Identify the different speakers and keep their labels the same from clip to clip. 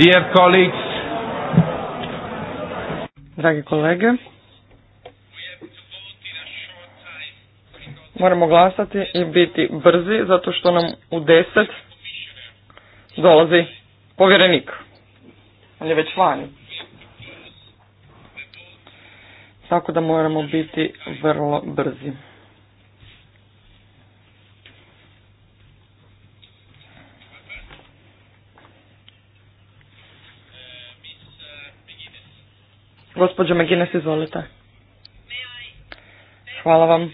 Speaker 1: Dear colleagues, Dragi kolege, moramo glasati i biti brzi zato što nam u deset dolazi povjerenik. On je već vani. Tako da moramo biti vrlo brzi. Gospodje McGinnis, izvolite. Hvala vam.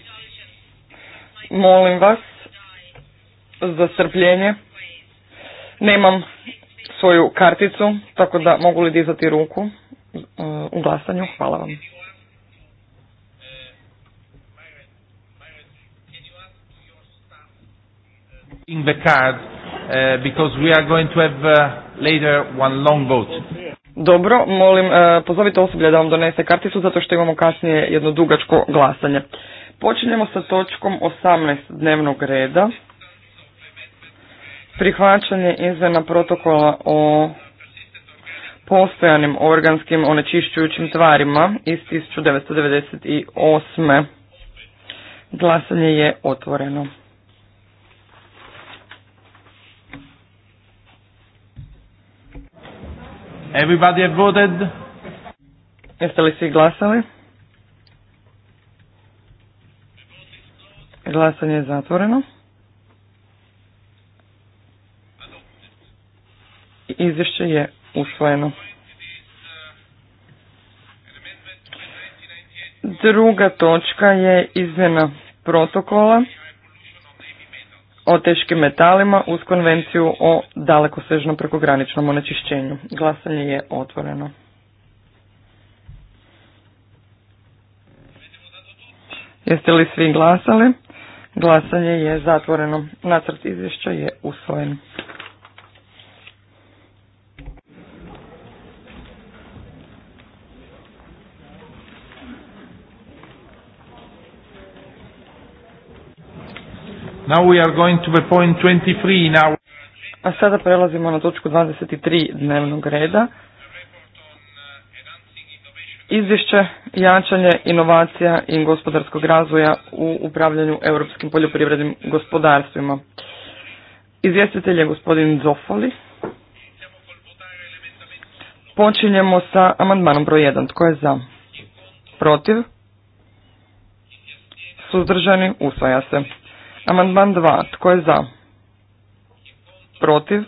Speaker 1: Molim vas za strpljenje. Nemam svoju karticu, tako da mogu li dizati ruku uh, u glasanju. Hvala vam. In the card,
Speaker 2: uh, because we are going to have uh, later one long vote.
Speaker 1: Dobro, molim, e, pozovite osoblje da vam donese karticu zato što imamo kasnije jedno dugačko glasanje. Počinjemo sa točkom 18 dnevnog reda. Prihvaćanje izvena protokola o postojanim organskim onečišćujućim tvarima iz 1998. Glasanje je otvoreno. Everybody had voted. Jeste li svi glasali? Glasanje je zatvoreno. Izvješće je usvojeno. Druga točka je izmjena protokola o teškim metalima uz konvenciju o dalekosežnom prekograničnom onečišćenju. Glasanje je otvoreno. Jeste li svi glasali? Glasanje je zatvoreno. Nacrt izvješća je usvojen. Now we are going to the point 23 now. A sada prelazimo na točku 23 dnevnog reda. Izvješće jačanje inovacija i gospodarskog razvoja u upravljanju europskim poljoprivrednim gospodarstvima. Izvjestitelj je gospodin Zofoli. Počinjemo sa amandmanom broj 1. Tko je za? Protiv? Suzdržani? Usvaja se. Amandman 2. Tko je za? Protiv?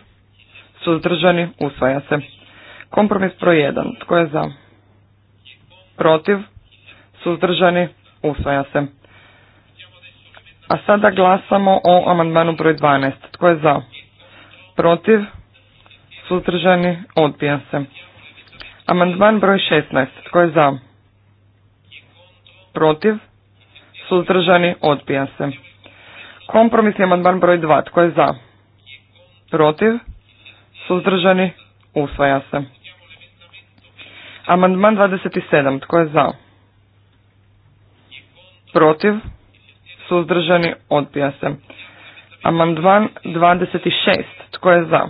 Speaker 1: Suzdržani? Usvaja se. Kompromis broj 1. Tko je za? Protiv? Suzdržani? Usvaja se. A sada glasamo o amandmanu broj 12. Tko je za? Protiv? Suzdržani? Odbija se. Amandman broj 16. Tko je za? Protiv? Suzdržani? Odbija se. Kompromisni amandman broj 2. Tko je za? Protiv? Suzdržani? Usvaja se. Amandman 27. Tko je za? Protiv? Suzdržani? Odbija se. Amandman 26. Tko je za?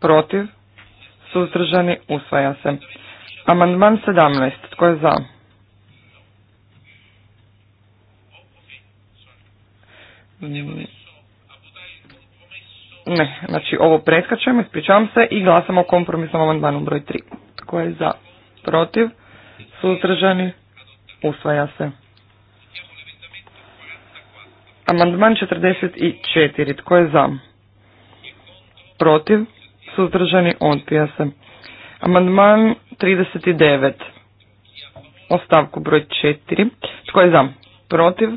Speaker 1: Protiv? Suzdržani? Usvaja se. Amandman 17. Tko je za? Ne, znači ovo preskačujemo, ispričavam se i glasamo o kompromisnom amandmanu broj 3. Tko je za? Protiv? Suzdržani? Usvaja se. Amandman 44. Tko je za? Protiv? Suzdržani? Odpija se. Amandman 39. ostavku broj 4. Tko je za? Protiv?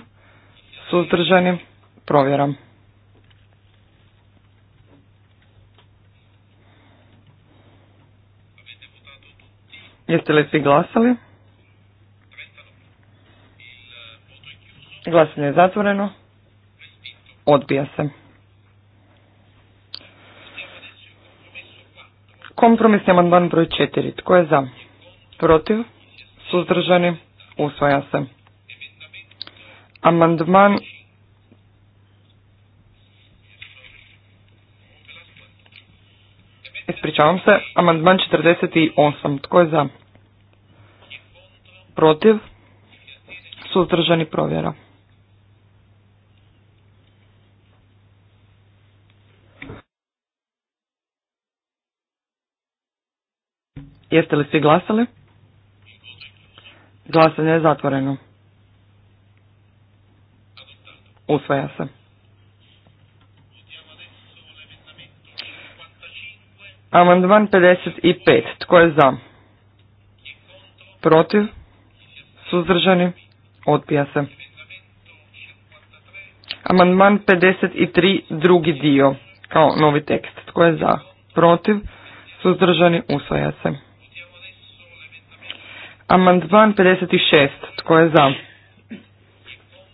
Speaker 1: Suzdržani? Provjeram. Jeste li svi glasali? Glasanje je zatvoreno. Odbija se. Kompromisni amandman broj četiri. Tko je za? Protiv? Suzdržani? Usvaja se. Amandman ispričavam se, amandman 48. Tko je za? Protiv? Suzdržani provjera. Jeste li svi glasali? Glasanje je zatvoreno. Usvaja se. Amandman 55. Tko je za? Protiv? Suzdržani? Odbija se. Amandman 53. Drugi dio. Kao novi tekst. Tko je za? Protiv? Suzdržani? Usvaja se. Amandman 56. Tko je za?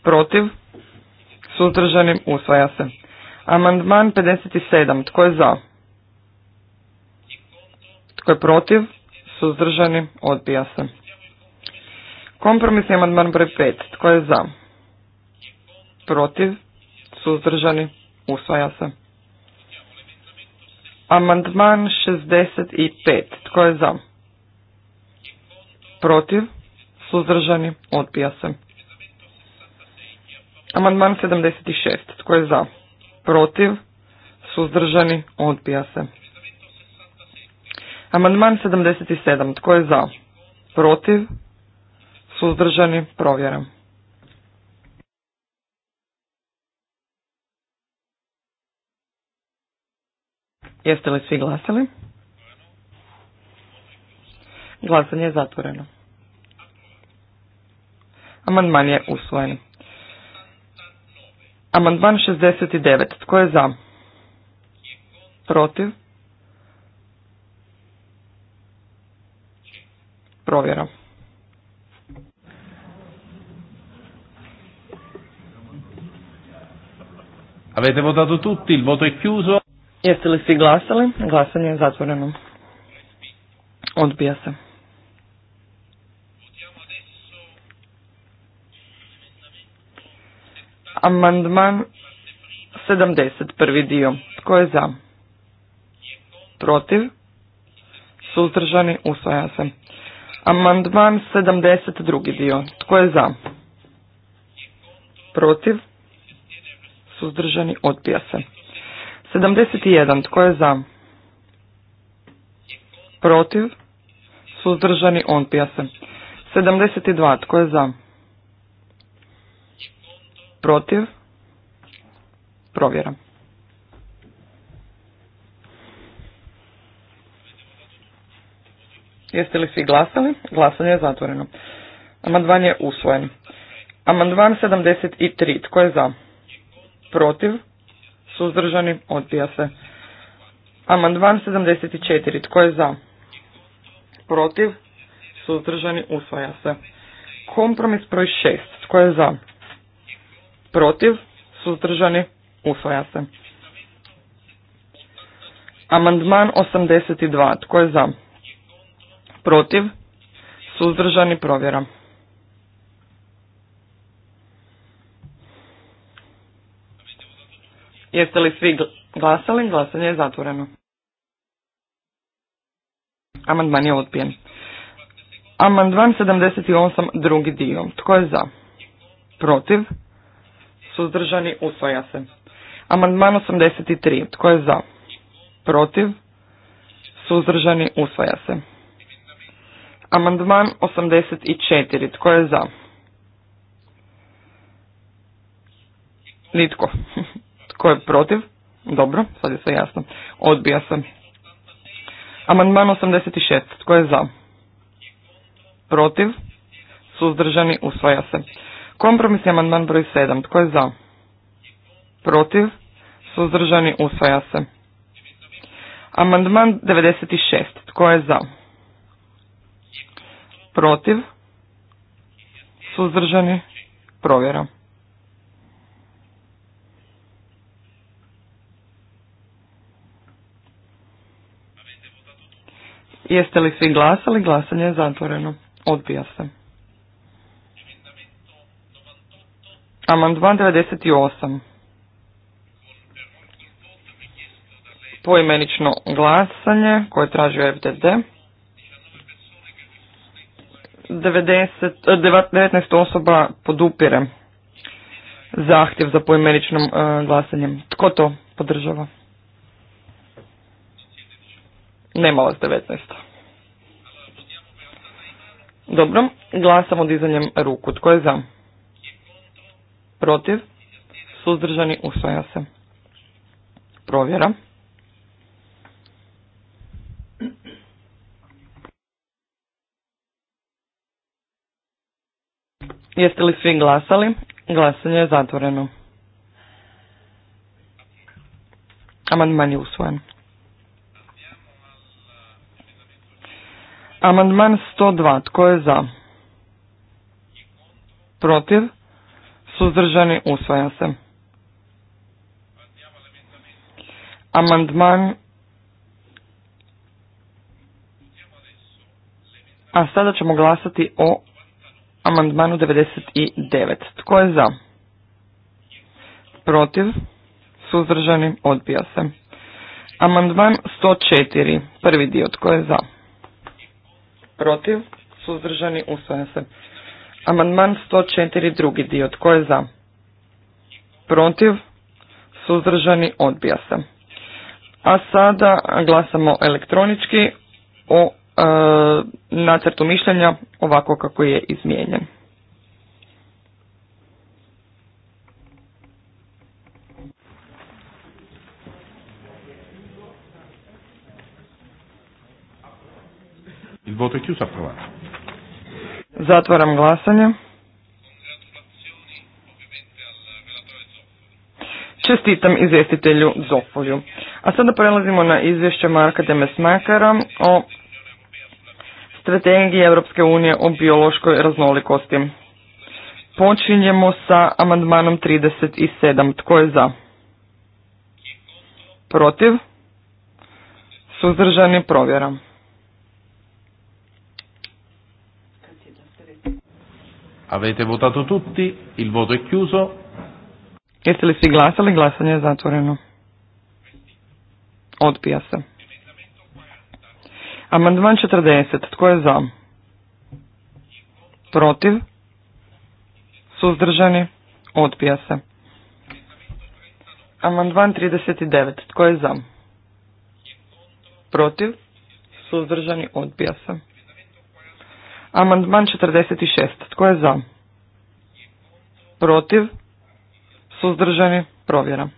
Speaker 1: Protiv? Suzdržani? Usvaja se. Amandman 57. Tko je za? Tko je protiv? Suzdržani? Odbija se. Kompromisni amandman broj 5. Tko je za? Protiv? Suzdržani? Usvaja se. Amandman 65. Tko je za? Protiv? Suzdržani? Odbija se. Amandman 76. Tko je za? Protiv? Suzdržani? Odbija se. Amandman 77. Tko je za? Protiv? Suzdržani? Provjeram. Jeste li svi glasali? Glasanje je zatvoreno. Amandman je usvojen. Amandman 69. Tko je za? Protiv? provjera.
Speaker 2: Avete votato tutti, il voto è chiuso.
Speaker 1: Jeste li svi glasali? Glasanje je zatvoreno. Odbija se. Amandman 70, prvi dio. Tko je za? Protiv? Suzdržani usvaja se. Amandman 72. dio. Tko je za? Protiv? Suzdržani? Odbija se. 71. Tko je za? Protiv? Suzdržani? Odbija se. 72. Tko je za? Protiv? Provjeram. Jeste li svi glasali? Glasanje je zatvoreno. Amandman je usvojen. Amandman 73. Tko je za? Protiv? Suzdržani? Odbija se. Amandman 74. Tko je za? Protiv? Suzdržani? Usvaja se. Kompromis broj 6. Tko je za? Protiv? Suzdržani? Usvaja se. Amandman 82. Tko je za? protiv, suzdržani provjera. Jeste li svi glasali? Glasanje je zatvoreno. Amandman je odbijen. Amandman 78, drugi dio. Tko je za? Protiv? Suzdržani usvaja se. Amandman 83. Tko je za? Protiv? Suzdržani usvaja se. Amandman 84. Tko je za? Nitko. Tko je protiv? Dobro, sad je sve jasno. Odbija se. Amandman 86. Tko je za? Protiv? Suzdržani? Usvaja se. Kompromisni amandman broj 7. Tko je za? Protiv? Suzdržani? Usvaja se. Amandman 96. Tko je za? protiv, suzdržani, provjera. Jeste li svi glasali? Glasanje je zatvoreno. Odbija se. Amandman 98. Poimenično glasanje koje tražio FDD. 90, 19 osoba podupire zahtjev za pojmeničnom e, glasanjem. Tko to podržava? Nema vas 19. Dobro, glasamo dizanjem ruku. Tko je za? Protiv? Suzdržani usvaja se. Provjera. Jeste li svi glasali? Glasanje je zatvoreno. Amandman je usvojen. Amandman 102. Tko je za? Protiv? Suzdržani usvaja se. Amandman A sada ćemo glasati o amandmanu 99. Tko je za? Protiv? Suzdržani? Odbija se. Amandman 104. Prvi dio. Tko je za? Protiv? Suzdržani? Usvaja se. Amandman 104. Drugi dio. Tko je za? Protiv? Suzdržani? Odbija se. A sada glasamo elektronički o E, nacrtu mišljenja ovako kako je izmijenjen. Zatvaram glasanje. Čestitam izvjestitelju Zofolju. A sada prelazimo na izvješće Marka Demesmakara o strategije Europske unije o biološkoj raznolikosti. Počinjemo sa amandmanom 37. Tko je za? Protiv? Suzdržani provjera.
Speaker 2: Avete votato tutti, il voto è chiuso.
Speaker 1: Jeste li svi glasali? Glasanje je zatvoreno. Odpija se. Amandman 40. Tko je za? Protiv? Suzdržani? Odbija se. Amandman 39. Tko je za? Protiv? Suzdržani? Odbija se. Amandman 46. Tko je za? Protiv? Suzdržani? Provjera.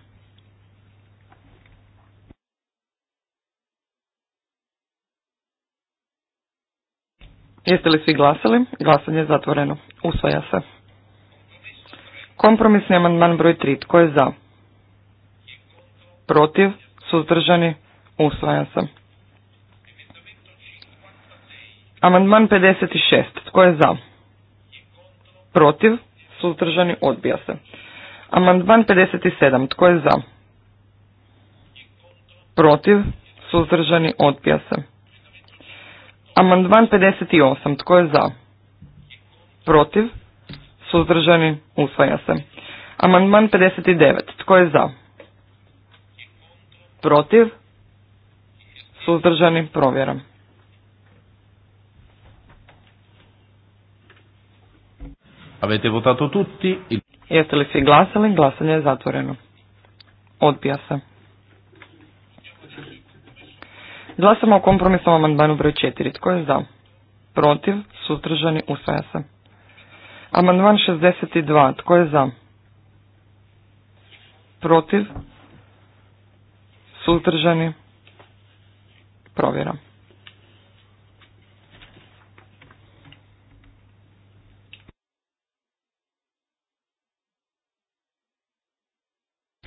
Speaker 1: Jeste li svi glasali? Glasanje je zatvoreno. Usvaja se. Kompromisni amandman broj 3. Tko je za? Protiv? Suzdržani? Usvaja se. Amandman 56. Tko je za? Protiv? Suzdržani? Odbija se. Amandman 57. Tko je za? Protiv? Suzdržani? Odbija se. Amandman 58. Tko je za? Protiv? Suzdržani? Usvaja se. Amandman 59. Tko je za? Protiv? Suzdržani? Provjeram.
Speaker 2: Avete votato tutti?
Speaker 1: Jeste li svi glasali? Glasanje je zatvoreno. Odbija se. Glasamo o kompromisnom amandmanu broj 4. Tko je za? Protiv? Suzdržani? Usvaja se. Amandman 62. Tko je za? Protiv? sutržani? Provjera.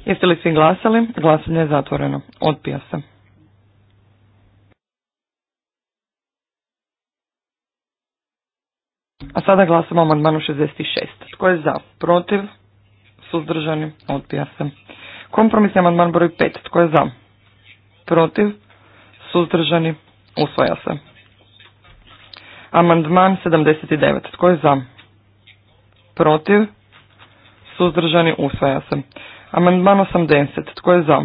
Speaker 1: Jeste li svi glasali? Glasanje je zatvoreno. Odpija se. A sada glasamo o amandmanu 66. Tko je za? Protiv? Suzdržani? Odbija se. Kompromisni amandman broj 5. Tko je za? Protiv? Suzdržani? Usvaja se. Amandman 79. Tko je za? Protiv? Suzdržani? Usvaja se. Amandman 80. Tko je za?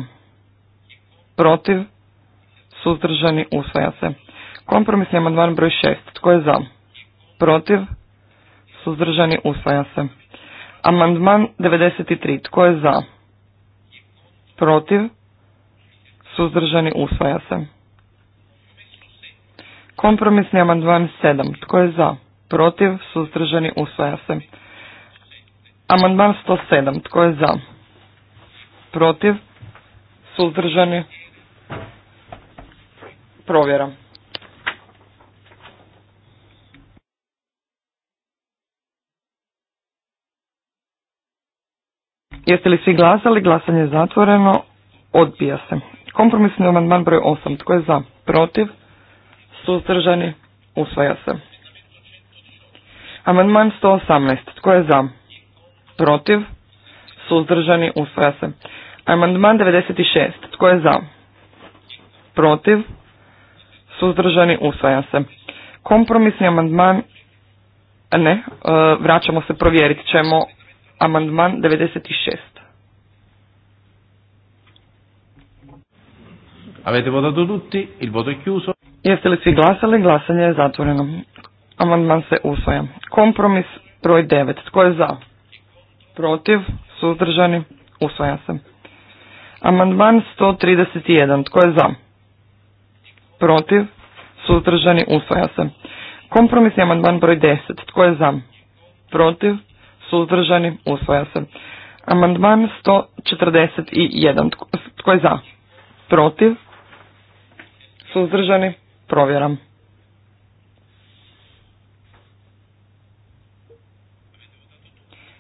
Speaker 1: Protiv? Suzdržani? Usvaja se. Kompromisni amandman broj 6. Tko je za? Protiv? Suzdržani usvaja se. Amandman 93. Tko je za? Protiv? Suzdržani usvaja se. Kompromisni amandman 7. Tko je za? Protiv? Suzdržani usvaja se. Amandman 107. Tko je za? Protiv? Suzdržani? Provjera. Jeste li svi glasali? Glasanje je zatvoreno. Odbija se. Kompromisni amandman broj 8. Tko je za? Protiv? Suzdržani? Usvaja se. Amandman 118. Tko je za? Protiv? Suzdržani? Usvaja se. Amandman 96. Tko je za? Protiv? Suzdržani? Usvaja se. Kompromisni amandman... Ne, e, vraćamo se, provjeriti ćemo amandman 96.
Speaker 2: Avete votato tutti, il voto è chiuso.
Speaker 1: Jeste li svi glasali? Glasanje je zatvoreno. Amandman se usvaja. Kompromis broj 9. Tko je za? Protiv? Suzdržani? Usvaja se. Amandman 131. Tko je za? Protiv? Suzdržani? Usvaja se. Kompromisni amandman broj 10. Tko je za? Protiv? suzdržani, usvoja se. Amandman 141. Tko je za? Protiv? Suzdržani? Provjeram.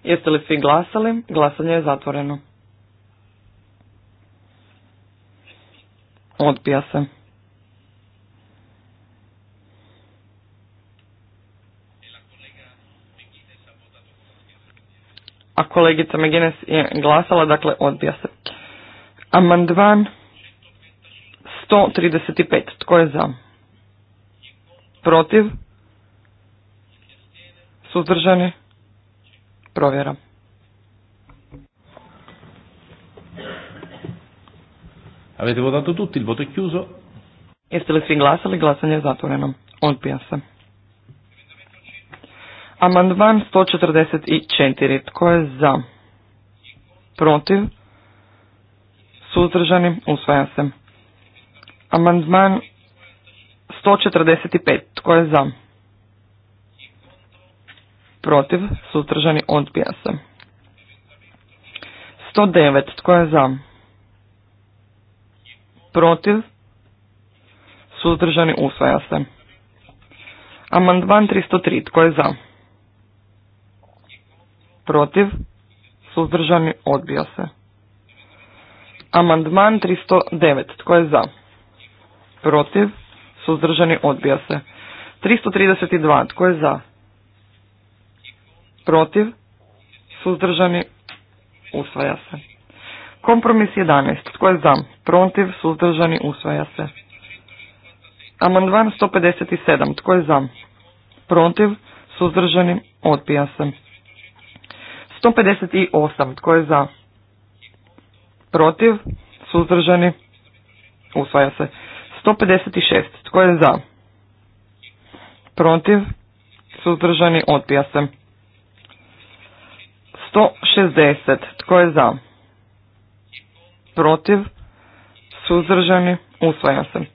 Speaker 1: Jeste li svi glasali? Glasanje je zatvoreno. Odbija se. a kolegica Megines je glasala, dakle odbija se. Amandman 135. Tko je za? Protiv? Suzdržani? Provjera. Avete votato tutti, il voto è chiuso. Jeste li svi glasali? Glasanje je zatvoreno. Odbija se. Amandman 144. Tko je za? Protiv? Suzdržani? Usvaja se. Amandman 145. Tko je za? Protiv? Suzdržani? Odbija se. 109. Tko je za? Protiv? Suzdržani? Usvaja se. Amandman 303. Tko je za? protiv, suzdržani, odbija se. Amandman 309. Tko je za? Protiv, suzdržani, odbija se. 332. Tko je za? Protiv, suzdržani, usvaja se. Kompromis 11. Tko je za? Protiv, suzdržani, usvaja se. Amandman 157. Tko je za? Protiv, suzdržani, odbija se. 158. Tko je za? Protiv? Suzdržani? Usvaja se. 156. Tko je za? Protiv? Suzdržani? Odbija se. 160. Tko je za? Protiv? Suzdržani? Usvaja se.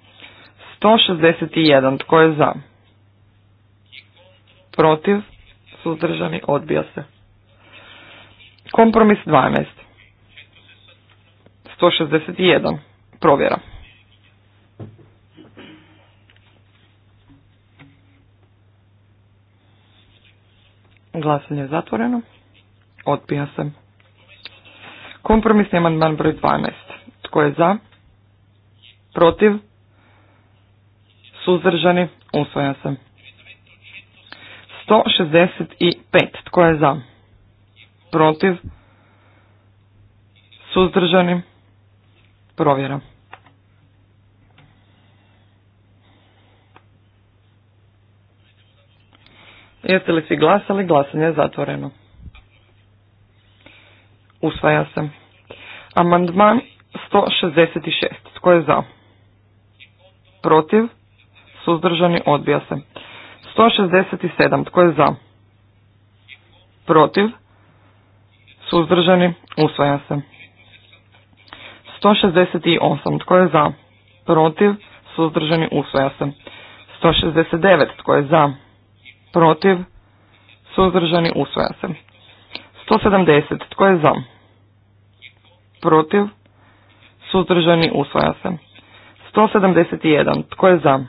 Speaker 1: 161. Tko je za? Protiv? Suzdržani? Odbija se. Kompromis 12. 161. Provjera. Glasanje je zatvoreno. otpija se. Kompromisni amandman broj 12. Tko je za? Protiv? Suzdržani? Usvoja se. 165. Tko je za? protiv, suzdržani, provjera. Jeste li svi glasali? Glasanje je zatvoreno. Usvaja se. Amandman 166. Tko je za? Protiv? Suzdržani odbija se. 167. Tko je za? Protiv? Suzdržani? Usvaja se. 168. Tko je za? Protiv? Suzdržani? Usvaja se. 169. Tko je za? Protiv? Suzdržani? Usvaja se. 170. Tko je za? Protiv? Suzdržani? Usvaja se. 171. Tko je za?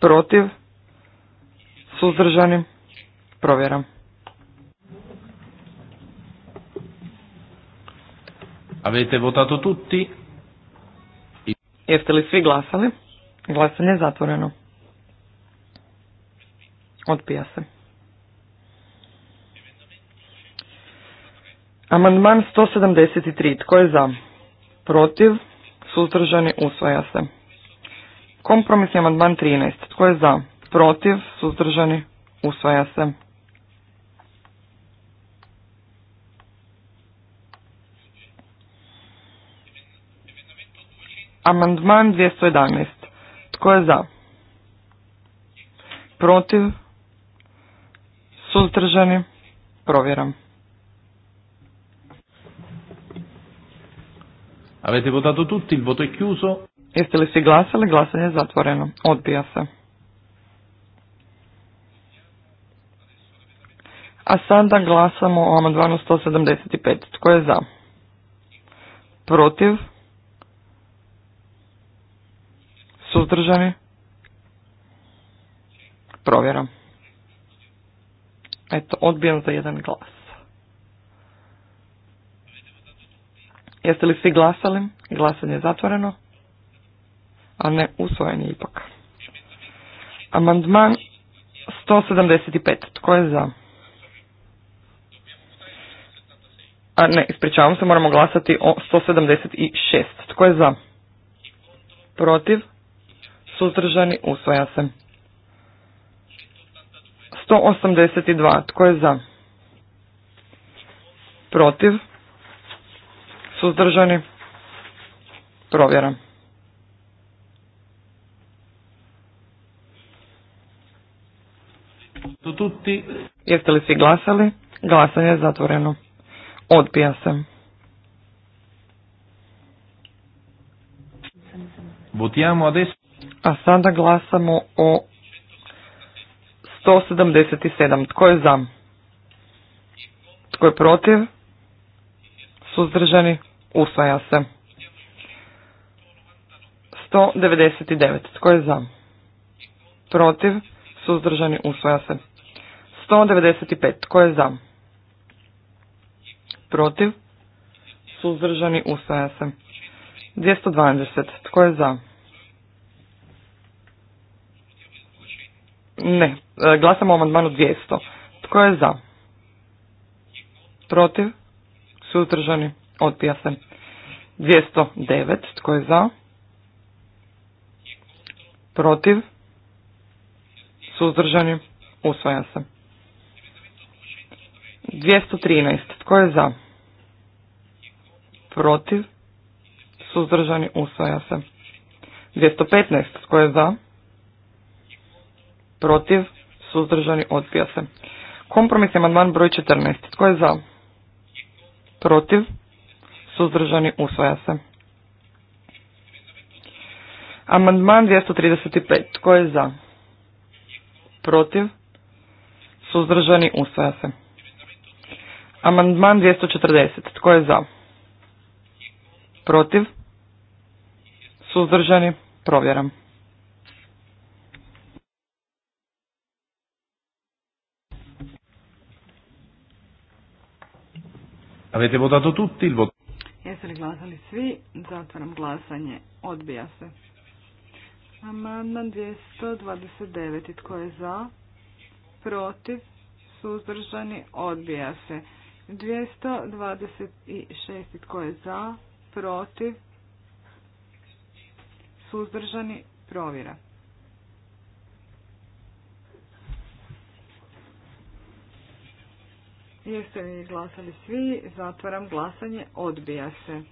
Speaker 1: Protiv? Suzdržani? Provjeram.
Speaker 2: Avete votato tutti? Jeste
Speaker 1: li svi glasali? Glasanje je zatvoreno. Odpija se. Amandman 173. Tko je za? Protiv? Suzdržani? Usvaja se. Kompromisni amandman 13. Tko je za? Protiv? Suzdržani? Usvaja se. Amandman 211. Tko je za? Protiv? Suzdržani? Provjeram.
Speaker 2: Avete votato tutti, il voto è chiuso.
Speaker 1: Jeste li svi glasali? Glasanje je zatvoreno. Odbija se. A sada glasamo o amandmanu 175. Tko je za? Protiv? Suzdržani? Provjeram. Eto, odbijam za jedan glas. Jeste li svi glasali? Glasanje je zatvoreno. A ne, usvojen je ipak. Amandman 175. Tko je za? A ne, ispričavam se, moramo glasati o 176. Tko je za? Protiv? suzdržani, usvaja se. 182. Tko je za? Protiv? Suzdržani? Provjera. Tutti. Jeste li svi glasali? Glasanje je zatvoreno. Odpija se. Votiamo adesso. A sada glasamo o 177. Tko je za? Tko je protiv? Suzdržani? Usvaja se. 199. Tko je za? Protiv? Suzdržani? Usvaja se. 195. Tko je za? Protiv? Suzdržani? Usvaja se. 220. Tko je za? Ne. E, glasamo o amandmanu 200. Tko je za? Protiv? Suzdržani? Odbija se. 209. Tko je za? Protiv? Suzdržani? Usvaja se. 213. Tko je za? Protiv? Suzdržani? Usvaja se. 215. Tko je za? protiv, suzdržani, odbija se. Kompromisni amandman broj 14. Tko je za? Protiv, suzdržani, usvaja se. Amandman 235. Tko je za? Protiv, suzdržani, usvaja se. Amandman 240. Tko je za? Protiv? Suzdržani? Provjeram.
Speaker 2: Avete votato tutti il voto?
Speaker 3: Jeste li glasali svi? Zatvaram glasanje. Odbija se. Amandman 229. Tko je za? Protiv? Suzdržani? Odbija se. 226. Tko je za? Protiv? Suzdržani? Provjera. Jeste li glasali svi? Zatvaram glasanje. Odbija se.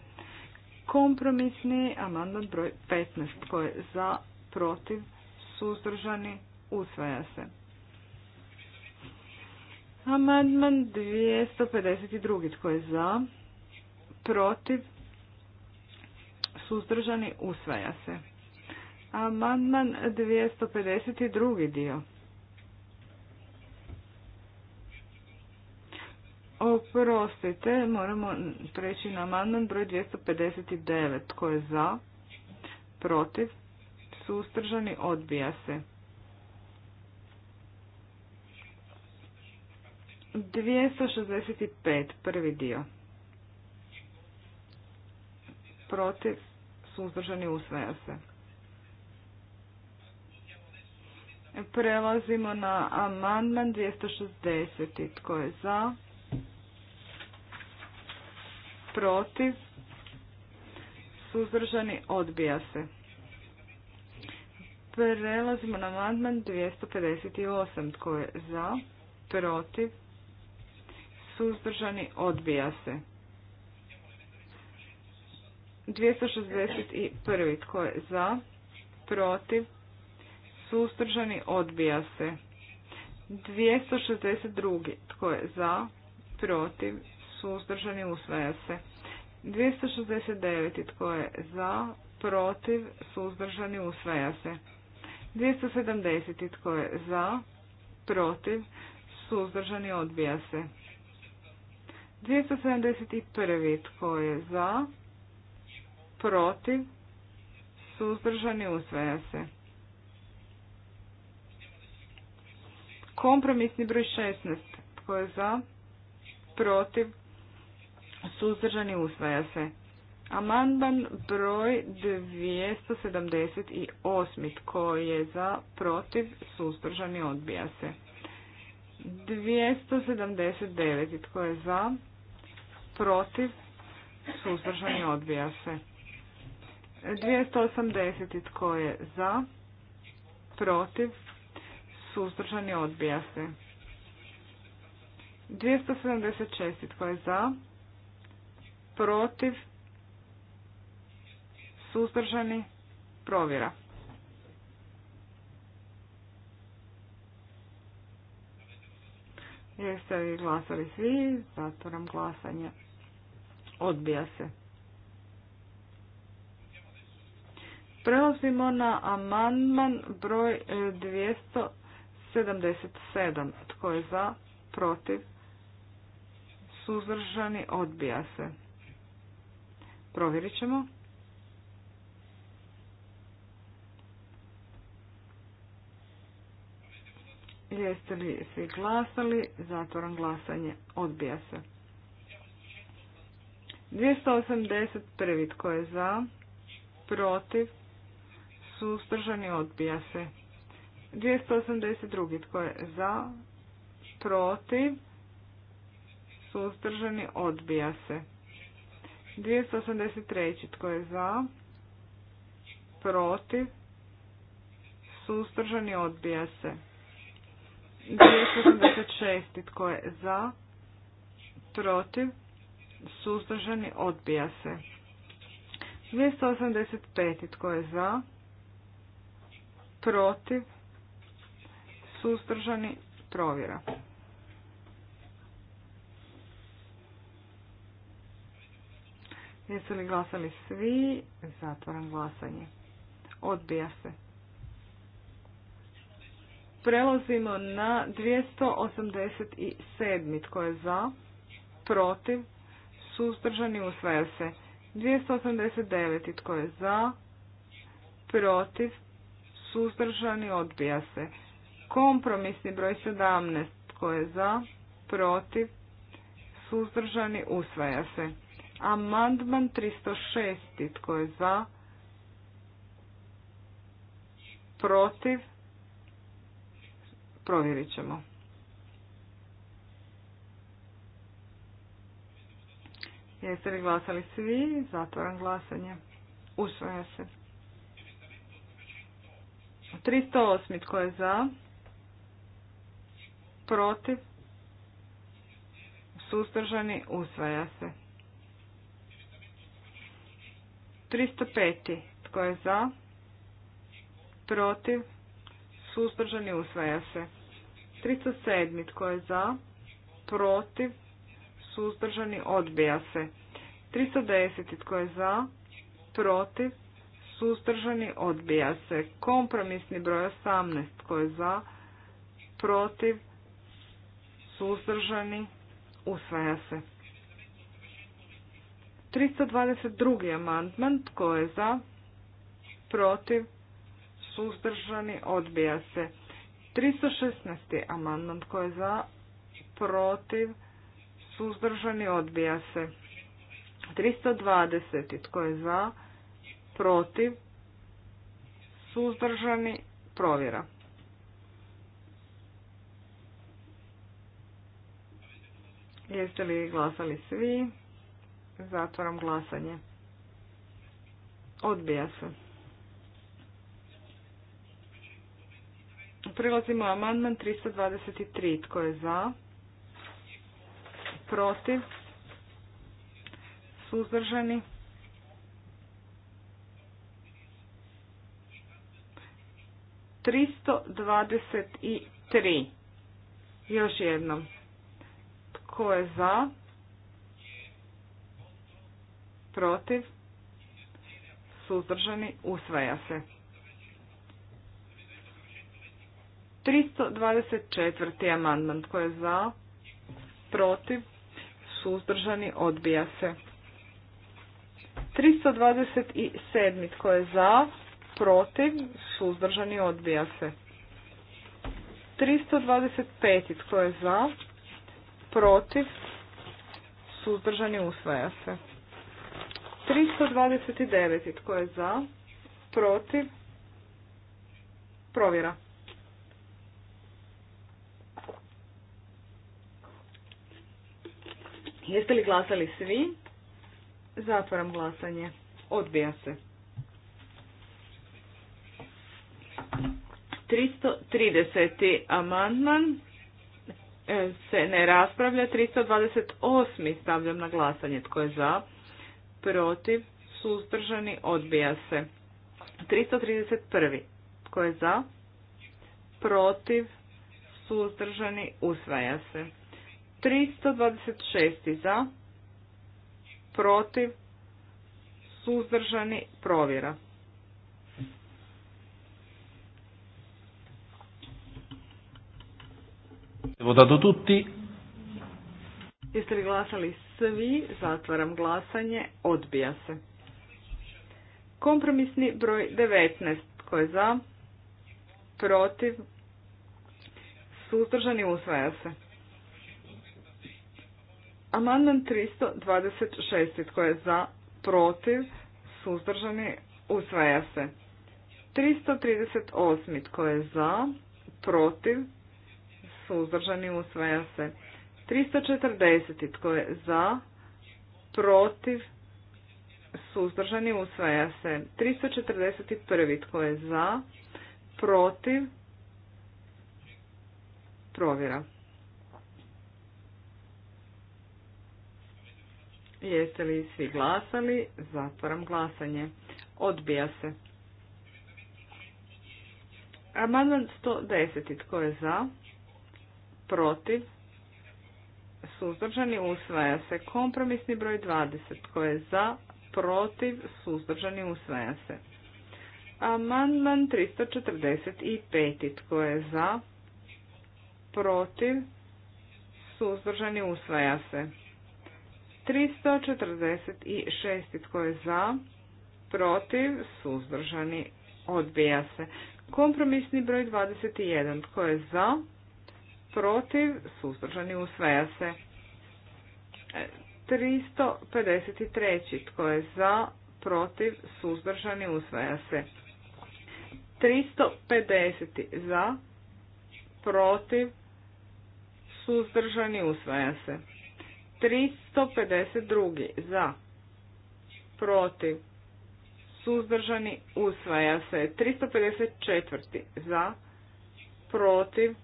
Speaker 3: Kompromisni amandman broj 15. Tko je za, protiv, suzdržani, usvaja se. Amandman 252. Tko je za, protiv, suzdržani, usvaja se. Amandman 252. dio. Oprostite, moramo preći na amandman broj 259. Tko je za? Protiv? Sustržani? Odbija se. 265. Prvi dio. Protiv? Suzdržani? Usvaja se. Prelazimo na amandman 260. Tko je za? protiv, suzdržani, odbija se. Prelazimo na amandman 258. Tko je za, protiv, suzdržani, odbija se. 261. Tko je za, protiv, suzdržani, odbija se. 262. Tko je za, protiv, suzdržani usvaja se. 269. Tko je za, protiv, suzdržani usvaja se. 270. Tko je za, protiv, suzdržani odbija se. 271. Tko je za, protiv, suzdržani usvaja se. Kompromisni broj 16. Tko je za, protiv, suzdržani usvaja se. Amandman broj 278. Tko je za, protiv, suzdržani odbija se. 279. Tko je za, protiv, suzdržani odbija se. 280. Tko je za, protiv, suzdržani odbija se. 276. Tko je za, protiv, suzdržani, provjera. Jeste li glasali svi? nam glasanje. Odbija se. Prelazimo na amandman broj 277. E, Tko je za? Protiv? Suzdržani? Odbija se. Provjerit ćemo. Jeste li svi glasali? Zatvoram glasanje. Odbija se. 281. Tko je za? Protiv? Sustržani odbija se. 282. Tko je za? Protiv? Suzdržani odbija se. 283. Tko je za? Protiv? Sustržani odbija se. 286. Tko je za? Protiv? sustržani, odbija se. 285. Tko je za? Protiv? sustržani, provjera. Jesu li glasali svi? Zatvoram glasanje. Odbija se. Prelazimo na 287. Tko je za? Protiv? Suzdržani usvaja se. 289. Tko je za? Protiv? Suzdržani odbija se. Kompromisni broj 17. Tko je za? Protiv? Suzdržani usvaja se. Amandman 306. Tko je za? Protiv? Provjerit ćemo. Jeste li glasali svi? Zatvoram glasanje. Usvaja se. 308. Tko je za? Protiv? Sustržani? Usvaja se. 305. Tko je za? Protiv? Suzdržani usvaja se. 307. Tko je za? Protiv? Suzdržani odbija se. 310. Tko je za? Protiv? Suzdržani odbija se. Kompromisni broj 18. Tko je za? Protiv? Suzdržani usvaja se. 322. amandman, tko je za, protiv, suzdržani, odbija se. 316. amandman, tko je za, protiv, suzdržani, odbija se. 320. tko je za, protiv, suzdržani, provjera. Jeste li glasali svi? Zatvoram glasanje. Odbija se. Prilazimo amandman 323. Tko je za? Protiv? Suzdržani? Tristo dvadeset tri. Još jednom. Tko je za? protiv, suzdržani, usvaja se. 324. amandman tko je za, protiv, suzdržani, odbija se. 327. tko je za, protiv, suzdržani, odbija se. 325. tko je za, protiv, suzdržani, usvaja se. 329. Tko je za? Protiv? Provjera. Jeste li glasali svi? Zatvaram glasanje. Odbija se. 330. amandman e, se ne raspravlja. 328. stavljam na glasanje. Tko je za? protiv, suzdržani, odbija se. 331. Tko je za? Protiv, suzdržani, usvaja se. 326. Za? Protiv, suzdržani, provjera. Votato tutti. Jeste li glasali svi, zatvaram glasanje, odbija se. Kompromisni broj 19, tko je za, protiv, suzdržani usvaja se. Amandman 326, tko je za, protiv, suzdržani usvaja se. 338, tko je za, protiv, suzdržani usvaja se. 340. Tko je za? Protiv? Suzdržani usvaja se. 341. Tko je za? Protiv? Provjera. Jeste li svi glasali? Zatvaram glasanje. Odbija se. Amandman 110. Tko je za? Protiv? suzdržani, usvaja se. Kompromisni broj 20, tko je za, protiv, suzdržani, usvaja se. Amandman 345, tko je za, protiv, suzdržani, usvaja se. 346, tko je za, protiv, suzdržani, odbija se. Kompromisni broj 21, tko je za, protiv, suzdržani usvaja se. 353. E, tko je za, protiv, suzdržani usvaja se. 350. Za, protiv, suzdržani usvaja se. 352. Za, protiv, suzdržani usvaja se. 354. Za, protiv,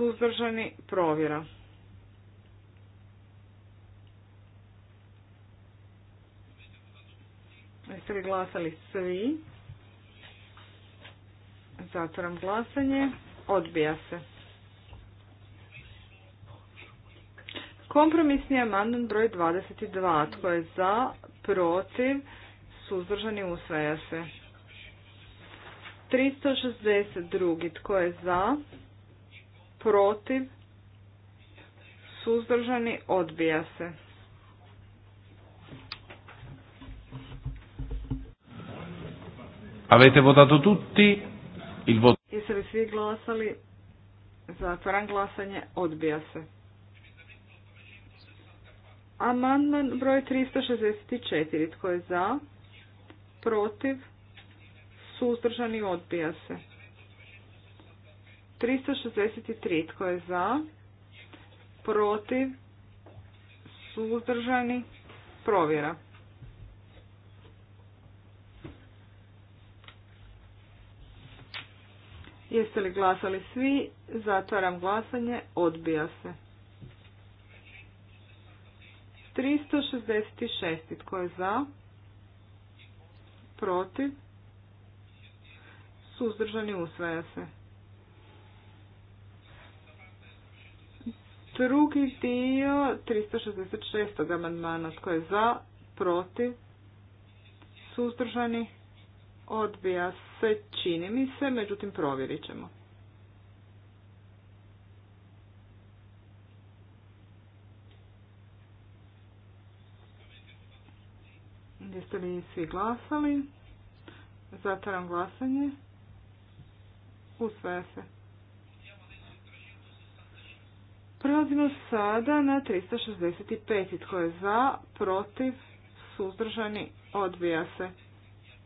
Speaker 3: suzdržani, provjera. Jeste li glasali svi? Zatvoram glasanje. Odbija se. Kompromisni amandman broj 22. Tko je za, protiv, suzdržani usvaja se. 362. Tko je za, protiv, suzdržani, odbija se.
Speaker 2: Avete votato tutti
Speaker 3: il voto? Jeste li svi glasali? Zatvaram glasanje, odbija se. Amandman broj 364. Tko je za? Protiv? Suzdržani odbija se. 363. Tko je za? Protiv? Suzdržani? Provjera. Jeste li glasali svi? Zatvaram glasanje. Odbija se. 366. Tko je za? Protiv? Suzdržani usvaja se. Drugi dio 366. amandmana tko je za, protiv, suzdržani, odbija se, čini mi se, međutim provjerit ćemo. Jeste li svi glasali? Zatvaram glasanje. Usvaja se. Prelazimo sada na 365. Tko je za, protiv, suzdržani, odbija se.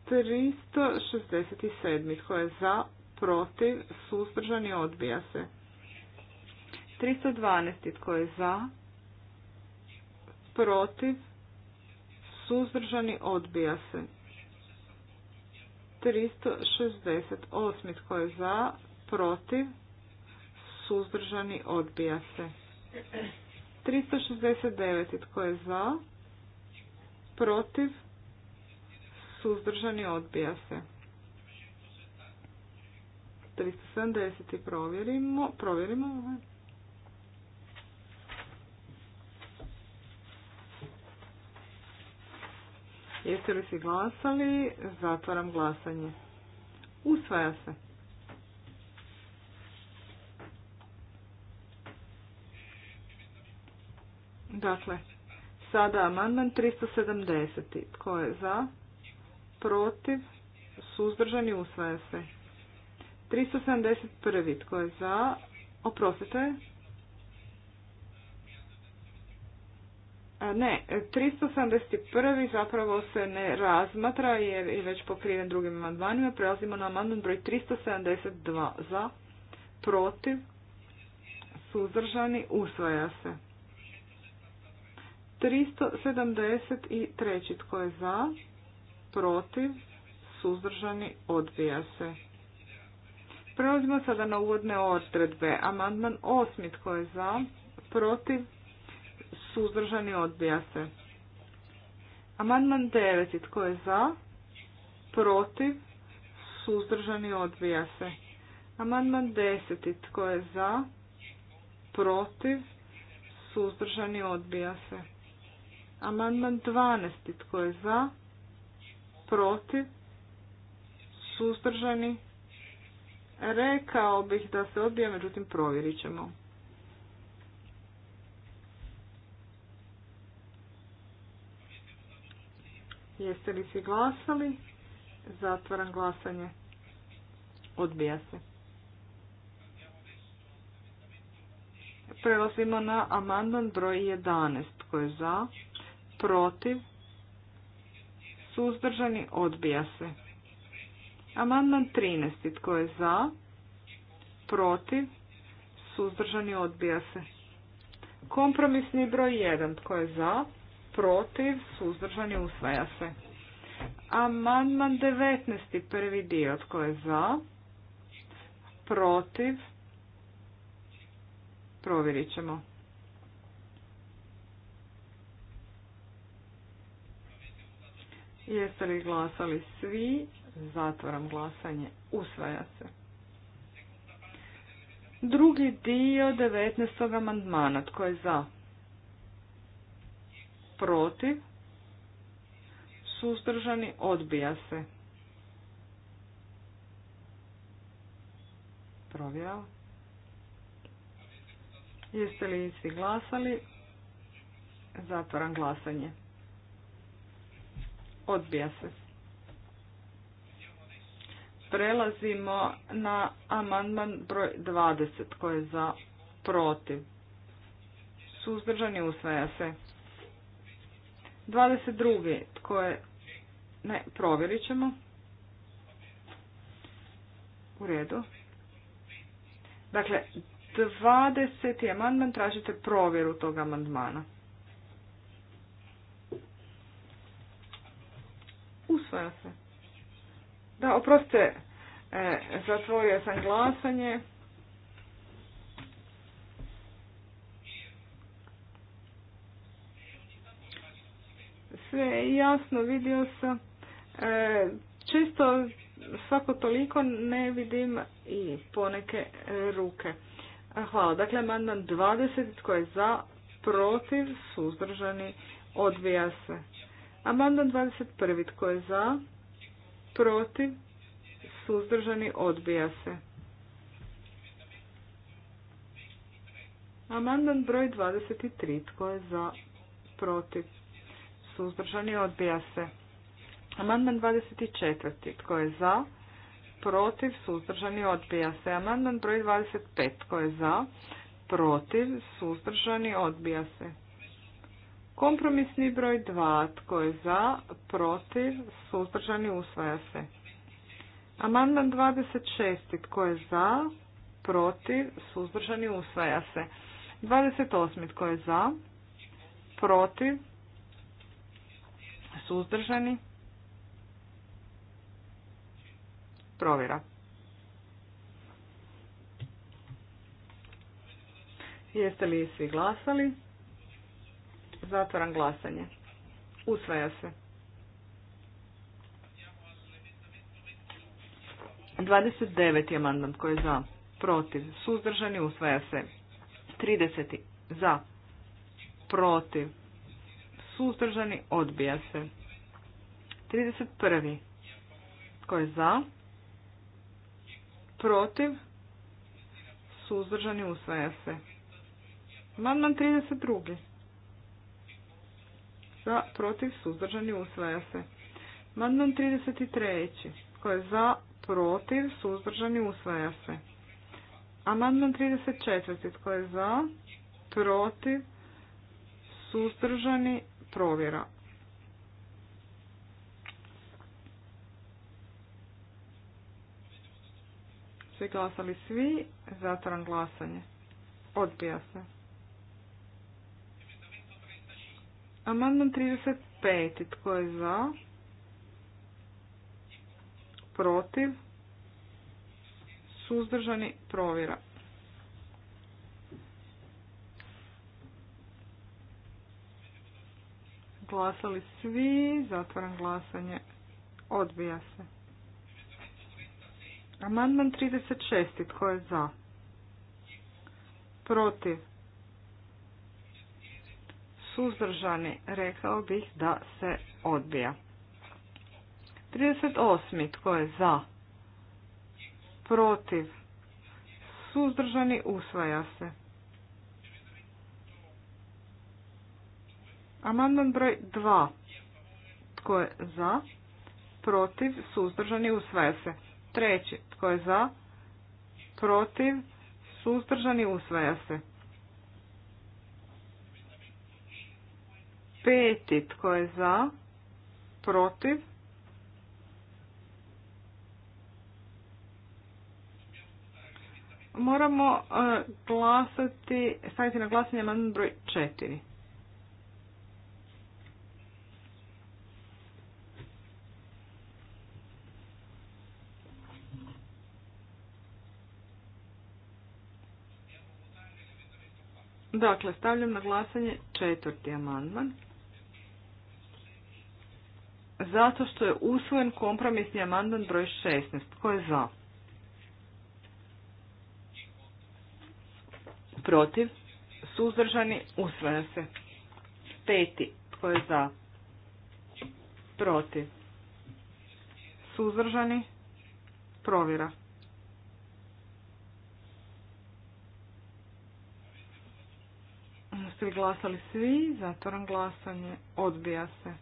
Speaker 3: 367. Tko je za, protiv, suzdržani, odbija se. 312. Tko je za, protiv, suzdržani, odbija se. 368. Tko je za, protiv, suzdržani, odbija se. 369. Tko je za? Protiv? Suzdržani odbija se. 370. Provjerimo. Provjerimo. Jeste li si glasali? Zatvaram glasanje. Usvaja se. Dakle, sada amandman 370. Tko je za? Protiv? Suzdržani usvaja se. 371. Tko je za? Oprostite. Ne, 371. zapravo se ne razmatra jer je već pokriven drugim amandmanima. Prelazimo na amandman broj 372. Za? Protiv? Suzdržani usvaja se. 373. Tko je za? Protiv? Suzdržani? Odbija se. Prelazimo sada na uvodne odredbe. Amandman 8. Tko je za? Protiv? Suzdržani? Odbija se. Amandman 9. Tko je za? Protiv? Suzdržani? Odbija se. Amandman 10. Tko je za? Protiv? Suzdržani? Odbija se. Amandman 12. Tko je za? Protiv? Suzdržani? Rekao bih da se odbija, međutim provjerit ćemo. Jeste li svi glasali? Zatvaram glasanje. Odbija se. Prelazimo na amandman broj 11. Tko je za? protiv, suzdržani, odbija se. Amandman 13. Tko je za, protiv, suzdržani, odbija se. Kompromisni broj 1. Tko je za, protiv, suzdržani, usvaja se. Amandman 19. prvi dio. Tko je za, protiv, provjerit ćemo. Jeste li glasali svi? Zatvaram glasanje. Usvaja se. Drugi dio 19. amandmana. Tko je za? Protiv? Suzdržani? Odbija se. Provjerao. Jeste li svi glasali? Zatvaram glasanje. Odbija se. Prelazimo na amandman broj 20 koji je za protiv. Suzdržani usvaja se. 22. Tko Ne, provjerit ćemo. U redu. Dakle, 20. amandman tražite provjeru tog amandmana. Usvaja se. Da, oprostite, e, zatvorio sam glasanje. Sve jasno vidio sam. E, čisto svako toliko ne vidim i poneke ruke. Hvala. Dakle, amandman 20, tko je za, protiv, suzdržani, odvija se. Amandman 21. Tko je za? Protiv? Suzdržani? Odbija se. Amandman broj 23. Tko je za? Protiv? Suzdržani? Odbija se. Amandman 24. Tko je za? Protiv? Suzdržani? Odbija se. Amandman broj 25. Tko je za? Protiv? Suzdržani? Odbija se. Kompromisni broj 2. Tko je za, protiv, suzdržani, usvaja se. Amandman 26. Tko je za, protiv, suzdržani, usvaja se. 28. Tko je za, protiv, suzdržani, provjera. Jeste li svi glasali? Zatvaram glasanje. Usvaja se. 29. amandman tko je za? Protiv. Suzdržani usvaja se. 30. Za. Protiv. Suzdržani odbija se. 31. Tko je za? Protiv. Suzdržani usvaja se. Amandman 32 za, protiv, suzdržani, usvaja se. Amandman 33. Tko je za, protiv, suzdržani, usvaja se. Amandman 34. Tko je za, protiv, suzdržani, provjera. Svi glasali svi, zatvoran glasanje. Odbija se. Amandman 35. Tko je za? Protiv? Suzdržani provjera. Glasali svi. Zatvaram glasanje. Odbija se. Amandman 36. Tko je za? Protiv? suzdržani, rekao bih da se odbija. 38. Tko je za? Protiv. Suzdržani usvaja se. Amandman broj 2. Tko je za? Protiv. Suzdržani usvaja se. Treći. Tko je za? Protiv. Suzdržani usvaja se. peti tko je za, protiv, moramo e, glasati, staviti na glasanje amandman broj četiri. Dakle, stavljam na glasanje četvrti amandman zato što je usvojen kompromisni amandman broj 16. Tko je za? Protiv? Suzdržani? Usvaja se. Peti. Tko je za? Protiv? Suzdržani? Provjera. ste li glasali svi? Zatvoram glasanje. Odbija se.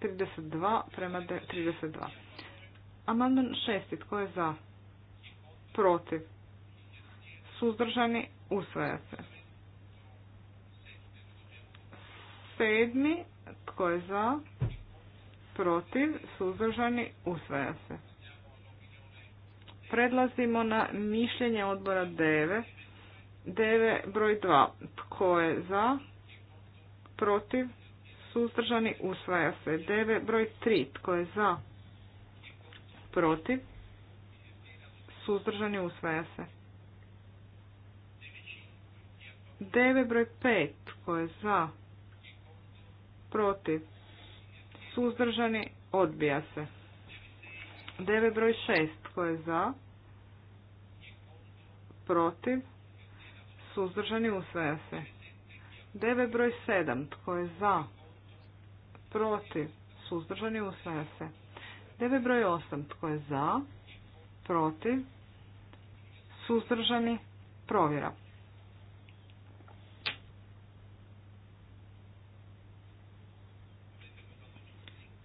Speaker 3: 32 prema 32. Amandman šesti. Tko je za? Protiv. Suzdržani. Usvaja se. Sedmi. Tko je za? Protiv. Suzdržani. Usvaja se. Predlazimo na mišljenje odbora 9. 9 broj 2. Tko je za? Protiv suzdržani, usvaja se. 9, broj 3, tko je za, protiv, suzdržani, usvaja se. 9, broj 5, tko je za, protiv, suzdržani, odbija se. 9, broj 6, tko je za, protiv, suzdržani, usvaja se. 9 broj 7. Tko je za? protiv, suzdržani, usvaja se. 9 broj 8, tko je za, protiv, suzdržani, provjera.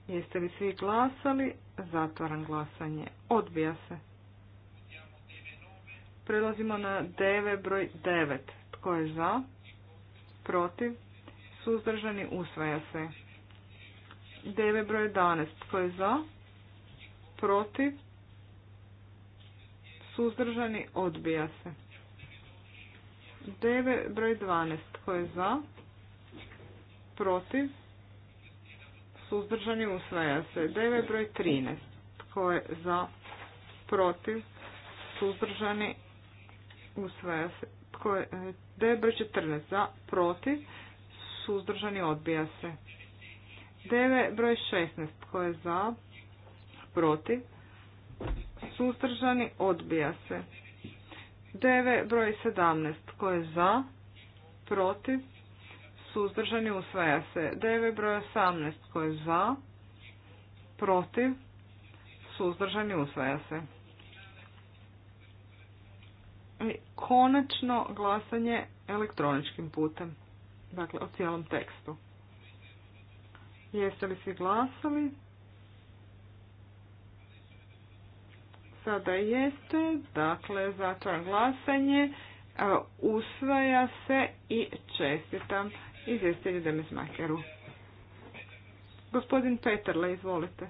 Speaker 3: Jeste li svi glasali? Zatvaram glasanje. Odbija se. Prelazimo na deve broj 9. Tko je za? Protiv? Suzdržani usvaja se. 9 e broj 11. Tko je za? Protiv? Suzdržani? Odbija se. 9 e broj 12. Tko je za? Protiv? Suzdržani? Usvaja se. 9 e broj 13. Tko je za? Protiv? Suzdržani? Usvaja se. broj 14. Za? Protiv? Suzdržani? Odbija se. 9, broj 16. Tko je za? Protiv? Suzdržani? Odbija se. 9, broj 17. Tko je za? Protiv? Suzdržani? Usvaja se. 9, broj 18. Tko je za? Protiv? Suzdržani? Usvaja se. I konačno glasanje elektroničkim putem. Dakle, o cijelom tekstu. Jeste li svi glasali? Sada jeste, dakle je glasanje, e, usvaja se i čestitam izvjestelju Demizmakeru. Gospodin Peterle, izvolite.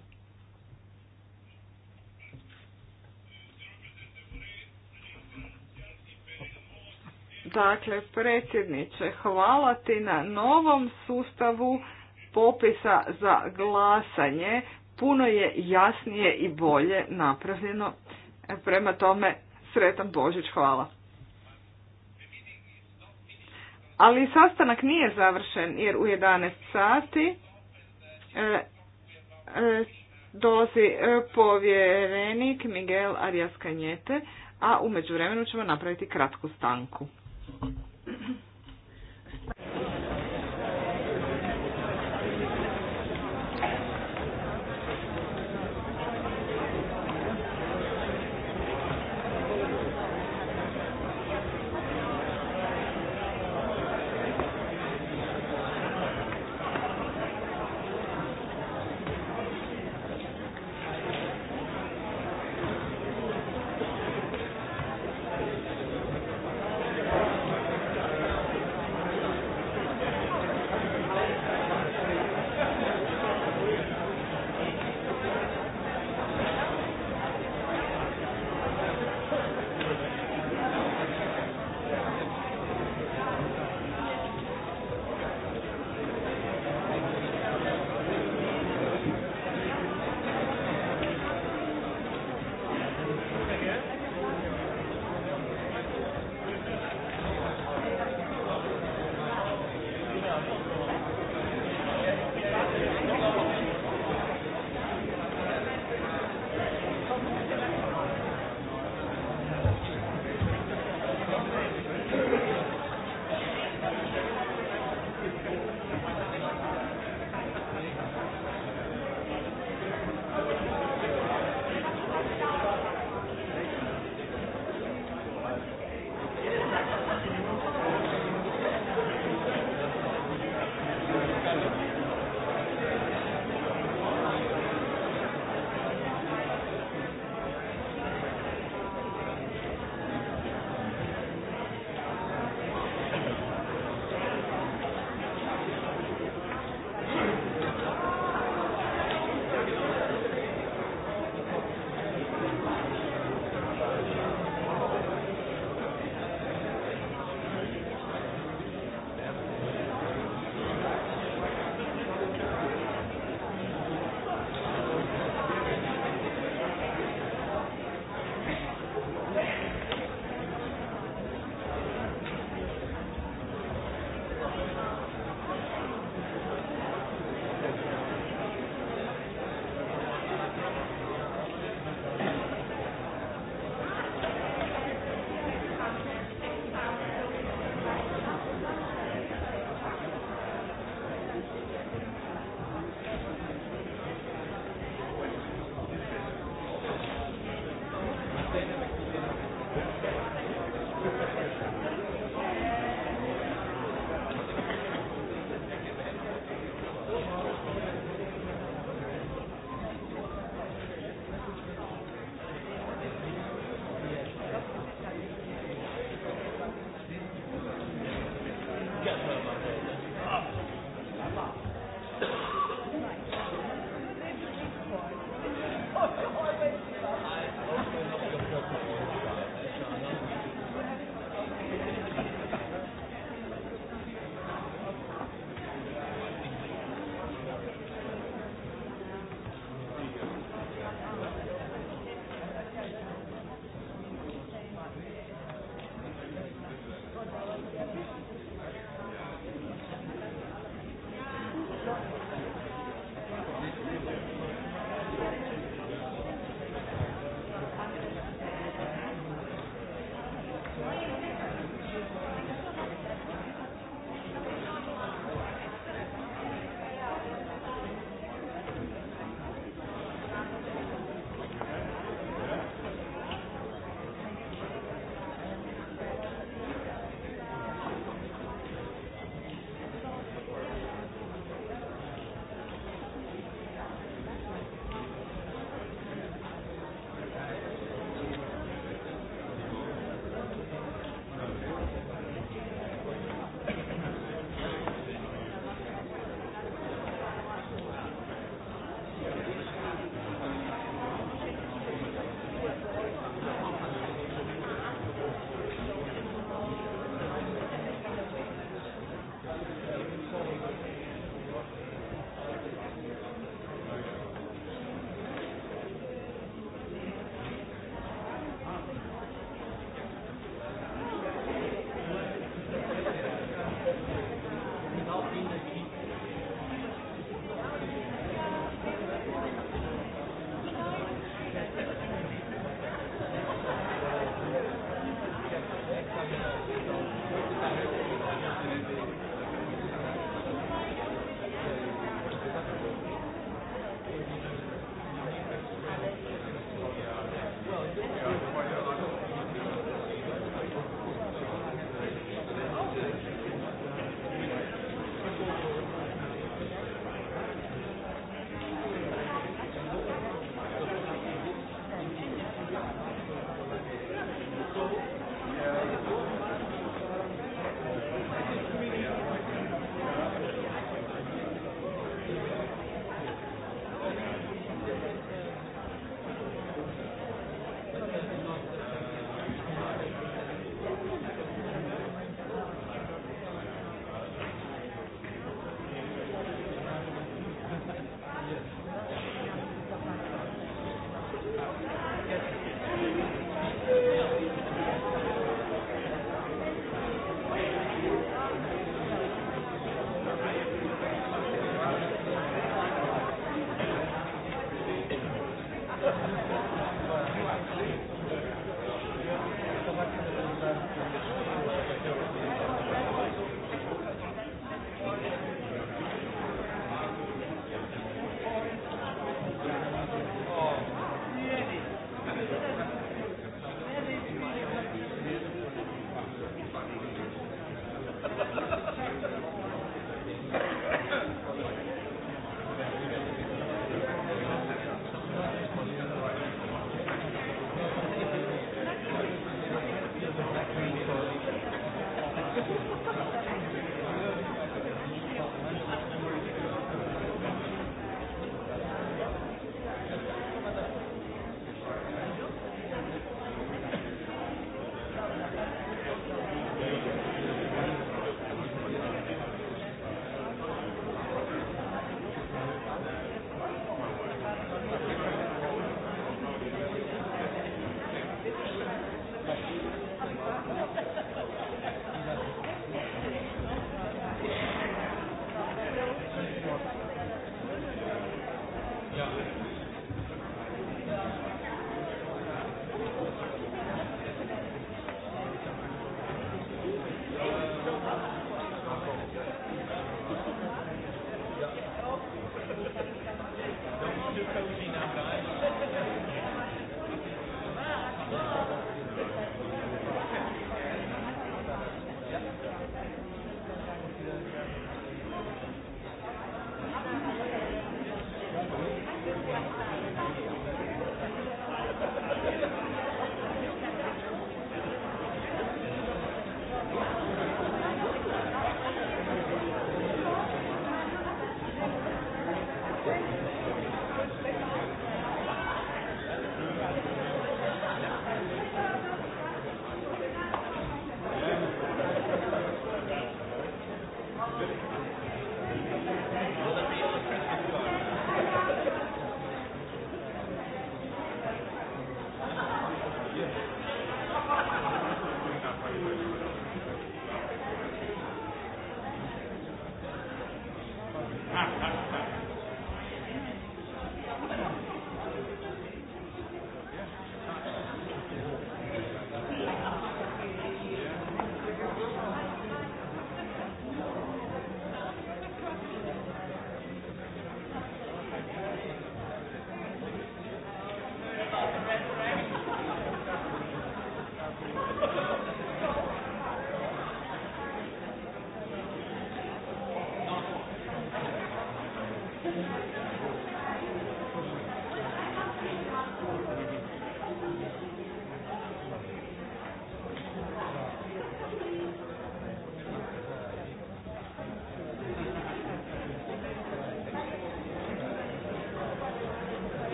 Speaker 3: Dakle, predsjedniče, hvala ti na novom sustavu popisa za glasanje puno je jasnije i bolje napravljeno. Prema tome, sretan Božić, hvala. Ali sastanak nije završen jer u 11 sati e, e, dolazi e, povjerenik Miguel Arias Kanjete, a u međuvremenu ćemo napraviti kratku stanku.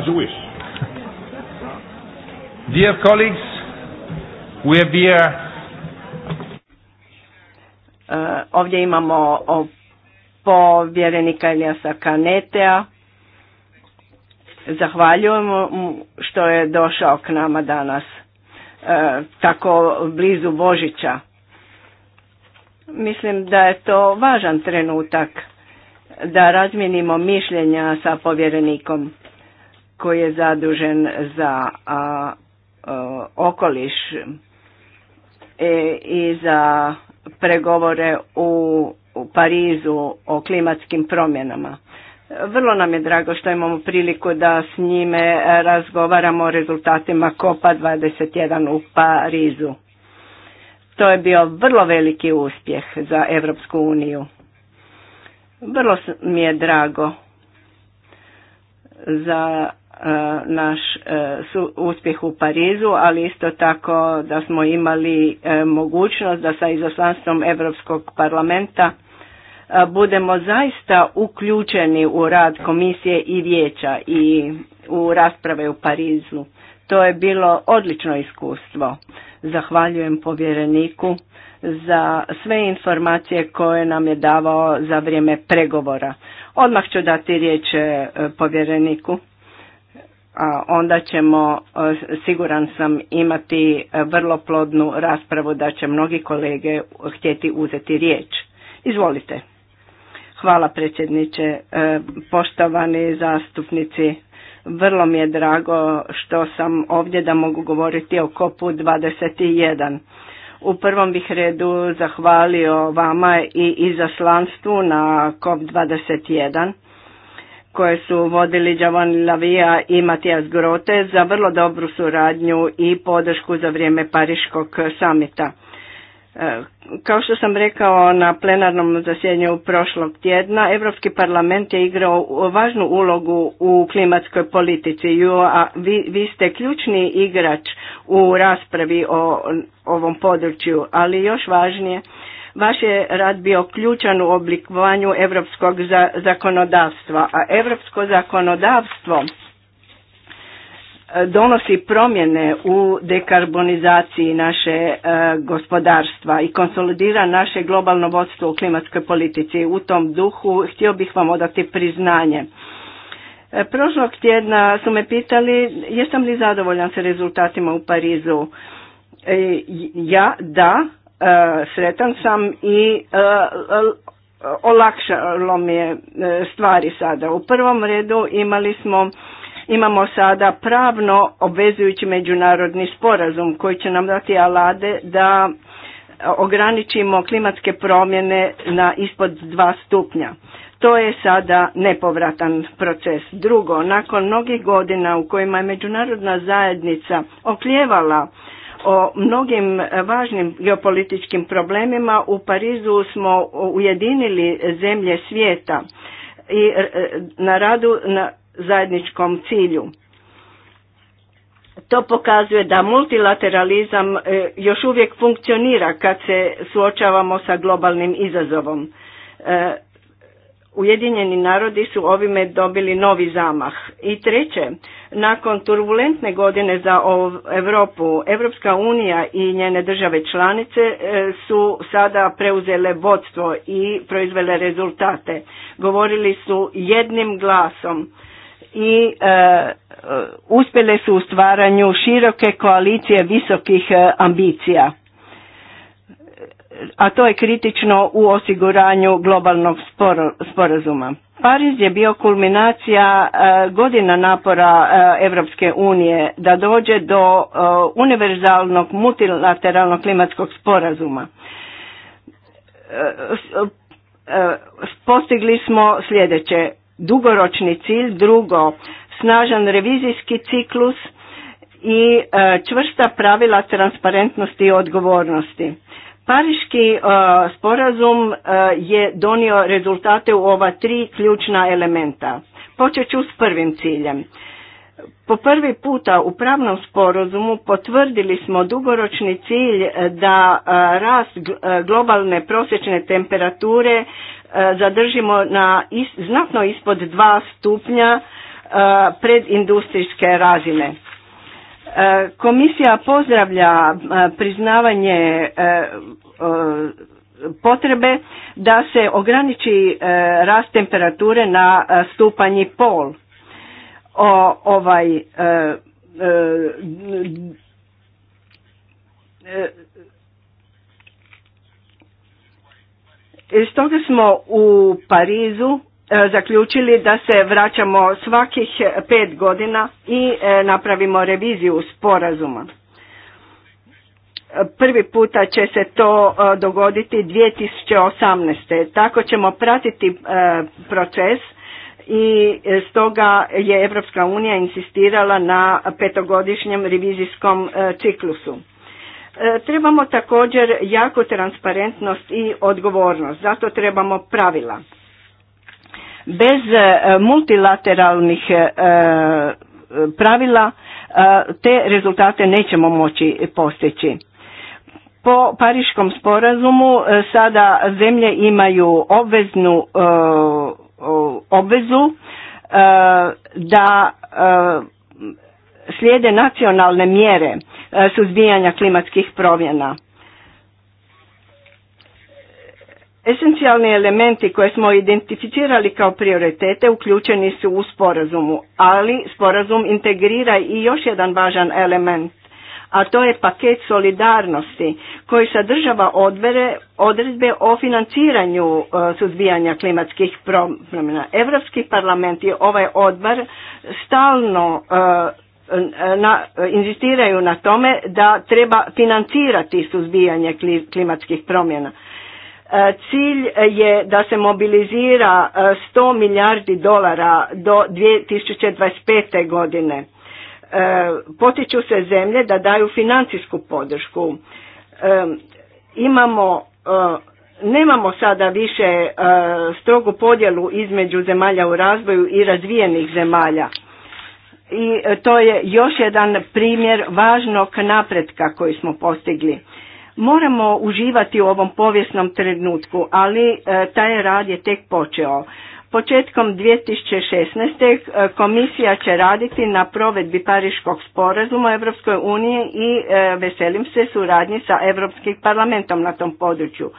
Speaker 2: as you wish. Dear colleagues, we have here...
Speaker 4: Uh, ovdje imamo povjerenika Eliasa Kanetea. Zahvaljujemo što je došao k nama danas, uh, tako blizu Božića. Mislim da je to važan trenutak da razmijenimo mišljenja sa povjerenikom koji je zadužen za a, okoliš e, i za pregovore u, u Parizu o klimatskim promjenama. Vrlo nam je drago što imamo priliku da s njime razgovaramo o rezultatima COPA 21 u Parizu. To je bio vrlo veliki uspjeh za Europsku uniju. Vrlo mi je drago za E, naš e, uspjeh u Parizu, ali isto tako da smo imali e, mogućnost da sa izaslanstvom Europskog parlamenta budemo zaista uključeni u rad komisije i vijeća i u rasprave u Parizu. To je bilo odlično iskustvo. Zahvaljujem povjereniku za sve informacije koje nam je davao za vrijeme pregovora. Odmah ću dati riječ povjereniku onda ćemo, e, siguran sam, imati e, vrlo plodnu raspravu da će mnogi kolege htjeti uzeti riječ. Izvolite. Hvala predsjedniče, e, poštovani zastupnici. Vrlo mi je drago što sam ovdje da mogu govoriti o kopu 21. U prvom bih redu zahvalio vama i izaslanstvu na COP21 koje su vodili Giovanni Lavija i Matijas Grote za vrlo dobru suradnju i podršku za vrijeme Pariškog samita. E, kao što sam rekao na plenarnom zasjednju prošlog tjedna, Europski parlament je igrao važnu ulogu u klimatskoj politici. A vi ste ključni igrač u raspravi o ovom području, ali još važnije Vaš je rad bio ključan u oblikovanju europskog zakonodavstva, a europsko zakonodavstvo e, donosi promjene u dekarbonizaciji naše e, gospodarstva i konsolidira naše globalno vodstvo u klimatskoj politici. U tom duhu htio bih vam odati priznanje. E, prošlog tjedna su me pitali jesam li zadovoljan sa rezultatima u Parizu. E, ja da, Eh, sretan sam i eh, olakšalo mi je eh, stvari sada. U prvom redu imali smo Imamo sada pravno obvezujući međunarodni sporazum koji će nam dati alade da ograničimo klimatske promjene na ispod dva stupnja. To je sada nepovratan proces. Drugo, nakon mnogih godina u kojima je međunarodna zajednica okljevala o mnogim važnim geopolitičkim problemima u Parizu smo ujedinili zemlje svijeta i e, na radu na zajedničkom cilju. To pokazuje da multilateralizam e, još uvijek funkcionira kad se suočavamo sa globalnim izazovom. E, Ujedinjeni narodi su ovime dobili novi zamah. I treće, nakon turbulentne godine za Europu, Europska unija i njene države članice e, su sada preuzele vodstvo i proizvele rezultate. Govorili su jednim glasom i e, e, uspjele su u stvaranju široke koalicije visokih ambicija a to je kritično u osiguranju globalnog sporazuma. Pariz je bio kulminacija e, godina napora Europske unije da dođe do e, univerzalnog multilateralnog klimatskog sporazuma. E, postigli smo sljedeće, dugoročni cilj, drugo, snažan revizijski ciklus i čvrsta pravila transparentnosti i odgovornosti Pariški e, sporazum e, je donio rezultate u ova tri ključna elementa. Počet ću s prvim ciljem. Po prvi puta u pravnom sporazumu potvrdili smo dugoročni cilj e, da rast globalne prosječne temperature zadržimo na znatno ispod dva stupnja predindustrijske razine. E, komisija pozdravlja e, priznavanje e, potrebe da se ograniči rast temperature na stupanji pol. O, ovaj Stoga smo u Parizu E, zaključili da se vraćamo svakih pet godina i e, napravimo reviziju sporazuma. Prvi puta će se to e, dogoditi 2018. Tako ćemo pratiti proces i stoga je Europska unija insistirala na petogodišnjem revizijskom ciklusu. Trebamo također jako transparentnost i odgovornost, zato trebamo pravila Bez e, multilateralnih e, e, pravila te rezultate nećemo moći postići. Po Pariškom sporazumu sada zemlje imaju obveznu obvezu da slijede nacionalne mjere suzbijanja klimatskih promjena. Esencijalni elementi koje smo identificirali kao prioritete uključeni su u sporazumu, ali sporazum integrira i još jedan važan element, a to je paket solidarnosti koji sadržava odvere odredbe o financiranju e, suzbijanja klimatskih promjena. Europski parlament i ovaj odbor stalno e, inzistiraju na tome da treba financirati suzbijanje klimatskih promjena. Cilj je da se mobilizira 100 e, milijardi dolara do 2025. godine. E, potiču se zemlje da daju financijsku podršku. E, imamo, nemamo sada više strogu podjelu između zemalja u razvoju i razvijenih zemalja. I to je još jedan primjer važnog napretka koji smo postigli Moramo uživati u ovom povijesnom trenutku, ali e, taj rad je tek počeo. Početkom 2016. E, komisija će raditi na provedbi Pariškog sporazuma Europskoj unije i e, veselim se suradnji sa Europskim parlamentom na tom području.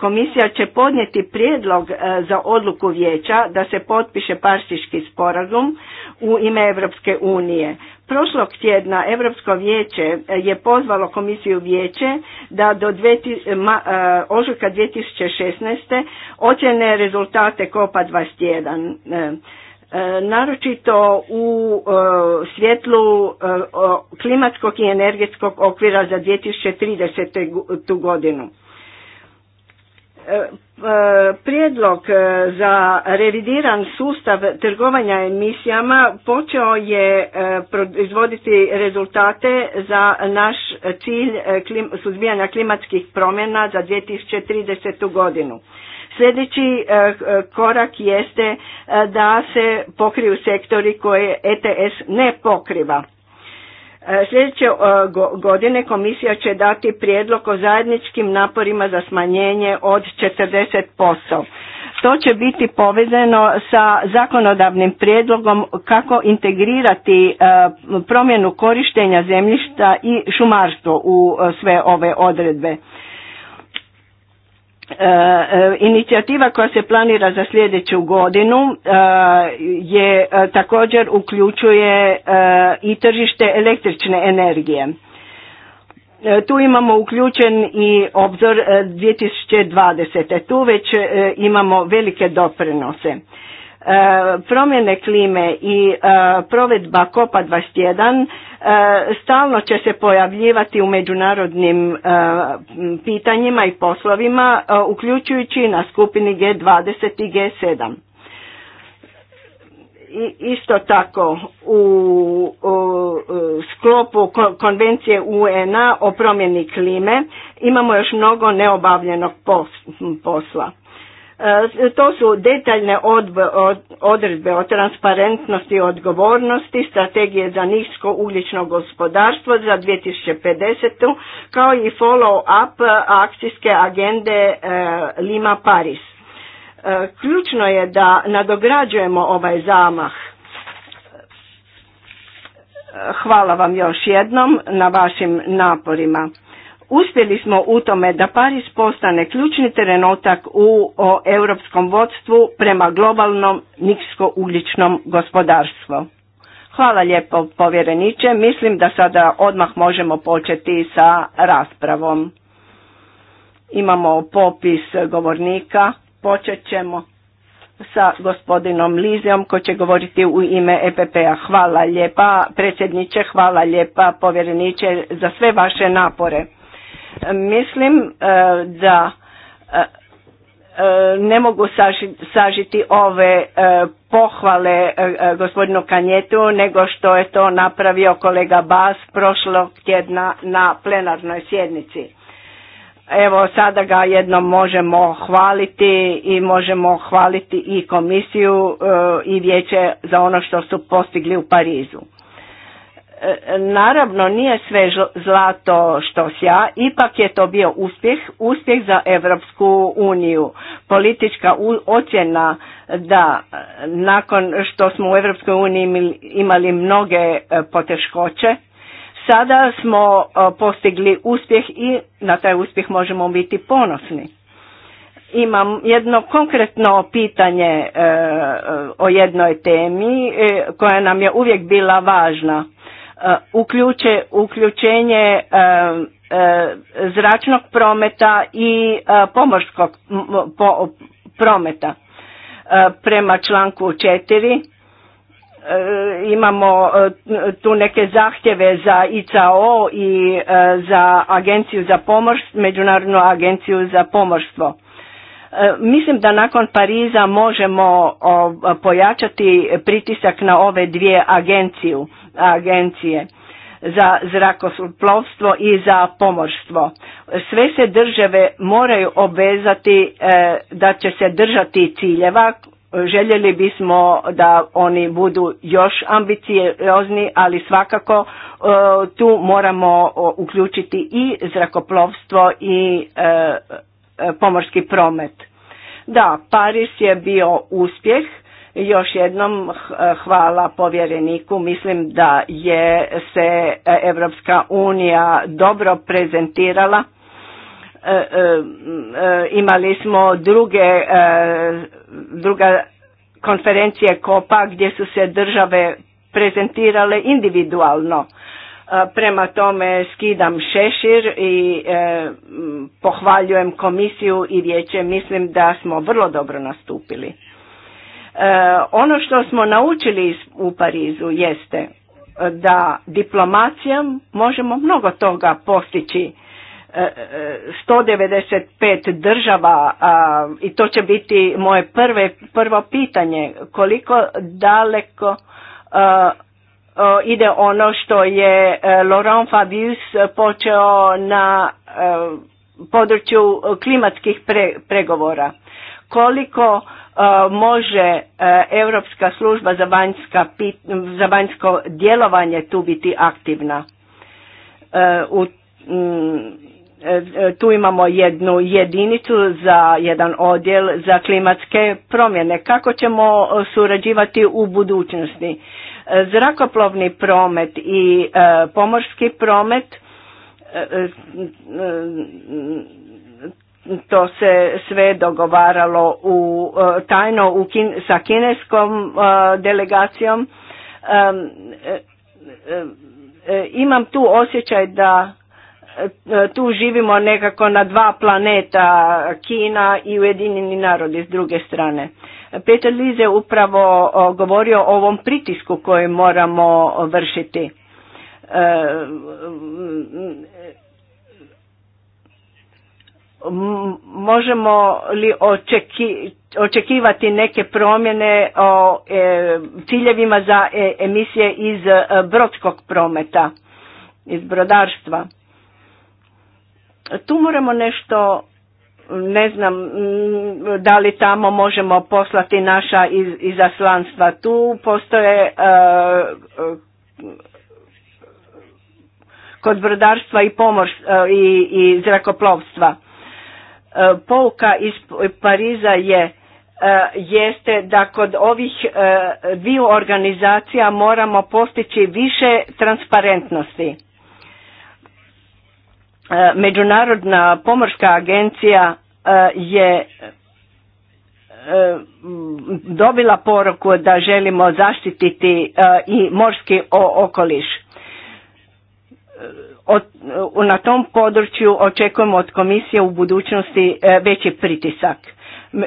Speaker 4: Komisija će podnijeti prijedlog za odluku vijeća da se potpiše Pariški sporazum u ime Europske unije. Prošlog tjedna Europsko vijeće e, je pozvalo komisiju vijeće da do e, e, ožujka 2016. ocjene rezultate COPA 21 naročito u svjetlu klimatskog i energetskog okvira za 2030. godinu. E, e, prijedlog e, za revidiran sustav trgovanja emisijama počeo je proizvoditi rezultate za naš cilj suzbijanja klimatskih promjena za 2030. godinu. Sljedeći korak jeste da se pokriju sektori koje ETS ne pokriva. E, sljedeće e, godine komisija će dati prijedlog o zajedničkim naporima za smanjenje od 40%. To će biti povezano sa zakonodavnim prijedlogom kako integrirati e, promjenu korištenja zemljišta i šumarstvo u sve ove odredbe. E, e, inicijativa koja se planira za sljedeću godinu e, je također uključuje i tržište električne energije. Tu imamo uključen i obzor 2020. Tu već imamo velike doprinose. E, promjene klime i e, provedba Kopa 21 e, stalno će se pojavljivati u međunarodnim pitanjima i poslovima, uključujući na skupini G20 i G7. Isto tako u sklopu konvencije UN-a o promjeni klime imamo još mnogo neobavljenog posla E, to su detaljne odredbe o transparentnosti i odgovornosti, strategije za nisko ulično gospodarstvo za 2050. kao i follow-up akcijske agende e, Lima Paris. E, ključno je da nadograđujemo ovaj zamah. Hvala vam još jednom na vašim naporima. Uspjeli smo u tome da Paris postane ključni trenutak u europskom vodstvu prema globalnom niskougljičnom gospodarstvu. Hvala lijepo povjereniče, mislim da sada odmah možemo početi sa raspravom. Imamo popis govornika, počet ćemo sa gospodinom Lizijom koji će govoriti u ime EPP-a. Hvala lijepa predsjedniče, hvala lijepa povjereniče za sve vaše napore. Mislim e, da e, e, ne mogu sažiti ove pohvale gospodinu Kanjetu nego što je to napravio kolega Bas prošlog tjedna na plenarnoj sjednici. Evo sada ga jednom možemo hvaliti i možemo hvaliti i komisiju i vijeće za ono što su postigli u Parizu. E, naravno, nije sve zlato što sja, ipak je to bio uspjeh, uspjeh za Evropsku uniju. Politička ocjena da e, nakon što smo u Evropskoj uniji imali mnoge e, poteškoće, sada smo postigli uspjeh i na taj uspjeh možemo biti ponosni. Imam jedno konkretno pitanje o jednoj temi koja nam je uvijek bila važna. Uh, uključe uključenje um, uh, zračnog prometa i uh, pomorskog prometa. Prema članku 4 imamo tu neke zahtjeve za ICAO i za agenciju za pomorstvo, međunarodnu agenciju za pomorstvo. Mislim da nakon Pariza možemo pojačati pritisak na ove dvije agenciju agencije za zrakoplovstvo i za pomorstvo. Sve se države moraju obvezati e, da će se držati ciljeva. Željeli bismo da oni budu još ambiciozni, ali svakako e, tu moramo uključiti i zrakoplovstvo i e, pomorski promet. Da, Paris je bio uspjeh još jednom hvala povjereniku. Mislim da je se e, Evropska unija dobro prezentirala. E, e, imali smo druge, druga konferencije kopa gdje su se države prezentirale individualno. Prema tome skidam šešir i pohvaljujem komisiju i vijeće. Mislim da smo vrlo dobro nastupili. E, ono što smo naučili u Parizu jeste e, da diplomacijom možemo mnogo toga postići. 195 e, država i to će biti moje prvo pitanje koliko daleko ide ono što je Laurent Fabius počeo na području klimatskih pregovora koliko E, može e, Europska služba za, za vanjsko djelovanje tu biti aktivna. E, u, tu imamo jednu jedinicu za jedan odjel za klimatske promjene. Kako ćemo surađivati u budućnosti? Zrakoplovni promet i pomorski promet to se sve dogovaralo u, e, tajno u sa kineskom e, delegacijom. E, imam tu osjećaj da tu živimo nekako na dva planeta, Kina i Ujedinjeni narodi s druge strane. Peter Lize upravo govorio o ovom pritisku koji moramo vršiti možemo li očekivati neke promjene o e, ciljevima za e, emisije iz e, brodskog prometa, iz brodarstva. Tu moramo nešto, ne znam da li tamo možemo poslati naša iz, izaslanstva. Tu postoje e, kod brodarstva i, pomors, i, i zrakoplovstva E, pouka iz Pariza je e, jeste da kod ovih e, dviju organizacija moramo postići više transparentnosti. Međunarodna pomorska agencija je dobila poruku da želimo zaštititi i morski okoliš na tom području očekujemo od komisije u budućnosti e, veći pritisak.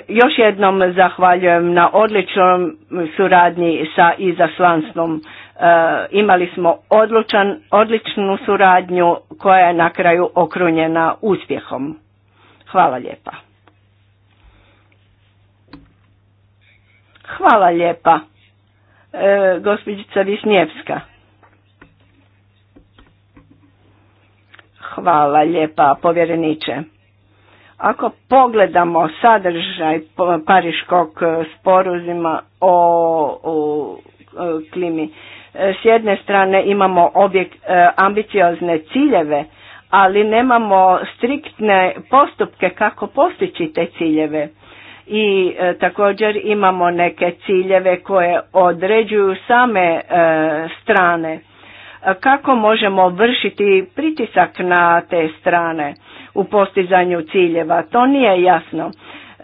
Speaker 4: Još jednom zahvaljujem na odličnom suradnji sa izaslanstvom. E, imali smo odlučan, odličnu suradnju koja je na kraju okrunjena uspjehom. Hvala lijepa. Hvala lijepa, e, gospođica Višnjevska. Hvala lijepa povjereniče. Ako pogledamo sadržaj Pariškog e, sporuzima o, e, klimi, e, s jedne strane imamo objek ambiciozne ciljeve, ali nemamo striktne postupke kako postići te ciljeve. I također imamo neke ciljeve koje određuju same strane kako možemo vršiti pritisak na te strane u postizanju ciljeva to nije jasno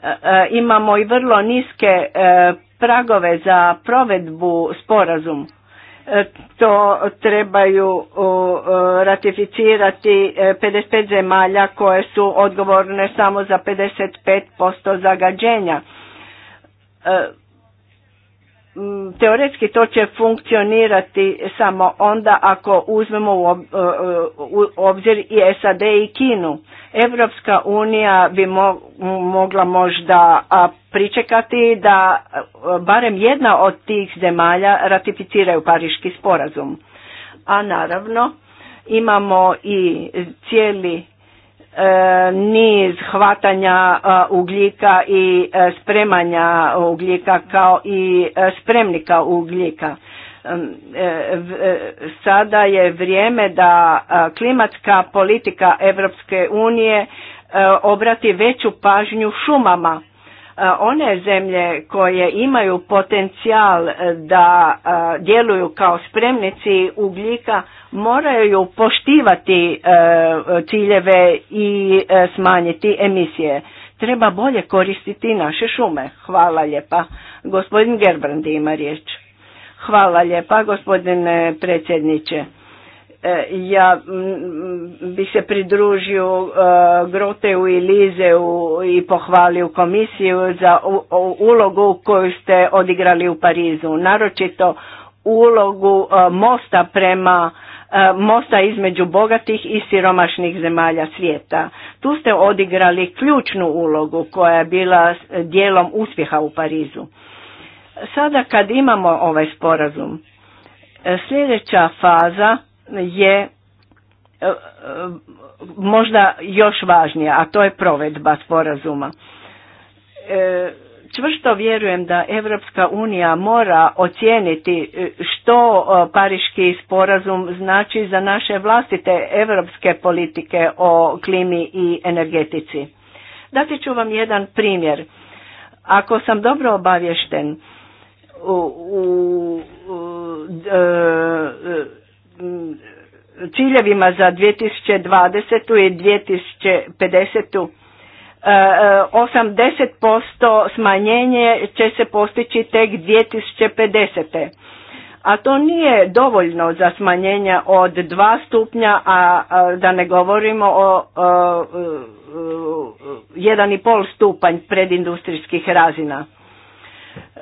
Speaker 4: e, e, imamo i vrlo niske e, pragove za provedbu sporazum to trebaju ratificirati 55 zemalja koje su odgovorne samo za 55% zagađenja Mm, teoretski to će funkcionirati samo onda ako uzmemo u e, e, obzir i SAD i Kinu. Evropska unija bi mogla možda pričekati da e, barem jedna od tih zemalja ratificiraju Pariški sporazum. A naravno imamo i cijeli E, niz hvatanja e, ugljika i e, spremanja ugljika kao i spremnika ugljika. Sada je vrijeme da klimatska politika Europske unije obrati veću pažnju šumama. One zemlje koje imaju potencijal da djeluju kao spremnici ugljika moraju poštivati e, ciljeve i e, smanjiti emisije. Treba bolje koristiti naše šume. Hvala lijepa. Gospodin gerbrand ima riječ. Hvala lijepa gospodine predsjedniče. E, ja bi se pridružio Groteu i Lizeu i pohvalio komisiju za ulogu koju ste odigrali u Parizu. Naročito ulogu mosta prema E, mosta između bogatih i siromašnih zemalja svijeta. Tu ste odigrali ključnu ulogu koja je bila dijelom uspjeha u Parizu. Sada kad imamo ovaj sporazum, e, sljedeća faza je e, možda još važnija, a to je provedba sporazuma čvrsto vjerujem da Evropska unija mora ocijeniti e, što e, Pariški sporazum znači za naše vlastite evropske politike o klimi i energetici. Dati ću vam jedan primjer. Ako sam dobro obavješten, u, u, u e, ciljevima za 2020. i 2050. 80% e, e, smanjenje će se postići tek 2050. A to nije dovoljno za smanjenje od dva stupnja, a da ne govorimo o pol stupanj predindustrijskih razina. E,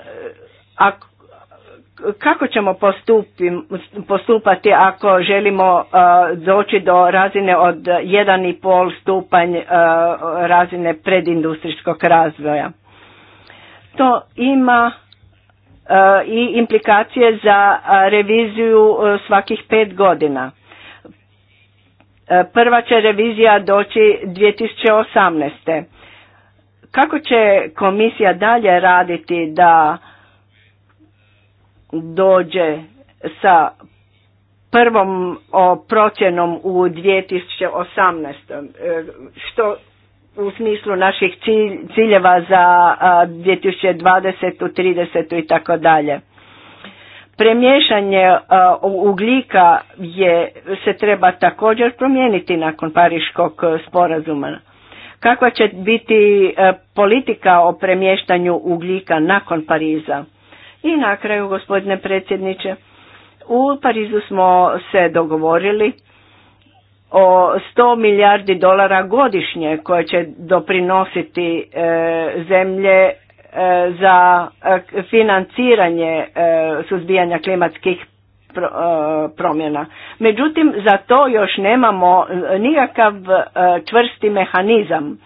Speaker 4: ako kako ćemo postupati ako želimo uh, doći do razine od 1,5 stupanj uh, razine predindustrijskog razvoja? To ima uh, i implikacije za reviziju svakih pet godina. Prva će revizija doći 2018. Kako će komisija dalje raditi da dođe sa prvom procjenom u 2018. E, što u smislu naših ciljeva za 2020. 30. i tako dalje. Premješanje ugljika je, se treba također promijeniti nakon Pariškog sporazuma. Kakva će biti e, politika o premještanju ugljika nakon Pariza? I na kraju, gospodine predsjedniče, u Parizu smo se dogovorili o 100 milijardi dolara godišnje koje će doprinositi e, zemlje e, za e, financiranje suzbijanja klimatskih promjena. Međutim, za to još nemamo nikakav čvrsti mehanizam.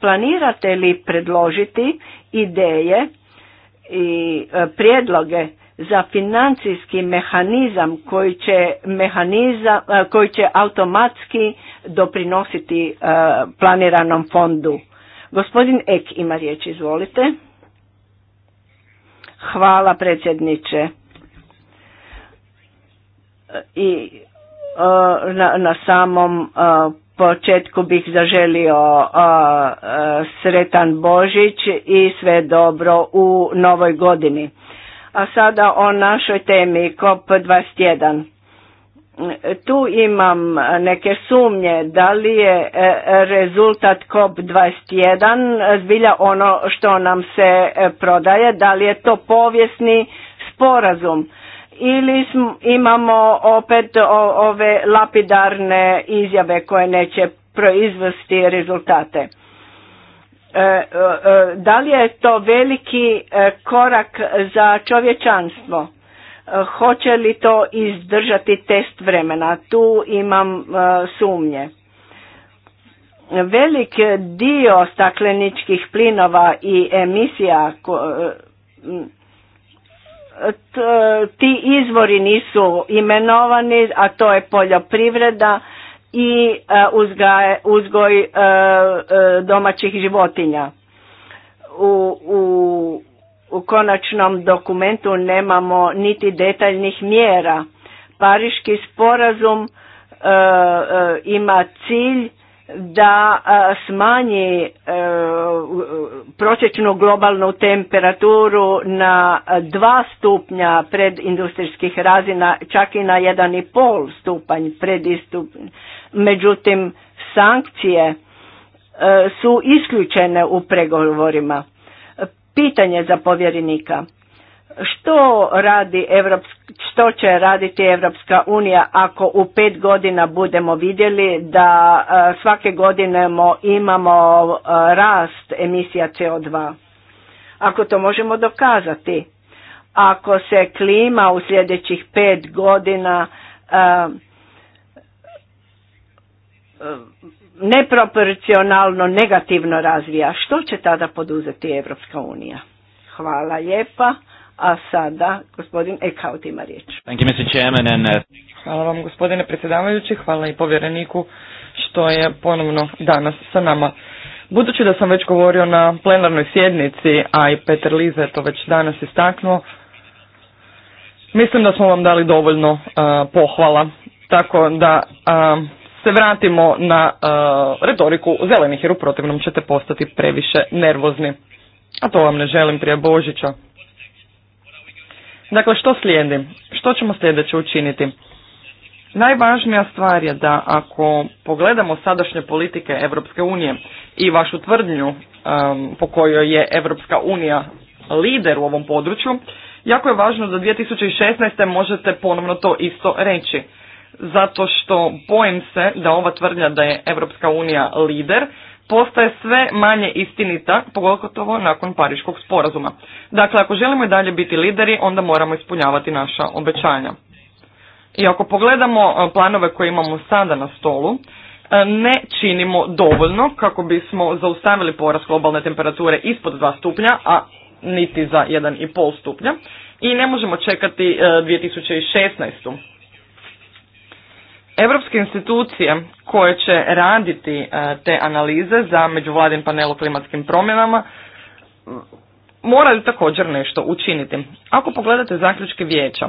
Speaker 4: Planirate li predložiti ideje i e, prijedloge za financijski mehanizam koji će, mehanizam, e, koji će automatski doprinositi e, planiranom fondu. Gospodin Ek ima riječ, izvolite. Hvala predsjedniče. I na, na samom početku bih zaželio sretan Božić i sve dobro u novoj godini. A sada o našoj temi COP21. Tu imam neke sumnje da li je e, rezultat COP21 zbilja ono što nam se e, prodaje, da li je to povijesni sporazum ili imamo opet ove lapidarne izjave koje neće proizvesti rezultate. E, e, e, da li je to veliki korak za čovječanstvo? Hoće li to izdržati test vremena? Tu imam sumnje. Velik dio stakleničkih plinova i emisija ti izvori nisu imenovani, a to je poljoprivreda i e, uzgoj e, e, domaćih životinja. U, u, u konačnom dokumentu nemamo niti detaljnih mjera. Pariški sporazum ima cilj da smanji e, prosječnu globalnu temperaturu na dva stupnja industrijskih razina, čak i na pol stupanj predistupnja. Međutim, sankcije e, su isključene u pregovorima. Pitanje za povjerenika – što, radi što će raditi Evropska unija ako u pet godina budemo vidjeli da e, svake godine imamo e, rast emisija CO2? Ako to možemo dokazati, ako se klima u sljedećih pet godina e, neproporcionalno negativno razvija, što će tada poduzeti Evropska unija? Hvala lijepa. A sada gospodin Ekaut ima riječ.
Speaker 2: Uh,
Speaker 1: hvala vam gospodine predsjedavajući, hvala i povjereniku što je ponovno danas sa nama. Budući da sam već govorio na plenarnoj sjednici, a i Peter Lize je to već danas istaknuo, mislim da smo vam dali dovoljno uh, pohvala. Tako da uh, se vratimo na retoriku zelenih jer u protivnom ćete postati previše nervozni. A to vam ne želim prije Božića. Dakle, što slijedi? Što ćemo sljedeće učiniti? Najvažnija stvar je da ako pogledamo sadašnje politike Europske unije i vašu tvrdnju po kojoj je Europska unija lider u ovom području, jako je važno da 2016. možete ponovno to isto reći. Zato što bojim se da ova tvrdnja da je Europska unija lider postaje sve manje istinita, pogotovo nakon Pariškog sporazuma. Dakle, ako želimo i dalje biti lideri, onda moramo ispunjavati naša obećanja. I ako pogledamo e, planove koje imamo sada na stolu, e, ne činimo dovoljno kako bismo zaustavili porast globalne temperature ispod 2 stupnja, a niti za 1,5 stupnja. I ne možemo čekati 2016. E, Europske institucije koje će raditi e, te analize za međuvladin panel o klimatskim promjenama moraju također nešto učiniti. Ako pogledate zaključke vijeća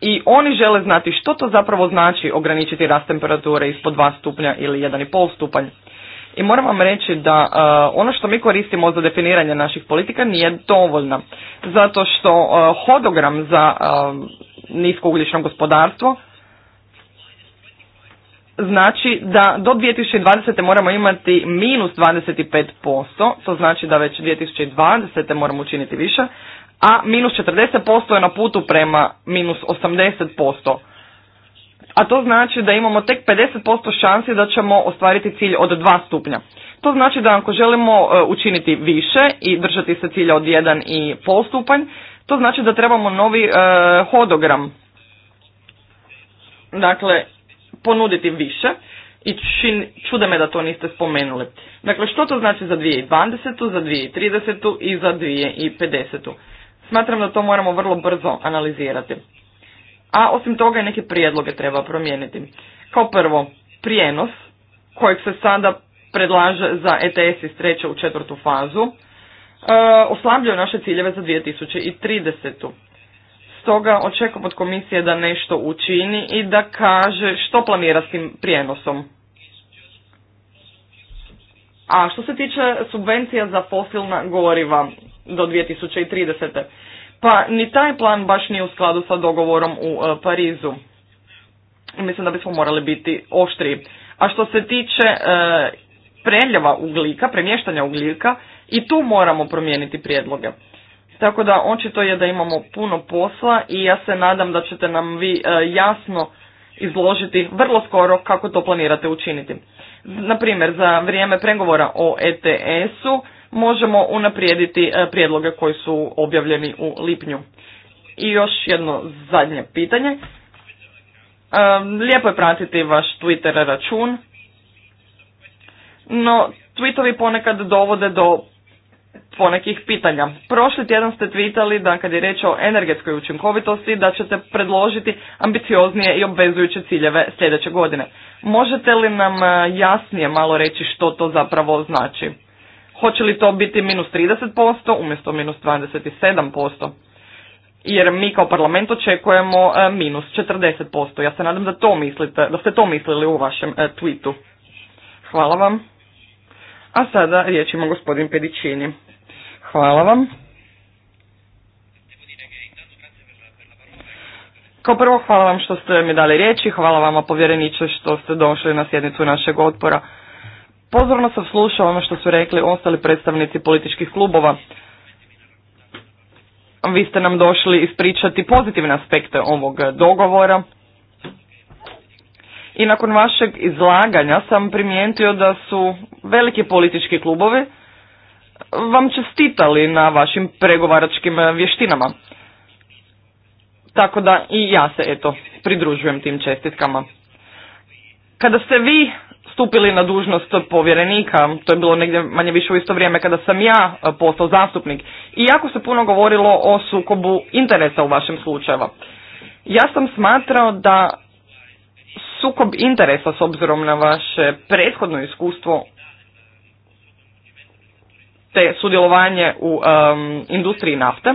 Speaker 1: i oni žele znati što to zapravo znači ograničiti rast temperature ispod 2 stupnja ili 1,5 stupanj. I moram vam reći da e, ono što mi koristimo za definiranje naših politika nije dovoljna. Zato što e, hodogram za uh, ugljično gospodarstvo znači da do 2020. moramo imati minus 25%, to znači da već 2020. moramo učiniti više, a minus 40% je na putu prema minus 80%. A to znači da imamo tek 50% šansi da ćemo ostvariti cilj od 2 stupnja. To znači da ako želimo e, učiniti više i držati se cilja od 1 i pol stupanj, to znači da trebamo novi e, hodogram. Dakle, ponuditi više i čude me da to niste spomenuli. Dakle, što to znači za 2020., za 2030. i za 2050. Smatram da to moramo vrlo brzo analizirati. A osim toga i neke prijedloge treba promijeniti. Kao prvo, prijenos kojeg se sada predlaže za ETS iz treće u četvrtu fazu, e, oslabljuje oslabljaju naše ciljeve za 2030 toga očekujem od komisije da nešto učini i da kaže što planira s tim prijenosom. A što se tiče subvencija za fosilna goriva do 2030. Pa ni taj plan baš nije u skladu sa dogovorom u e, Parizu. Mislim da bismo morali biti oštriji. A što se tiče e, preljeva uglika premještanja ugljika, i tu moramo promijeniti prijedloge. Tako da očito je da imamo puno posla i ja se nadam da ćete nam vi e, jasno izložiti vrlo skoro kako to planirate učiniti. Naprimjer, za vrijeme pregovora o ETS-u možemo unaprijediti e, prijedloge koji su objavljeni u lipnju. I još jedno zadnje pitanje. E, lijepo je pratiti vaš Twitter račun, no tweetovi ponekad dovode do ponekih pitanja. Prošli tjedan ste tvitali da kad je riječ o energetskoj učinkovitosti da ćete predložiti ambicioznije i obvezujuće ciljeve sljedeće godine. Možete li nam e, jasnije malo reći što to zapravo znači? Hoće li to biti minus 30% umjesto minus 27%? Jer mi kao parlament očekujemo e, minus 40%. Ja se nadam da, to mislite, da ste to mislili u vašem e, tweetu. Hvala vam. A sada riječ ima gospodin Pedicini. Hvala vam. Kao prvo hvala vam što ste mi dali riječi, hvala vama povjereniče što ste došli na sjednicu našeg otpora. Pozorno sam slušao ono što su rekli ostali predstavnici političkih klubova. Vi ste nam došli ispričati pozitivne aspekte ovog dogovora. I nakon vašeg izlaganja sam primijetio da su veliki politički klubovi vam čestitali na vašim pregovaračkim eh, vještinama. Tako da i ja se eto pridružujem tim čestitkama. Kada ste vi stupili na dužnost povjerenika, to je bilo negdje manje više u isto vrijeme kada sam ja eh, postao zastupnik, i jako se puno govorilo o sukobu interesa u vašem slučaju. Ja sam smatrao da sukob interesa s obzirom na vaše prethodno iskustvo te sudjelovanje u industriji nafte.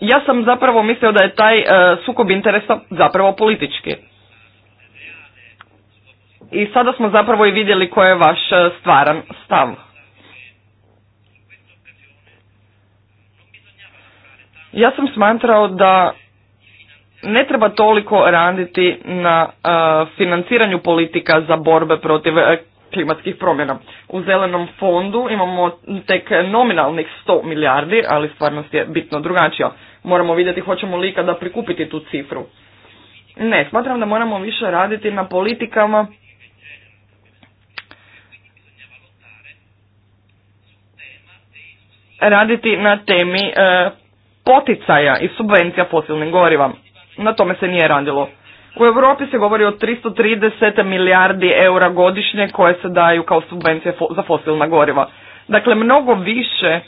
Speaker 1: Ja sam zapravo mislio da je taj e, sukob interesa zapravo politički. I sada smo zapravo i vidjeli koji je vaš e, stvaran stav. Ja sam smatrao da ne treba toliko raditi na e, financiranju politika za borbe protiv klimatskih promjena. U zelenom fondu imamo tek nominalnih 100 milijardi, ali stvarnost je bitno drugačija. Moramo vidjeti hoćemo li ikada prikupiti tu cifru. Ne, smatram da moramo više raditi na politikama raditi na temi e, poticaja i subvencija fosilnim goriva. Na tome se nije radilo. U Europi se govori o 330 milijardi eura godišnje koje se daju kao subvencije za fosilna goriva. Dakle, mnogo više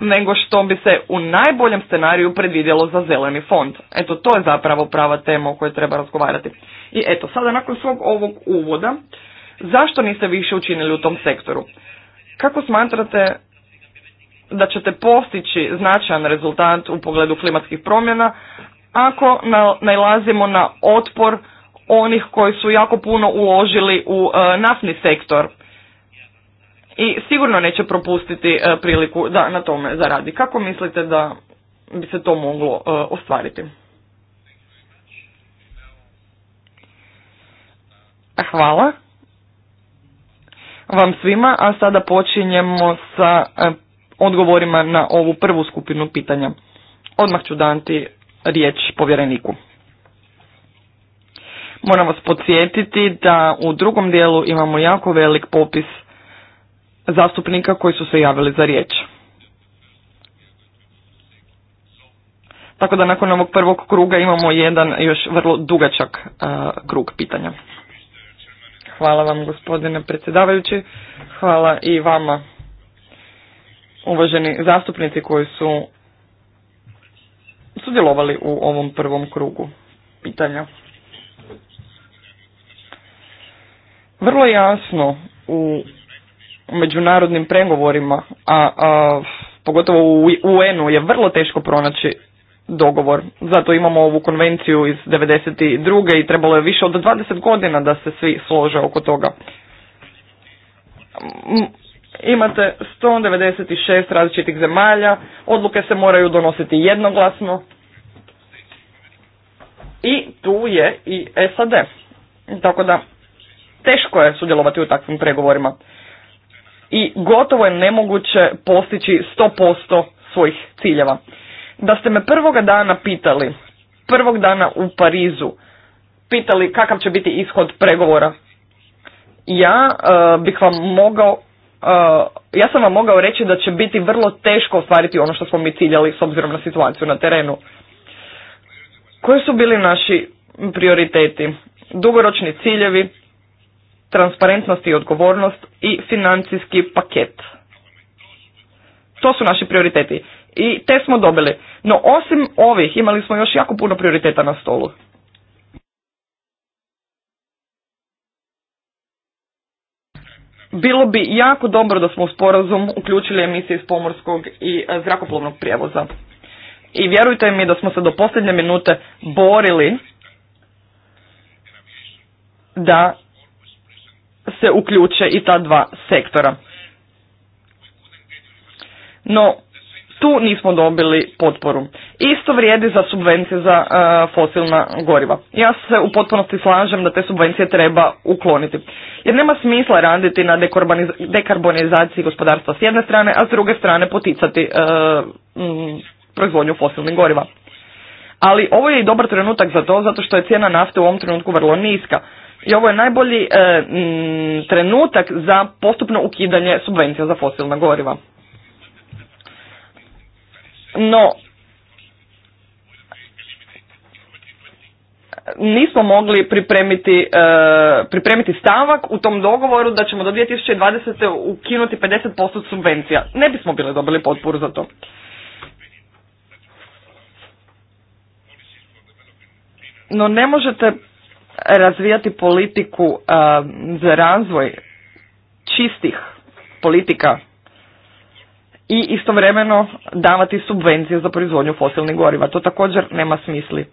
Speaker 1: nego što bi se u najboljem scenariju predvidjelo za zeleni fond. Eto, to je zapravo prava tema o kojoj treba razgovarati. I eto, sada nakon svog ovog uvoda, zašto niste više učinili u tom sektoru? Kako smatrate da ćete postići značajan rezultat u pogledu klimatskih promjena ako nalazimo na otpor onih koji su jako puno uložili u e, naftni sektor i sigurno neće propustiti e, priliku da na tome zaradi. Kako mislite da bi se to moglo e, ostvariti? Hvala vam svima, a sada počinjemo sa odgovorima na ovu prvu skupinu pitanja. Odmah ću dati riječ povjereniku. Moram vas podsjetiti da u drugom dijelu imamo jako velik popis zastupnika koji su se javili za riječ. Tako da nakon ovog prvog kruga imamo jedan još vrlo dugačak e, krug pitanja. Hvala vam gospodine predsjedavajući, hvala i vama uvaženi zastupnici koji su sudjelovali u ovom prvom krugu pitanja. Vrlo jasno u međunarodnim pregovorima, a, a pogotovo u UN-u je vrlo teško pronaći dogovor. Zato imamo ovu konvenciju iz 92. i trebalo je više od 20 godina da se svi slože oko toga. Imate 196 različitih zemalja, odluke se moraju donositi jednoglasno, i tu je i SAD. Tako da teško je sudjelovati u takvim pregovorima. I gotovo je nemoguće postići 100% svojih ciljeva. Da ste me prvoga dana pitali, prvog dana u Parizu, pitali kakav će biti ishod pregovora, ja e, bih vam mogao e, ja sam vam mogao reći da će biti vrlo teško ostvariti ono što smo mi ciljali s obzirom na situaciju na terenu. Koji su bili naši prioriteti? Dugoročni ciljevi, transparentnost i odgovornost i financijski paket. To su naši prioriteti. I te smo dobili. No osim ovih imali smo još jako puno prioriteta na stolu. Bilo bi jako dobro da smo u sporazum uključili emisije iz pomorskog i e, zrakoplovnog prijevoza. I vjerujte mi da smo se do posljednje minute borili da se uključe i ta dva sektora. No, tu nismo dobili potporu. Isto vrijedi za subvencije za e, fosilna goriva. Ja se u potpunosti slažem da te subvencije treba ukloniti. Jer nema smisla raditi na dekarbonizaciji gospodarstva s jedne strane, a s druge strane poticati e, proizvodnju fosilnih goriva. Ali ovo je i dobar trenutak za to zato što je cijena nafte u ovom trenutku vrlo niska. I ovo je najbolji e, trenutak za postupno ukidanje subvencija za fosilna goriva. No, nismo mogli pripremiti, e, pripremiti stavak u tom dogovoru da ćemo do 2020. ukinuti 50% subvencija. Ne bismo bili dobili potporu za to. No ne možete razvijati politiku um, za razvoj čistih politika i istovremeno davati subvencije za proizvodnju fosilnih goriva. To također nema smisli.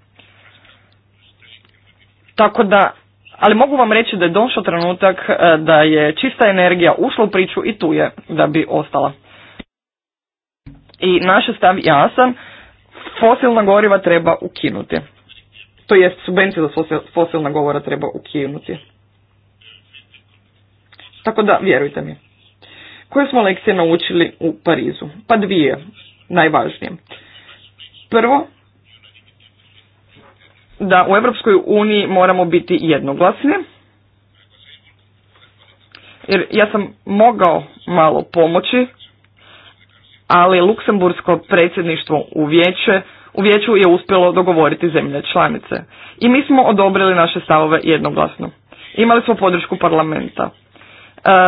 Speaker 1: Tako da, ali mogu vam reći da je došao trenutak uh, da je čista energija ušla u priču i tu je da bi ostala. I naš stav jasan, fosilna goriva treba ukinuti to jest subvencije za fosilna govora treba ukinuti. Tako da, vjerujte mi. Koje smo lekcije naučili u Parizu? Pa dvije, najvažnije. Prvo, da u Europskoj uniji moramo biti jednoglasni. Jer ja sam mogao malo pomoći, ali luksemburgsko predsjedništvo u vijeće u vijeću je uspjelo dogovoriti zemlje članice. I mi smo odobrili naše stavove jednoglasno. Imali smo podršku parlamenta. E,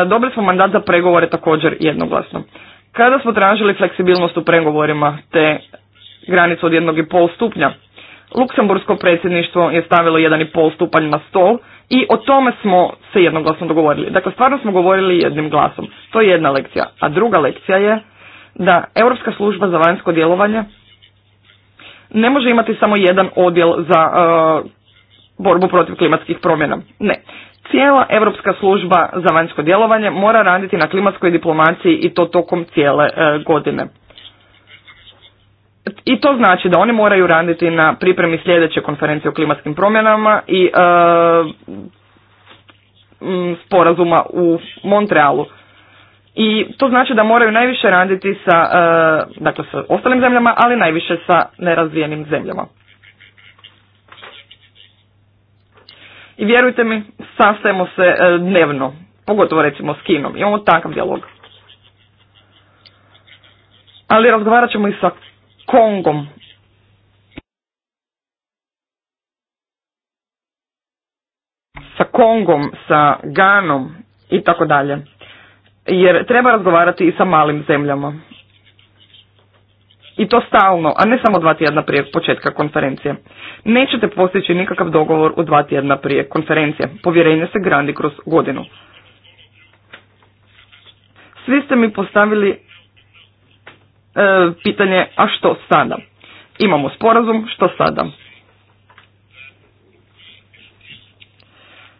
Speaker 1: dobili smo mandat za pregovore također jednoglasno. Kada smo tražili fleksibilnost u pregovorima te granicu od jednog i pol stupnja, Luksembursko predsjedništvo je stavilo jedan i pol stupanj na stol i o tome smo se jednoglasno dogovorili. Dakle, stvarno smo govorili jednim glasom. To je jedna lekcija. A druga lekcija je da Europska služba za vanjsko djelovanje ne može imati samo jedan odjel za e, borbu protiv klimatskih promjena. Ne. Cijela Europska služba za vanjsko djelovanje mora raditi na klimatskoj diplomaciji i to tokom cijele e, godine. I to znači da oni moraju raditi na pripremi sljedeće konferencije o klimatskim promjenama i e, sporazuma u Montrealu i to znači da moraju najviše raditi sa, e, dakle, sa ostalim zemljama, ali najviše sa nerazvijenim zemljama. I vjerujte mi, sastajemo se e, dnevno, pogotovo recimo s Kinom, imamo takav dijalog. Ali razgovarat ćemo i sa Kongom. Sa Kongom, sa Ganom i tako dalje jer treba razgovarati i sa malim zemljama. I to stalno, a ne samo dva tjedna prije početka konferencije. Nećete postići nikakav dogovor u dva tjedna prije konferencije. Povjerenje se grandi kroz godinu. Svi ste mi postavili e, pitanje, a što sada? Imamo sporazum, što sada?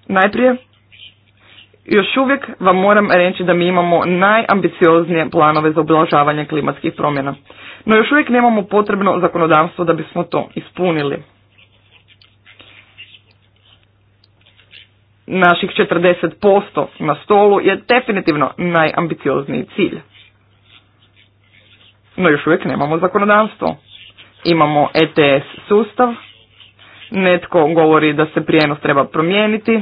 Speaker 1: Najprije još uvijek vam moram reći da mi imamo najambicioznije planove za ublažavanje klimatskih promjena, no još uvijek nemamo potrebno zakonodavstvo da bismo to ispunili. Naših 40% na stolu je definitivno najambiciozniji cilj. No još uvijek nemamo zakonodavstvo. Imamo ETS sustav, netko govori da se prijenos treba promijeniti,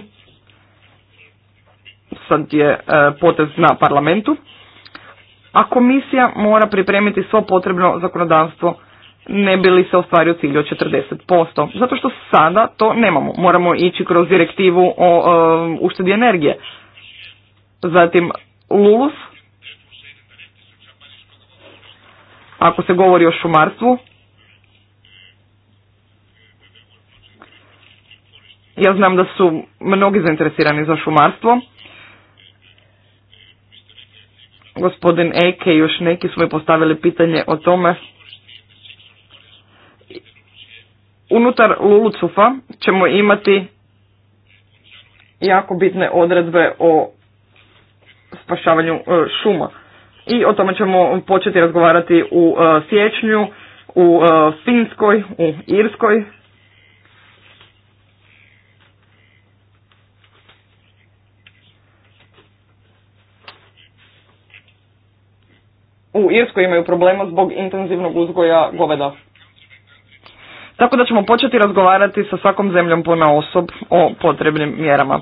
Speaker 1: sad je e, potez na parlamentu, a komisija mora pripremiti svo potrebno zakonodavstvo ne bi li se ostvario cilj od 40%. Zato što sada to nemamo. Moramo ići kroz direktivu o e, uštedi energije. Zatim LULUS. Ako se govori o šumarstvu. Ja znam da su mnogi zainteresirani za šumarstvo gospodin Eke i još neki smo postavili pitanje o tome. Unutar Lulucufa ćemo imati jako bitne odredbe o spašavanju e, šuma. I o tome ćemo početi razgovarati u e, siječnju, u e, Finskoj, u Irskoj. u Irskoj imaju problema zbog intenzivnog uzgoja goveda. Tako da ćemo početi razgovarati sa svakom zemljom pona osob o potrebnim mjerama.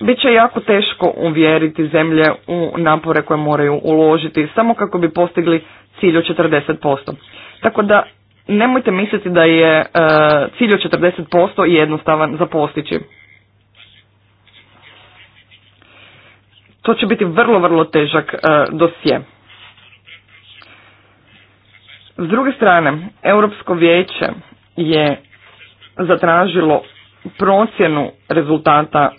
Speaker 1: Biće jako teško uvjeriti zemlje u napore koje moraju uložiti samo kako bi postigli cilj od 40%. Tako da nemojte misliti da je e, cilj od 40% jednostavan za postići. To će biti vrlo, vrlo težak e, dosje. S druge strane, Europsko vijeće je zatražilo procjenu rezultata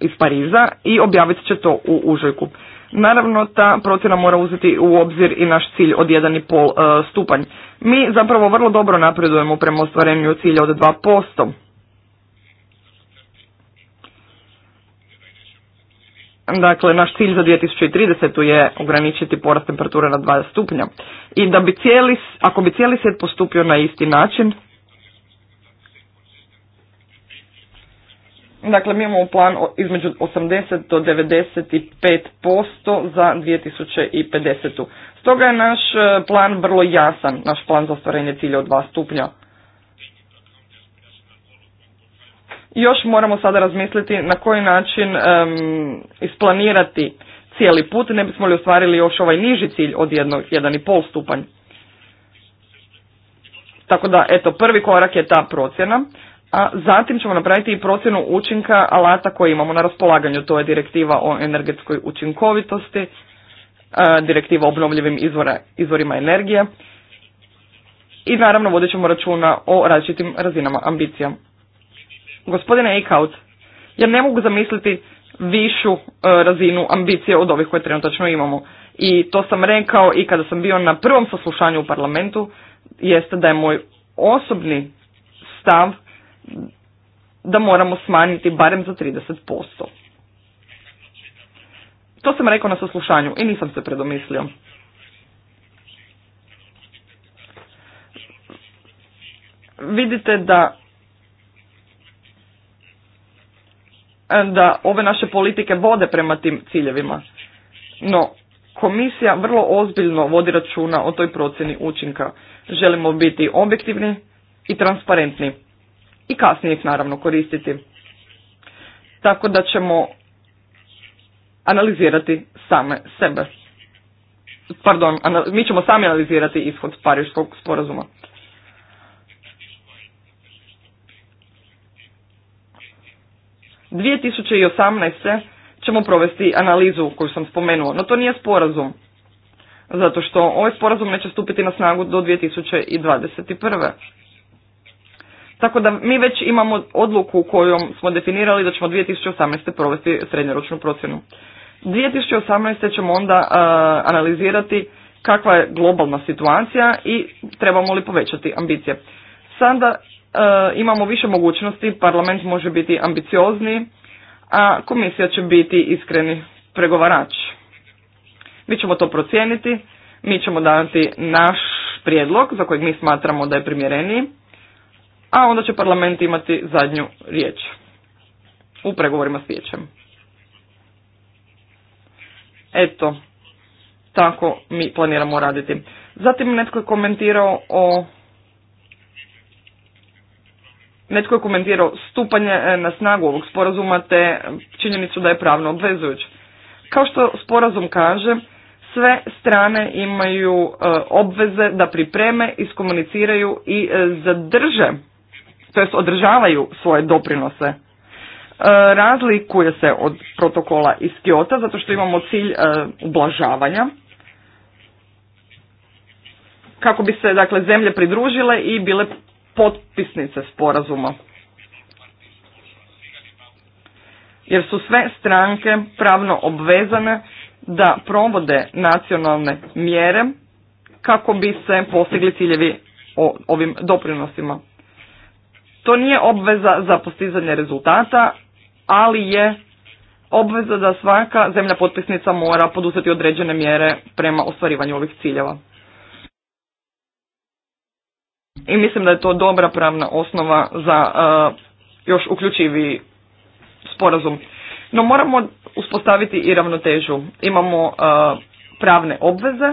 Speaker 1: iz Pariza i objavit će to u užojku. Naravno, ta procjena mora uzeti u obzir i naš cilj od 1,5 e, stupanj. Mi zapravo vrlo dobro napredujemo prema ostvarenju cilja od 2%. Dakle, naš cilj za 2030. je ograničiti porast temperature na 20 stupnja. I da bi cijeli, ako bi cijeli svijet postupio na isti način, Dakle, mi imamo plan između 80 do 95% za 2050. Stoga je naš eh, plan vrlo jasan, naš plan za ostvarenje cilja od 2 stupnja. Još moramo sada razmisliti na koji način isplanirati cijeli put, ne bismo li ostvarili još ovaj niži cilj od pol stupanj. Tako da, eto, prvi korak je ta procjena, a zatim ćemo napraviti i procjenu učinka alata koje imamo na raspolaganju. To je direktiva o energetskoj učinkovitosti, e, direktiva o obnovljivim izvora, izvorima energije i naravno vodit ćemo računa o različitim razinama ambicija. Gospodine Eickhout, ja ne mogu zamisliti višu e, razinu ambicije od ovih koje trenutačno imamo. I to sam rekao i kada sam bio na prvom saslušanju u parlamentu, jeste da je moj osobni stav da moramo smanjiti barem za 30%. To sam rekao na saslušanju i nisam se predomislio. Vidite da da ove naše politike vode prema tim ciljevima. No, komisija vrlo ozbiljno vodi računa o toj procjeni učinka. Želimo biti objektivni i transparentni i kasnije ih naravno koristiti. Tako da ćemo analizirati same sebe. Pardon, mi ćemo sami analizirati ishod Pariškog sporazuma. 2018. ćemo provesti analizu koju sam spomenuo, no to nije sporazum, zato što ovaj sporazum neće stupiti na snagu do 2021. Tako da mi već imamo odluku kojom smo definirali da ćemo 2018. provesti srednjoročnu procjenu. 2018. ćemo onda e, analizirati kakva je globalna situacija i trebamo li povećati ambicije. Sada E, imamo više mogućnosti, parlament može biti ambiciozni, a komisija će biti iskreni pregovarač. Mi ćemo to procijeniti, mi ćemo dati naš prijedlog za kojeg mi smatramo da je primjereniji, a onda će parlament imati zadnju riječ u pregovorima s vijećem. Eto, tako mi planiramo raditi. Zatim netko je komentirao o Netko je komentirao stupanje e, na snagu ovog sporazuma te činjenicu da je pravno obvezujuć. Kao što sporazum kaže, sve strane imaju e, obveze da pripreme, iskomuniciraju i e, zadrže, to jest održavaju svoje doprinose. Razlikuje se od protokola iz Kiota zato što imamo cilj ublažavanja kako bi se dakle zemlje pridružile i bile potpisnice sporazuma. Jer su sve stranke pravno obvezane da provode nacionalne mjere kako bi se postigli ciljevi o ovim doprinosima. To nije obveza za postizanje rezultata, ali je obveza da svaka zemlja potpisnica mora poduzeti određene mjere prema ostvarivanju ovih ciljeva i mislim da je to dobra pravna osnova za e, još uključiviji sporazum. No moramo uspostaviti i ravnotežu. Imamo e, pravne obveze,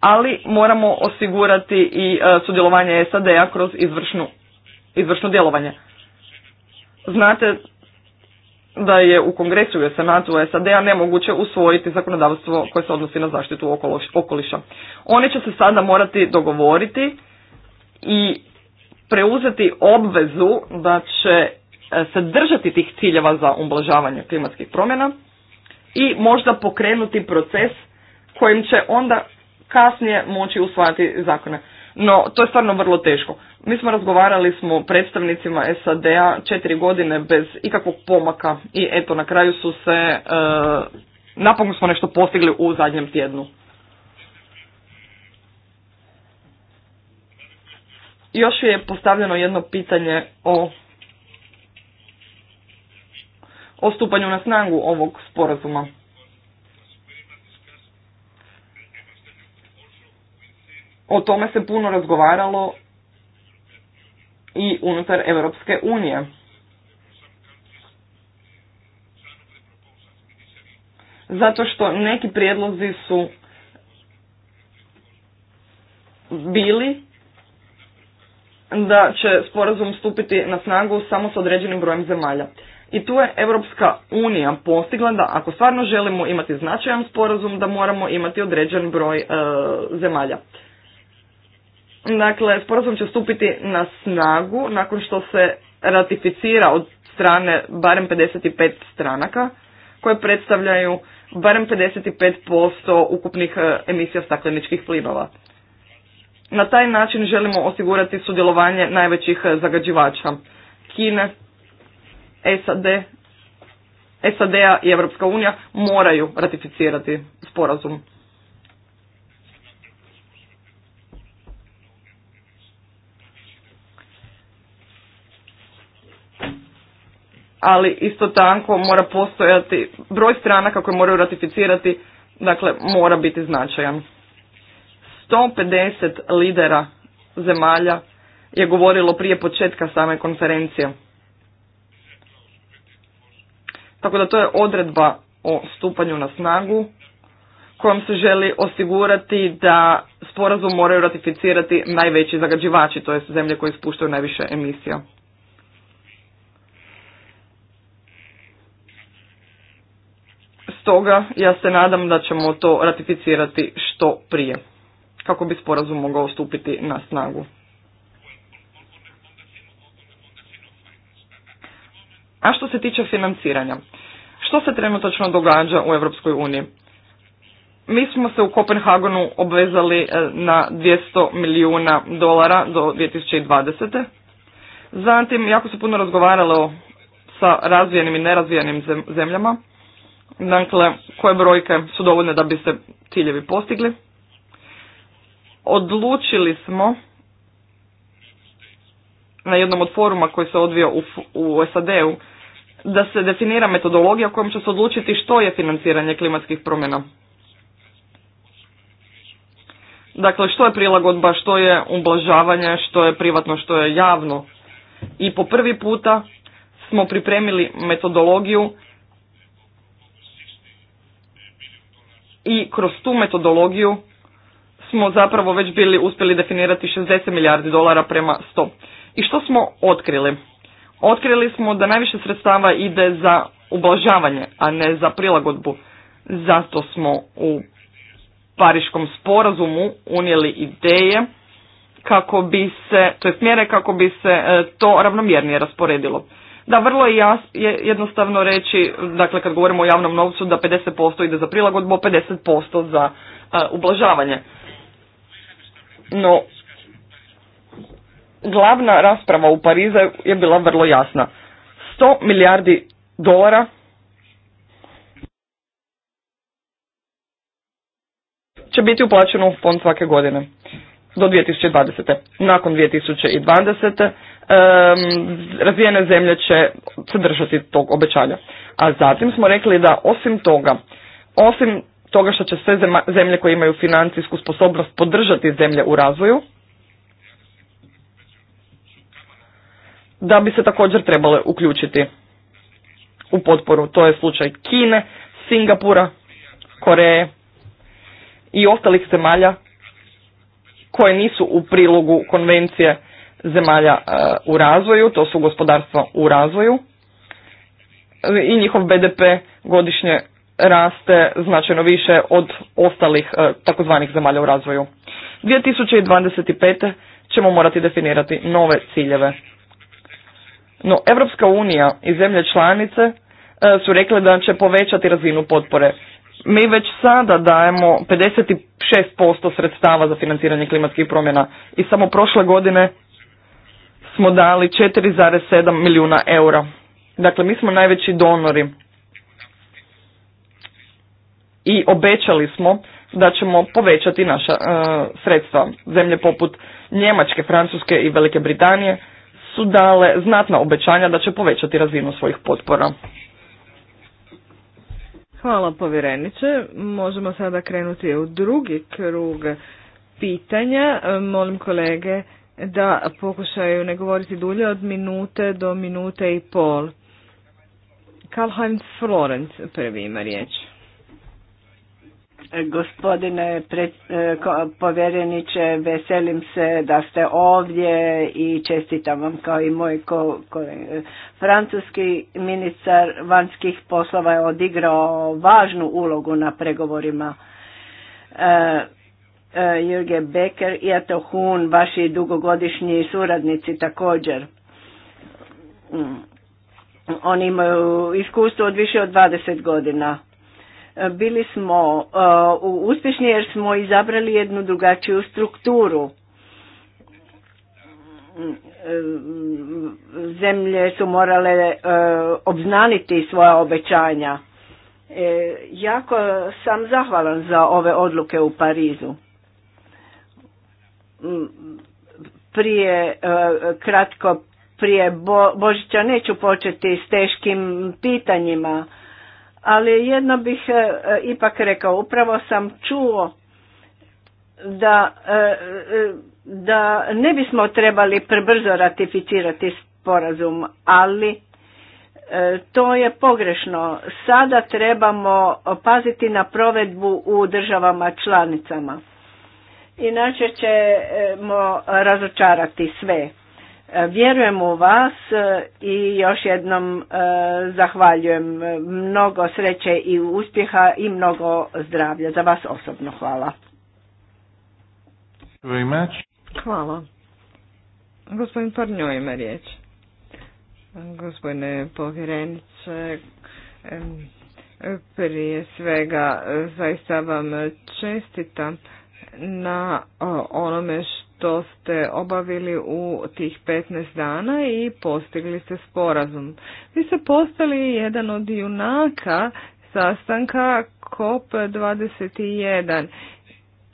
Speaker 1: ali moramo osigurati i e, sudjelovanje SAD-a kroz izvršnu, izvršno djelovanje. Znate da je u Kongresu i u Senatu SAD-a nemoguće usvojiti zakonodavstvo koje se odnosi na zaštitu okoliša. Oni će se sada morati dogovoriti i preuzeti obvezu da će e, se držati tih ciljeva za umblažavanje klimatskih promjena i možda pokrenuti proces kojim će onda kasnije moći usvajati zakone. No, to je stvarno vrlo teško. Mi smo razgovarali smo predstavnicima SAD-a četiri godine bez ikakvog pomaka i eto, na kraju su se, e, napokon smo nešto postigli u zadnjem tjednu. Još je postavljeno jedno pitanje o o stupanju na snagu ovog sporazuma. o tome se puno razgovaralo i unutar Europske unije. Zato što neki prijedlozi su bili da će sporazum stupiti na snagu samo s određenim brojem zemalja. I tu je Europska unija postigla da ako stvarno želimo imati značajan sporazum da moramo imati određen broj e, zemalja. Dakle, sporazum će stupiti na snagu nakon što se ratificira od strane barem 55 stranaka koje predstavljaju barem 55% ukupnih e, emisija stakleničkih plinova. Na taj način želimo osigurati sudjelovanje najvećih e, zagađivača Kine, SAD, SAD-a i Europska unija moraju ratificirati sporazum. ali isto tako mora postojati broj stranaka koje moraju ratificirati, dakle mora biti značajan. 150 lidera zemalja je govorilo prije početka same konferencije. Tako da to je odredba o stupanju na snagu kojom se želi osigurati da sporazum moraju ratificirati najveći zagađivači, to je zemlje koje ispuštaju najviše emisija. Stoga ja se nadam da ćemo to ratificirati što prije, kako bi sporazum mogao stupiti na snagu. A što se tiče financiranja, što se trenutačno događa u Europskoj uniji? Mi smo se u Kopenhagonu obvezali e, na 200 milijuna dolara do 2020. Zatim, jako se puno razgovaralo sa razvijenim i nerazvijenim zemljama. Dakle, koje brojke su dovoljne da bi se ciljevi postigli. Odlučili smo na jednom od foruma koji se odvio u, u SAD-u da se definira metodologija kojom će se odlučiti što je financiranje klimatskih promjena. Dakle, što je prilagodba, što je ublažavanje, što je privatno, što je javno. I po prvi puta smo pripremili metodologiju i kroz tu metodologiju smo zapravo već bili uspjeli definirati 60 milijardi dolara prema 100. I što smo otkrili? Otkrili smo da najviše sredstava ide za ublažavanje, a ne za prilagodbu. Zato smo u Pariškom sporazumu unijeli ideje kako bi se, to mjere kako bi se e, to ravnomjernije rasporedilo. Da, vrlo je jednostavno reći, dakle kad govorimo o javnom novcu, da 50% ide za prilagodbu, 50% za e, ublažavanje. No, glavna rasprava u Parize je bila vrlo jasna. 100 milijardi dolara će biti uplaćeno u fond svake godine do 2020. Nakon 2020 razvijene zemlje će se držati tog obećanja. A zatim smo rekli da osim toga, osim toga što će sve zemlje koje imaju financijsku sposobnost podržati zemlje u razvoju, da bi se također trebale uključiti u potporu. To je slučaj Kine, Singapura, Koreje i ostalih zemalja koje nisu u prilogu konvencije zemalja e, u razvoju, to su gospodarstva u razvoju e, i njihov BDP godišnje raste značajno više od ostalih e, takozvanih zemalja u razvoju. 2025. ćemo morati definirati nove ciljeve. No, Evropska unija i zemlje članice su rekle da će povećati razinu potpore. Mi već sada dajemo 56% sredstava za financiranje klimatskih promjena i samo prošle godine smo dali 4,7 milijuna eura. Dakle, mi smo najveći donori. I obećali smo da ćemo povećati naša e, sredstva. Zemlje poput Njemačke, Francuske i Velike Britanije su dale znatna obećanja da će povećati razinu svojih potpora.
Speaker 3: Hvala povjereniče. Možemo sada krenuti u drugi krug pitanja. E, molim kolege da pokušaju ne govoriti dulje od minute do minute i pol. Karl-Heinz Florenc prvi ima riječ.
Speaker 4: E, gospodine e, povjereniče, veselim se da ste ovdje i čestitam vam kao i moj ko, ko, e, francuski ministar vanjskih poslova je odigrao važnu ulogu na pregovorima. E, Eh, Jurge Becker i Ato Hun, vaši dugogodišnji suradnici također. Mm. Oni imaju iskustvo od više od 20 godina. Eh, bili smo eh, uspješni jer smo izabrali jednu drugačiju strukturu. Zemlje su morale obznaniti svoja obećanja. Jako sam zahvalan za ove odluke u Parizu prije e, kratko prije Božića neću početi s teškim pitanjima, ali jedno bih e, ipak rekao, upravo sam čuo da, e, da ne bismo trebali prebrzo ratificirati sporazum, ali to je pogrešno. Sada trebamo paziti na provedbu u državama članicama. Inače ćemo razočarati sve. E, vjerujem u vas e, i još jednom e, zahvaljujem mnogo sreće i uspjeha i mnogo zdravlja. Za vas osobno hvala. Hvala. Gospodin Parnjo ima riječ.
Speaker 3: Gospodine povjereniče, prije svega zaista vam čestitam na onome što ste obavili u tih 15 dana i postigli ste sporazum. Vi ste postali jedan od junaka sastanka COP21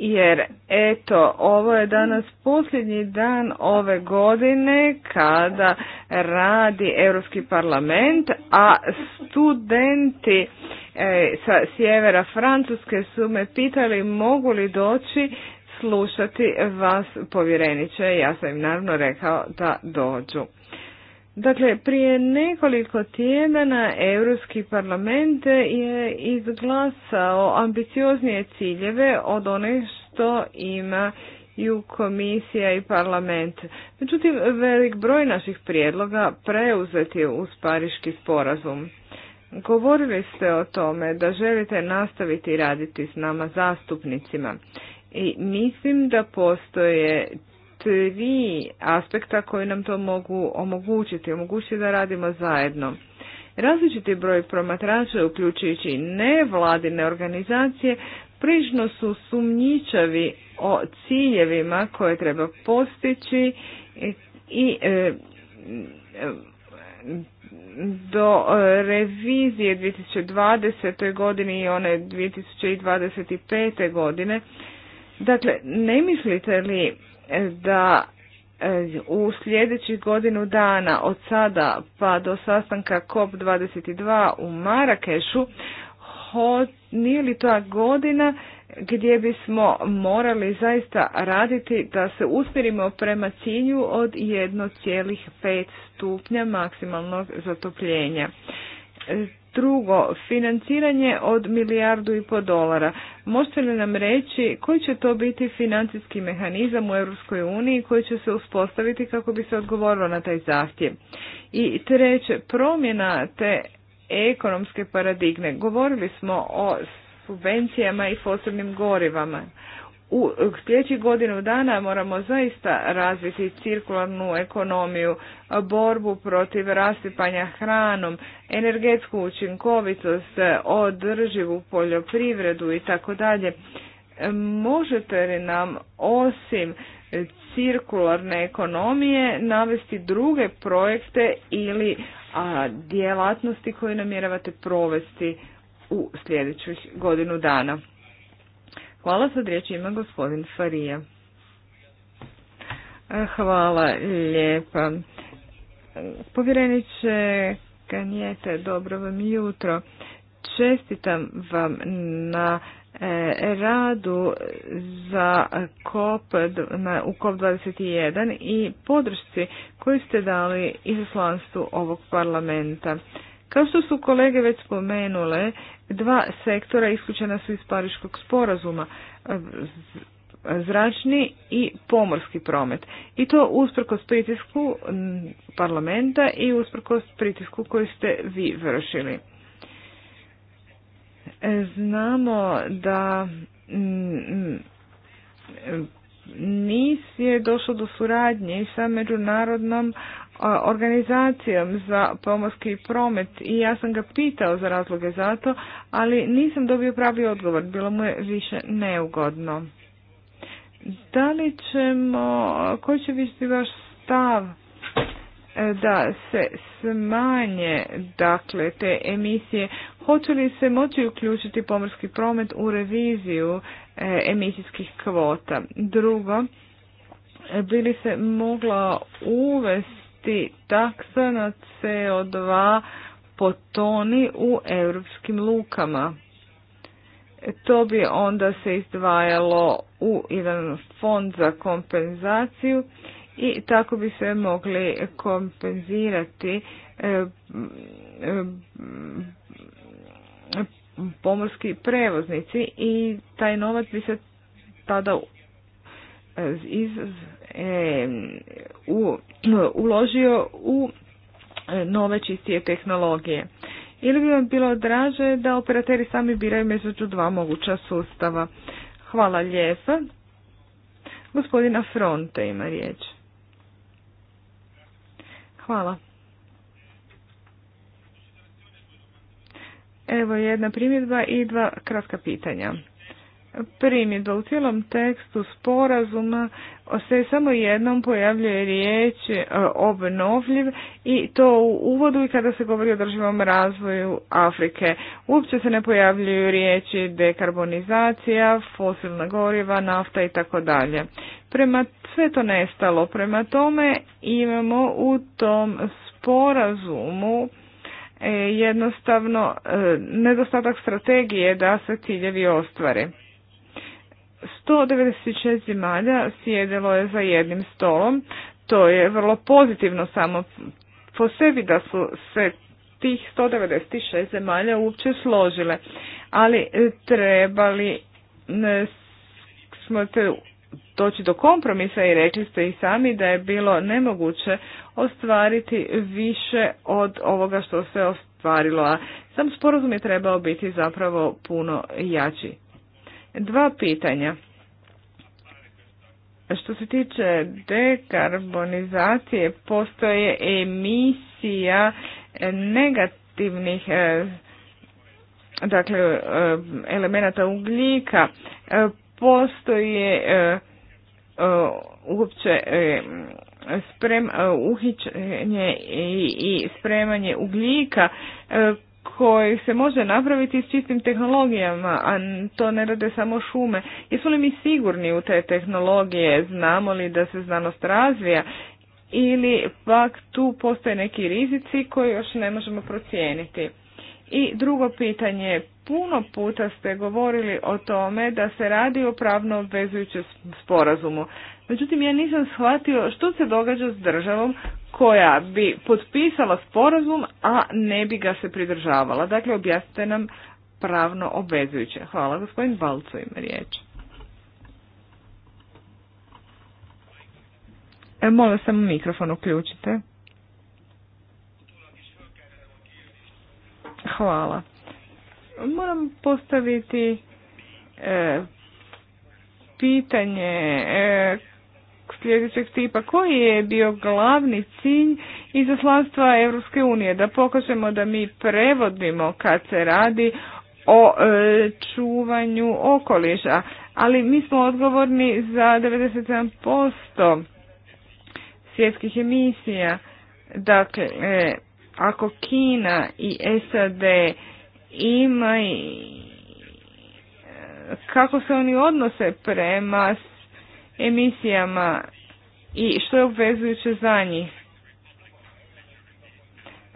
Speaker 3: jer eto ovo je danas posljednji dan ove godine kada radi Europski parlament, a studenti e, sa sjevera Francuske su me pitali mogu li doći slušati vas povjereniče. Ja sam im naravno rekao da dođu. Dakle, prije nekoliko tjedana Europski parlament je izglasao ambicioznije ciljeve od one što ima i komisija i parlament. Međutim, velik broj naših prijedloga preuzeti je uz Pariški sporazum. Govorili ste o tome da želite nastaviti raditi s nama zastupnicima i mislim da postoje tri aspekta koji nam to mogu omogućiti, omogućiti da radimo zajedno. Različiti broj promatrača, uključujući nevladine organizacije, prižno su sumnjičavi o ciljevima koje treba postići i e, do e, revizije 2020. godine i one 2025. godine. Dakle, ne mislite li da e, u sljedećih godinu dana od sada pa do sastanka COP22 u Marakešu nije li to godina gdje bismo morali zaista raditi da se usmjerimo prema cilju od 1,5 stupnja maksimalnog zatopljenja. E, Drugo, financiranje od milijardu i po dolara. Možete li nam reći koji će to biti financijski mehanizam u Europskoj uniji koji će se uspostaviti kako bi se odgovorilo na taj zahtjev? I treće, promjena te ekonomske paradigme. Govorili smo o subvencijama i posebnim gorivama u sljedeći godinu dana moramo zaista razviti cirkularnu ekonomiju, borbu protiv rasipanja hranom, energetsku učinkovitost, održivu poljoprivredu i tako dalje. Možete li nam osim cirkularne ekonomije navesti druge projekte ili djelatnosti koje namjeravate provesti u sljedećih godinu dana? Hvala, sad riječ ima gospodin Farija. Hvala lijepa. Povjereniče Kanjete, dobro vam jutro. Čestitam vam na e, radu za COP, na, u COP21 i podršci koju ste dali izaslanstvu ovog parlamenta. Kao što su kolege već spomenule, dva sektora isključena su iz Pariškog sporazuma, zračni i pomorski promet. I to usprkos pritisku parlamenta i usprkos pritisku koji ste vi vršili. Znamo da mm, mm, NIS je došlo do suradnje i sa Međunarodnom organizacijom za pomorski promet i ja sam ga pitao za razloge za to, ali nisam dobio pravi odgovor, bilo mu je više neugodno. Da li ćemo, koji će biti vaš stav e, da se smanje dakle te emisije, hoće li se moći uključiti pomorski promet u reviziju e, emisijskih kvota? Drugo, e, bi li se mogla uvesti biti taksa na CO2 po toni u europskim lukama. E, to bi onda se izdvajalo u jedan fond za kompenzaciju i tako bi se mogli kompenzirati e, e, pomorski prevoznici i taj novac bi se tada iz u, uložio u e, nove čistije tehnologije. Ili bi vam bilo draže da operateri sami biraju među dva moguća sustava? Hvala lijepa. Gospodina Fronte ima riječ. Hvala. Evo jedna primjedba i dva kratka pitanja primjedba. U cijelom tekstu sporazuma se samo jednom pojavljuje riječ e, obnovljiv i to u uvodu i kada se govori o državom razvoju Afrike. Uopće se ne pojavljuju riječi dekarbonizacija, fosilna goriva, nafta i tako dalje. Prema sve to nestalo. Prema tome imamo u tom sporazumu e, jednostavno e, nedostatak strategije da se ciljevi ostvare. 196 zemalja sjedilo je za jednim stolom. To je vrlo pozitivno samo po sebi da su se tih 196 zemalja uopće složile. Ali e, trebali smo te doći do kompromisa i rekli ste i sami da je bilo nemoguće ostvariti više od ovoga što se ostvarilo, a sam sporazum je trebao biti zapravo puno jači. Dva pitanja. Što se tiče dekarbonizacije, postoje emisija negativnih e, dakle e, elemenata ugljika, e, postoje uopće uhićenje i spremanje ugljika koji se može napraviti s čistim tehnologijama, a to ne rade samo šume. Jesu li mi sigurni u te tehnologije, znamo li da se znanost razvija ili pak tu postoje neki rizici koji još ne možemo procijeniti. I drugo pitanje, puno puta ste govorili o tome da se radi o pravno obvezujućem sporazumu. Međutim, ja nisam shvatio što se događa s državom koja bi potpisala sporazum, a ne bi ga se pridržavala. Dakle, objasnite nam pravno obvezujuće. Hvala, gospodin Balco ima riječ. E, molim sam mikrofon uključite. Hvala. Moram postaviti e, pitanje e, sljedećeg tipa. Koji je bio glavni cilj izaslanstva Europske unije? Da pokažemo da mi prevodimo kad se radi o e, čuvanju okoliša, ali mi smo odgovorni za 97% svjetskih emisija. Dakle, e, ako Kina i SAD imaju e, kako se oni odnose prema emisijama i što je obvezujuće za njih.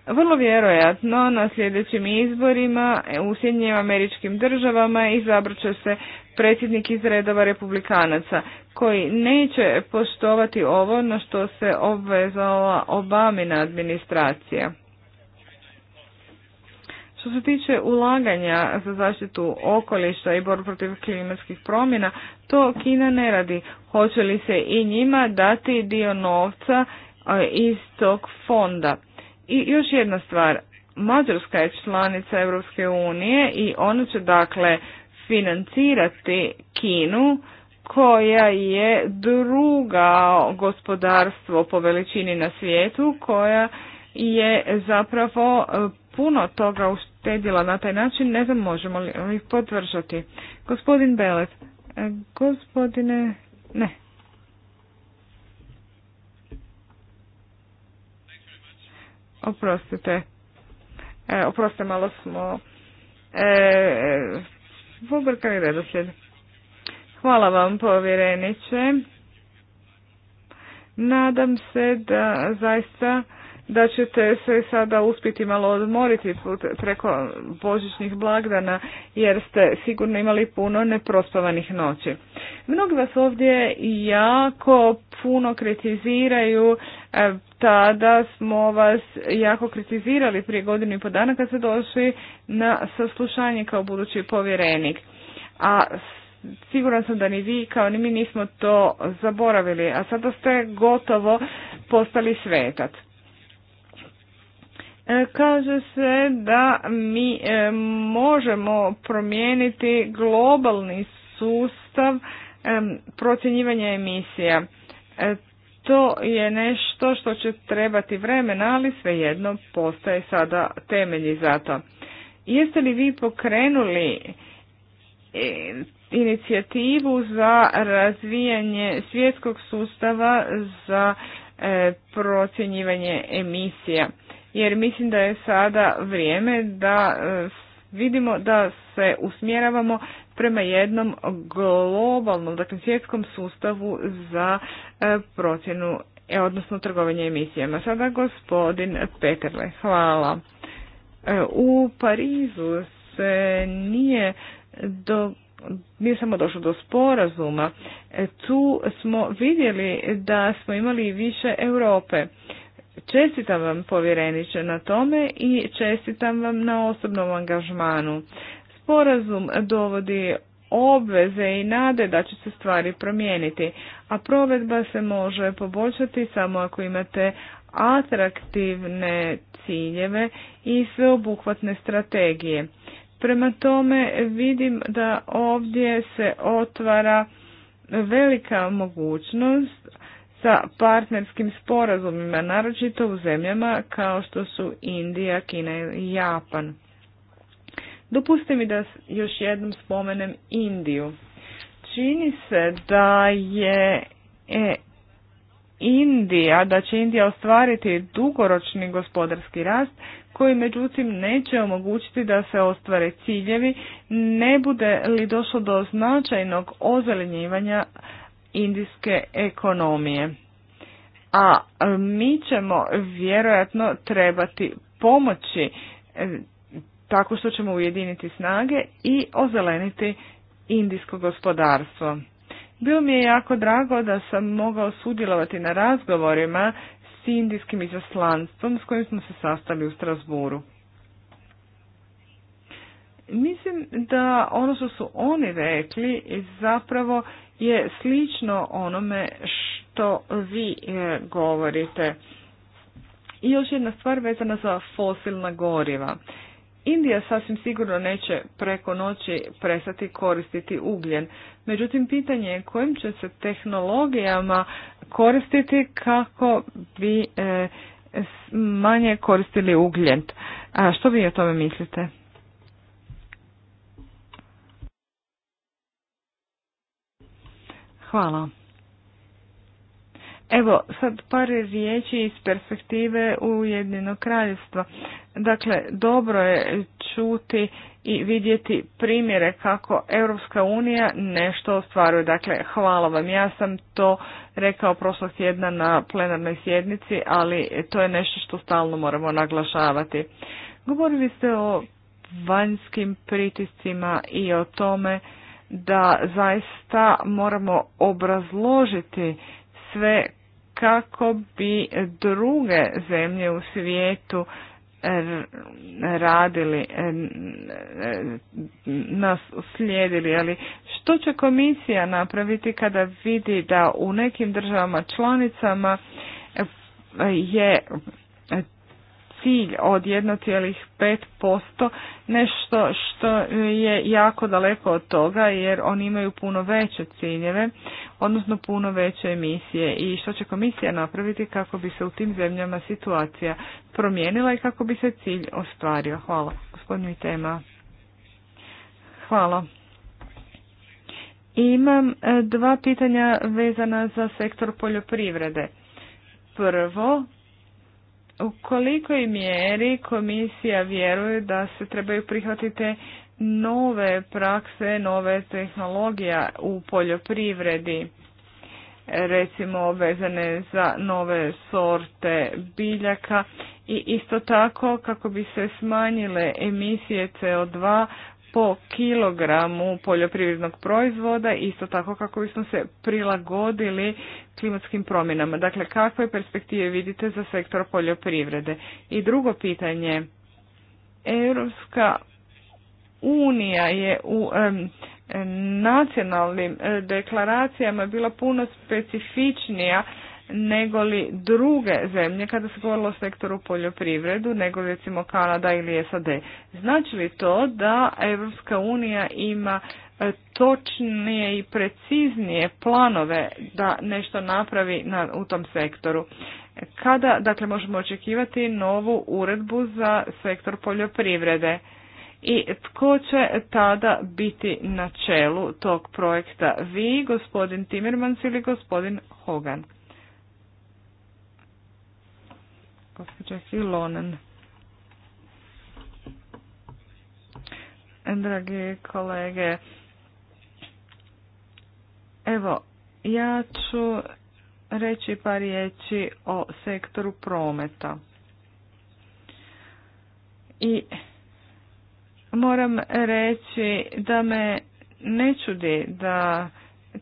Speaker 3: Vrlo vjerojatno na sljedećim izborima u Sjedinjim američkim državama izabraće se predsjednik iz redova republikanaca koji neće poštovati ovo na što se obvezala Obamina administracija. Što se tiče ulaganja za zaštitu okoliša i borbu protiv klimatskih promjena, to Kina ne radi. Hoće li se i njima dati dio novca iz tog fonda? I još jedna stvar, Mađarska je članica Europske unije i ona će dakle financirati Kinu koja je druga gospodarstvo po veličini na svijetu koja je zapravo e, puno toga uštedila na taj način, ne znam možemo li ih podvržati. Gospodin Belet, e, gospodine, ne. Oprostite, e, oprostite, malo smo e, pobrkali Hvala vam povjereniče. Nadam se da zaista da ćete se sada uspjeti malo odmoriti preko božićnih blagdana jer ste sigurno imali puno neprospavanih noći. Mnogi vas ovdje jako puno kritiziraju, e, tada smo vas jako kritizirali prije godinu i po dana kad ste došli na saslušanje kao budući povjerenik. A siguran sam da ni vi kao ni mi nismo to zaboravili, a sada ste gotovo postali svetac. E, kaže se da mi e, možemo promijeniti globalni sustav e, procjenjivanja emisija. To je nešto što će trebati vremena, ali svejedno postaje sada temelji za to. Jeste li vi pokrenuli inicijativu za razvijanje svjetskog sustava za procjenjivanje emisija? jer mislim da je sada vrijeme da e, vidimo da se usmjeravamo prema jednom globalnom, dakle svjetskom sustavu za e, procjenu, e, odnosno trgovanje emisijama. Sada gospodin Peterle, hvala. U Parizu se nije do nije samo došlo do sporazuma, tu smo vidjeli da smo imali više Europe. Čestitam vam povjereniče na tome i čestitam vam na osobnom angažmanu. Sporazum dovodi obveze i nade da će se stvari promijeniti, a provedba se može poboljšati samo ako imate atraktivne ciljeve i sveobuhvatne strategije. Prema tome vidim da ovdje se otvara velika mogućnost sa partnerskim sporazumima, naročito u zemljama kao što su Indija, Kina i Japan. Dopusti mi da još jednom spomenem Indiju. Čini se da je e, Indija, da će Indija ostvariti dugoročni gospodarski rast koji međutim neće omogućiti da se ostvare ciljevi, ne bude li došlo do značajnog ozelenjivanja indijske ekonomije. A e, mi ćemo vjerojatno trebati pomoći e, tako što ćemo ujediniti snage i ozeleniti indijsko gospodarstvo. Bilo mi je jako drago da sam mogao sudjelovati na razgovorima s indijskim izaslanstvom s kojim smo se sastali u Strasburu. Mislim da ono što su oni rekli zapravo je slično onome što vi e, govorite. I još jedna stvar vezana za fosilna goriva. Indija sasvim sigurno neće preko noći prestati koristiti ugljen. Međutim, pitanje je kojim će se tehnologijama koristiti kako bi e, manje koristili ugljen. što vi o tome mislite? Hvala. Evo, sad par riječi iz perspektive Ujedinjenog kraljevstva. Dakle, dobro je čuti i vidjeti primjere kako Europska unija nešto ostvaruje. Dakle, hvala vam. Ja sam to rekao prošlog tjedna na plenarnoj sjednici, ali to je nešto što stalno moramo naglašavati. Govorili ste o vanjskim pritiscima i o tome da zaista moramo obrazložiti sve kako bi druge zemlje u svijetu radili, nas slijedili, ali što će komisija napraviti kada vidi da u nekim državama članicama je cilj od 1,5% nešto što je jako daleko od toga jer oni imaju puno veće ciljeve, odnosno puno veće emisije i što će komisija napraviti kako bi se u tim zemljama situacija promijenila i kako bi se cilj ostvario. Hvala. Gospodin tema. Hvala. Imam e, dva pitanja vezana za sektor poljoprivrede. Prvo, u kolikoj mjeri komisija vjeruje da se trebaju prihvatiti nove prakse, nove tehnologije u poljoprivredi, recimo vezane za nove sorte biljaka i isto tako kako bi se smanjile emisije CO2 po kilogramu poljoprivrednog proizvoda, isto tako kako bismo se prilagodili klimatskim promjenama. Dakle, kakve perspektive vidite za sektor poljoprivrede? I drugo pitanje, Europska unija je u nacionalnim eh, deklaracijama bila puno specifičnija negoli druge zemlje kada se govorilo o sektoru poljoprivredu, nego recimo Kanada ili SAD. Znači li to da Europska unija ima e, točnije i preciznije planove da nešto napravi na, u tom sektoru? Kada, dakle, možemo očekivati novu uredbu za sektor poljoprivrede? I tko će tada biti na čelu tog projekta? Vi, gospodin Timmermans ili gospodin Hogan? gospođa Filonen. Dragi kolege, evo, ja ću reći par riječi o sektoru prometa. I moram reći da me ne čudi da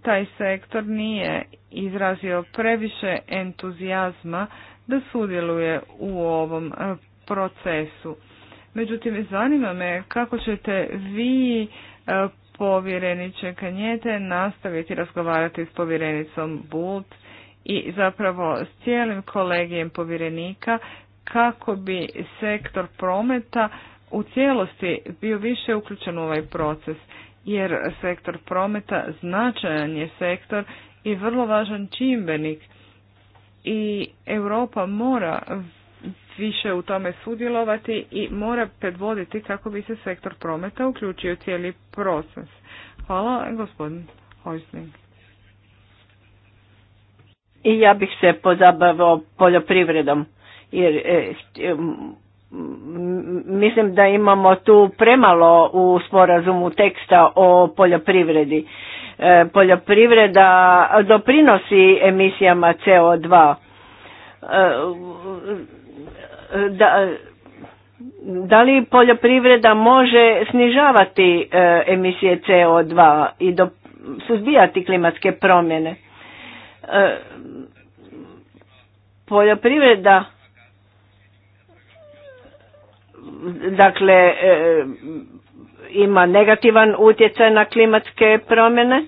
Speaker 3: taj sektor nije izrazio previše entuzijazma da sudjeluje u ovom e, procesu. Međutim, zanima me kako ćete vi e, povjereniče Kanjete nastaviti razgovarati s povjerenicom Bult i zapravo s cijelim kolegijem povjerenika kako bi sektor prometa u cijelosti bio više uključen u ovaj proces, jer sektor prometa značajan je sektor i vrlo važan čimbenik i Europa mora više u tome sudjelovati i mora predvoditi kako bi se sektor prometa uključio cijeli proces.
Speaker 4: Hvala gospodin Hojsling. I ja bih se pozabavao poljoprivredom jer e, mislim da imamo tu premalo u sporazumu teksta o poljoprivredi. E, poljoprivreda doprinosi emisijama CO2. E, da, da li poljoprivreda može snižavati e, emisije CO2 i do, suzbijati klimatske promjene? Poljoprivreda dakle ima negativan utjecaj na klimatske promjene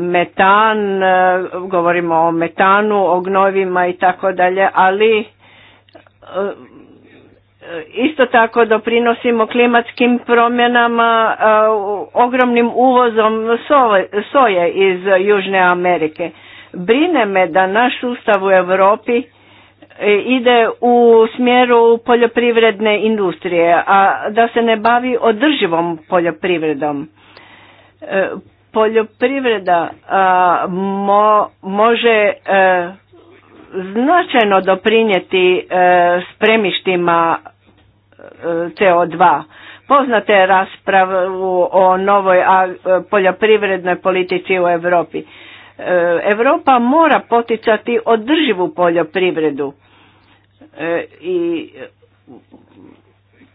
Speaker 4: metan, eh, govorimo o metanu, o gnovima i tako dalje, ali eh, isto tako doprinosimo klimatskim promjenama eh, ogromnim uvozom soje iz Južne Amerike. Brine me da naš sustav u Europi ide u smjeru poljoprivredne industrije, a da se ne bavi održivom poljoprivredom poljoprivreda mo, može e, značajno doprinijeti e, spremištima e, CO2. Poznate raspravu o novoj poljoprivrednoj politici u Europi. Europa mora poticati održivu poljoprivredu i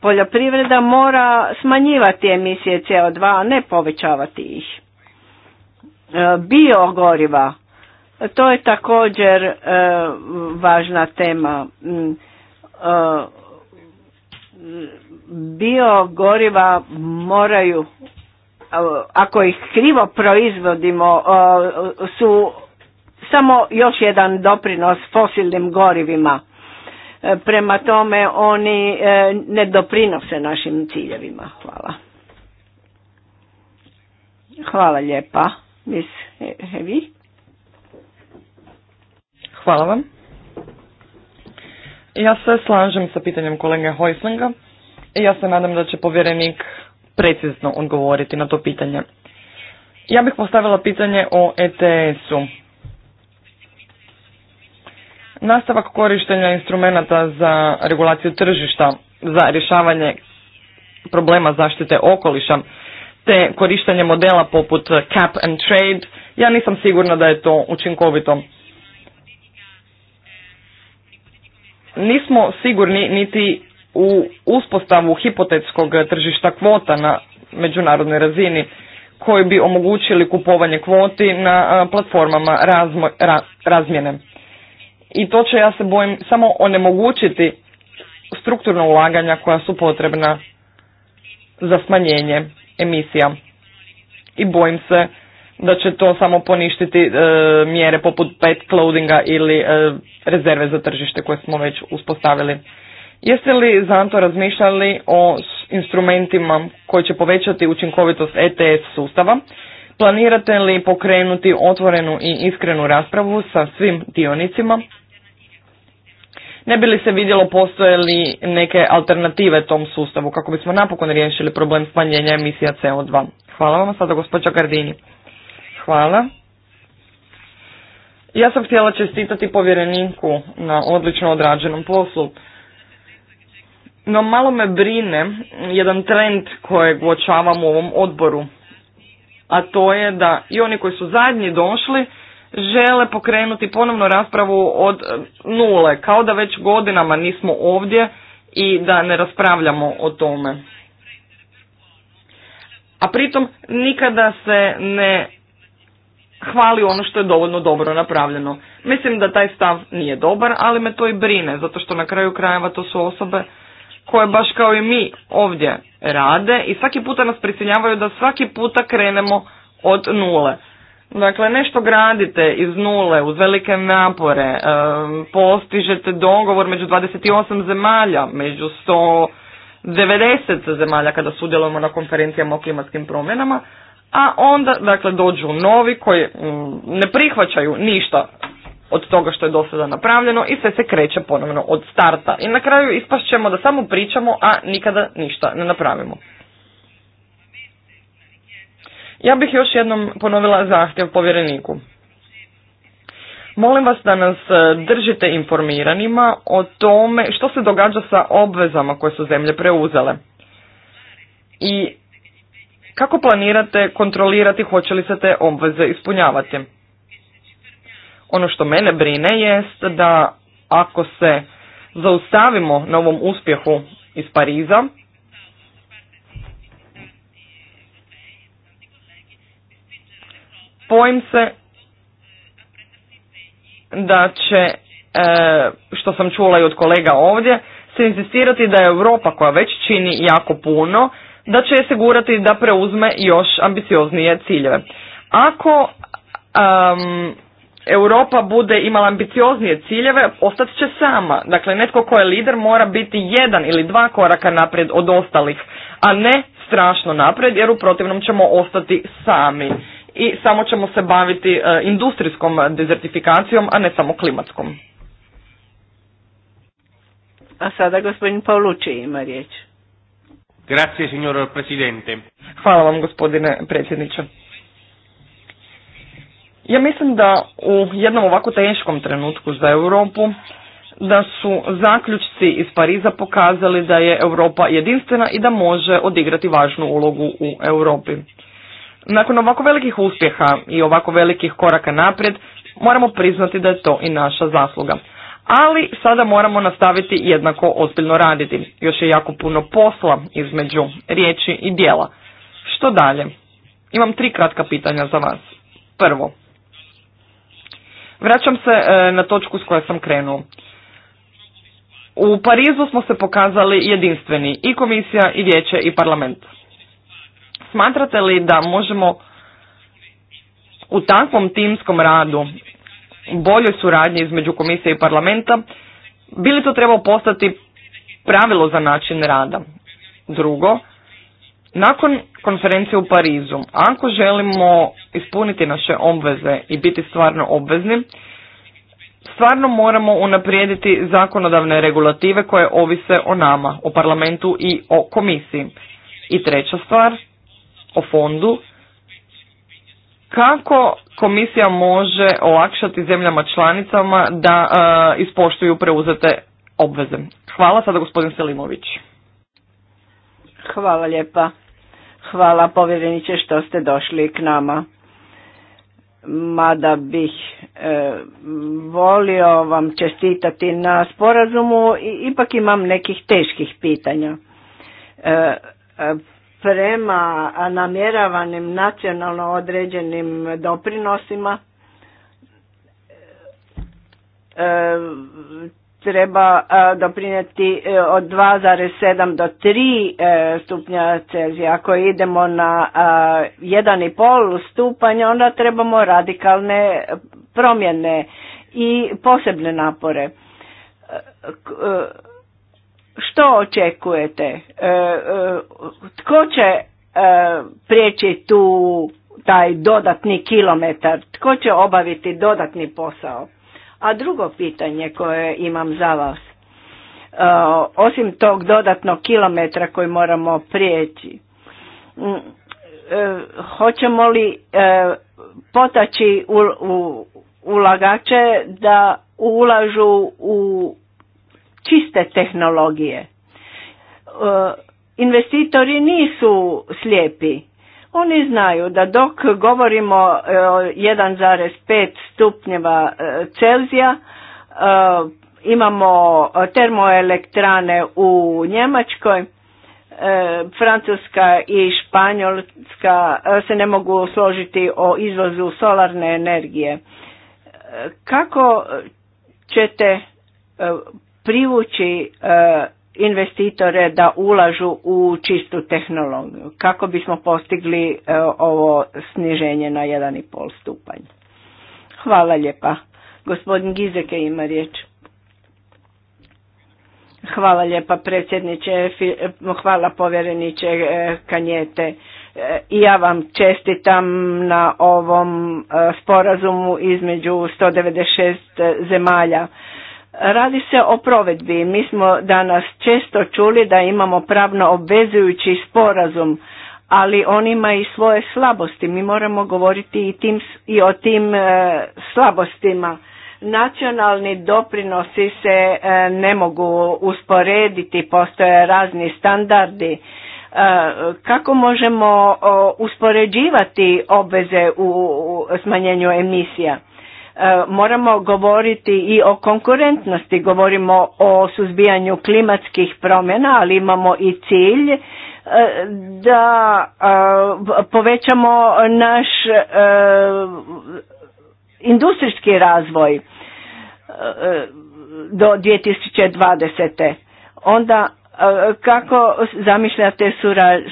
Speaker 4: poljoprivreda mora smanjivati emisije CO2, a ne povećavati ih. E, biogoriva. To je također e, važna tema. Mm, e, biogoriva moraju, ako ih krivo proizvodimo, su samo još jedan doprinos fosilnim gorivima. Prema tome oni ne doprinose našim ciljevima. Hvala. Hvala lijepa. Miss hevi
Speaker 1: Hvala vam. Ja se slažem sa pitanjem kolege Hojslinga i ja se nadam da će povjerenik precizno odgovoriti na to pitanje. Ja bih postavila pitanje o ETS-u. Nastavak korištenja instrumenta za regulaciju tržišta za rješavanje problema zaštite okoliša te korištenje modela poput eh, cap and trade, ja nisam sigurna da je to učinkovito. Nismo sigurni niti u uspostavu hipotetskog eh, tržišta kvota na međunarodnoj razini koji bi omogućili kupovanje kvoti na eh, platformama razmo, razmjene. I to će, ja se bojim, samo onemogućiti strukturna ulaganja koja su potrebna za smanjenje emisija. I bojim se da će to samo poništiti e, mjere poput pet clothinga ili e, rezerve za tržište koje smo već uspostavili. Jeste li zato razmišljali o instrumentima koji će povećati učinkovitost ETS sustava? Planirate li pokrenuti otvorenu i iskrenu raspravu sa svim dionicima? ne bi li se vidjelo postoje li neke alternative tom sustavu kako bismo napokon riješili problem smanjenja emisija CO2. Hvala vam sada gospođa Gardini. Hvala. Ja sam htjela čestitati povjereninku na odlično odrađenom poslu. No malo me brine jedan trend kojeg uočavam u ovom odboru, a to je da i oni koji su zadnji došli žele pokrenuti ponovno raspravu od e, nule, kao da već godinama nismo ovdje i da ne raspravljamo o tome. A pritom nikada se ne hvali ono što je dovoljno dobro napravljeno. Mislim da taj stav nije dobar, ali me to i brine, zato što na kraju krajeva to su osobe koje baš kao i mi ovdje rade i svaki puta nas prisiljavaju da svaki puta krenemo od nule. Dakle, nešto gradite iz nule, uz velike napore, e, postižete dogovor među 28 zemalja, među 190 zemalja kada sudjelujemo na konferencijama o klimatskim promjenama, a onda dakle, dođu novi koji mm, ne prihvaćaju ništa od toga što je do sada napravljeno i sve se kreće ponovno od starta. I na kraju ispašćemo da samo pričamo, a nikada ništa ne napravimo. Ja bih još jednom ponovila zahtjev povjereniku. Molim vas da nas e, držite informiranima o tome što se događa sa obvezama koje su zemlje preuzele. I kako planirate kontrolirati hoće li se te obveze ispunjavati? Ono što mene brine jest da ako se zaustavimo na ovom uspjehu iz Pariza, bojim se da će, e, što sam čula i od kolega ovdje, se insistirati da je Europa koja već čini jako puno, da će je sigurati da preuzme još ambicioznije ciljeve. Ako Europa bude imala ambicioznije ciljeve, ostat će sama. Dakle, netko ko je lider mora biti jedan ili dva koraka naprijed od ostalih, a ne strašno naprijed jer u protivnom ćemo ostati sami i samo ćemo se baviti e, industrijskom dezertifikacijom, a ne samo klimatskom.
Speaker 4: A sada gospodin Paulucci ima riječ.
Speaker 2: Grazie, signor Presidente.
Speaker 1: Hvala vam, gospodine predsjedniče. Ja mislim da u jednom ovako teškom trenutku za Europu da su zaključci iz Pariza pokazali da je Europa jedinstvena i da može odigrati važnu ulogu u Europi. Nakon ovako velikih uspjeha i ovako velikih koraka naprijed, moramo priznati da je to i naša zasluga. Ali sada moramo nastaviti jednako ozbiljno raditi. Još je jako puno posla između riječi i dijela. Što dalje? Imam tri kratka pitanja za vas. Prvo, vraćam se e, na točku s koje sam krenuo. U Parizu smo se pokazali jedinstveni i komisija i vijeće i parlament. Smatrate li da možemo u takvom timskom radu, boljoj suradnji između komisije i parlamenta, bi li to trebao postati pravilo za način rada? Drugo, nakon konferencije u Parizu, ako želimo ispuniti naše obveze i biti stvarno obvezni, stvarno moramo unaprijediti zakonodavne regulative koje ovise o nama, o parlamentu i o komisiji. I treća stvar, o fondu kako komisija može olakšati zemljama članicama da e, ispoštuju preuzete obveze. Hvala sada gospodin Selimović.
Speaker 4: Hvala lijepa. Hvala povjereniče što ste došli k nama. Mada bih e, volio vam čestitati na sporazumu i ipak imam nekih teških pitanja. E, prema namjeravanim nacionalno određenim doprinosima e, treba e, doprinijeti e, od 2,7 do 3 stupnja Celzija. Ako idemo na 1,5 stupanja, onda trebamo radikalne promjene i posebne napore što očekujete? E, e, tko će e, prijeći tu taj dodatni kilometar? Tko će obaviti dodatni posao? A drugo pitanje koje imam za vas, osim tog dodatnog kilometra koji moramo prijeći, hoćemo li potaći ulagače da ulažu u čiste tehnologije. E, investitori nisu slijepi. Oni znaju da dok govorimo 1,5 e, stupnjeva e, Celzija, imamo termoelektrane u Njemačkoj, Francuska i Španjolska se ne mogu složiti o izvozu solarne energije. Kako ćete privući e, investitore da ulažu u čistu tehnologiju kako bismo postigli e, ovo sniženje na 1,5 stupanj. Hvala lijepa. Gospodin Gizeke ima riječ. Hvala lijepa predsjedniče, hvala povjereniče e, Kanjete. I ja vam čestitam na ovom sporazumu između 196 zemalja. Radi se o provedbi. Mi smo danas često čuli da imamo pravno obvezujući sporazum, ali on ima i svoje slabosti. Mi moramo govoriti i, tim, i o tim e, slabostima. Nacionalni doprinosi se e, ne mogu usporediti, postoje razni standardi. E, kako možemo uspoređivati obveze u smanjenju emisija? E, moramo govoriti i o konkurentnosti, govorimo o suzbijanju klimatskih promjena, ali imamo i cilj e, da e, povećamo naš industrijski razvoj do 2020. Onda kako zamišljate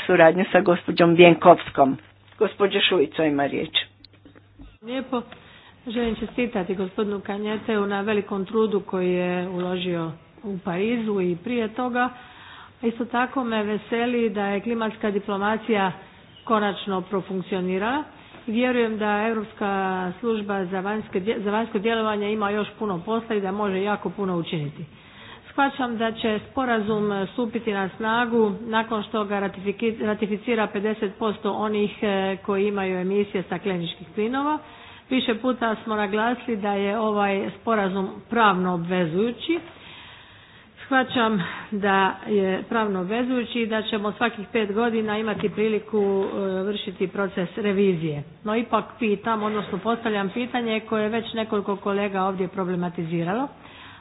Speaker 4: suradnju sa gospođom Vjenkovskom? Gospođa Šujico ima riječ.
Speaker 5: Lijepo. Želim čestitati gospodinu Kanjeteu na velikom trudu koji je uložio u Parizu i prije toga. Isto tako me veseli da je klimatska diplomacija konačno profunkcionirala. Vjerujem da Europska služba za, vanjsko djelovanje ima još puno posla i da može jako puno učiniti. Shvaćam da će sporazum stupiti na snagu nakon što ga ratificira 50% onih eh, koji imaju emisije stakleničkih plinova Više puta smo naglasili da je ovaj sporazum pravno obvezujući. Shvaćam da je pravno obvezujući i da ćemo svakih pet godina imati priliku e, vršiti proces revizije. No ipak pitam, odnosno postavljam pitanje koje je već nekoliko kolega ovdje problematiziralo,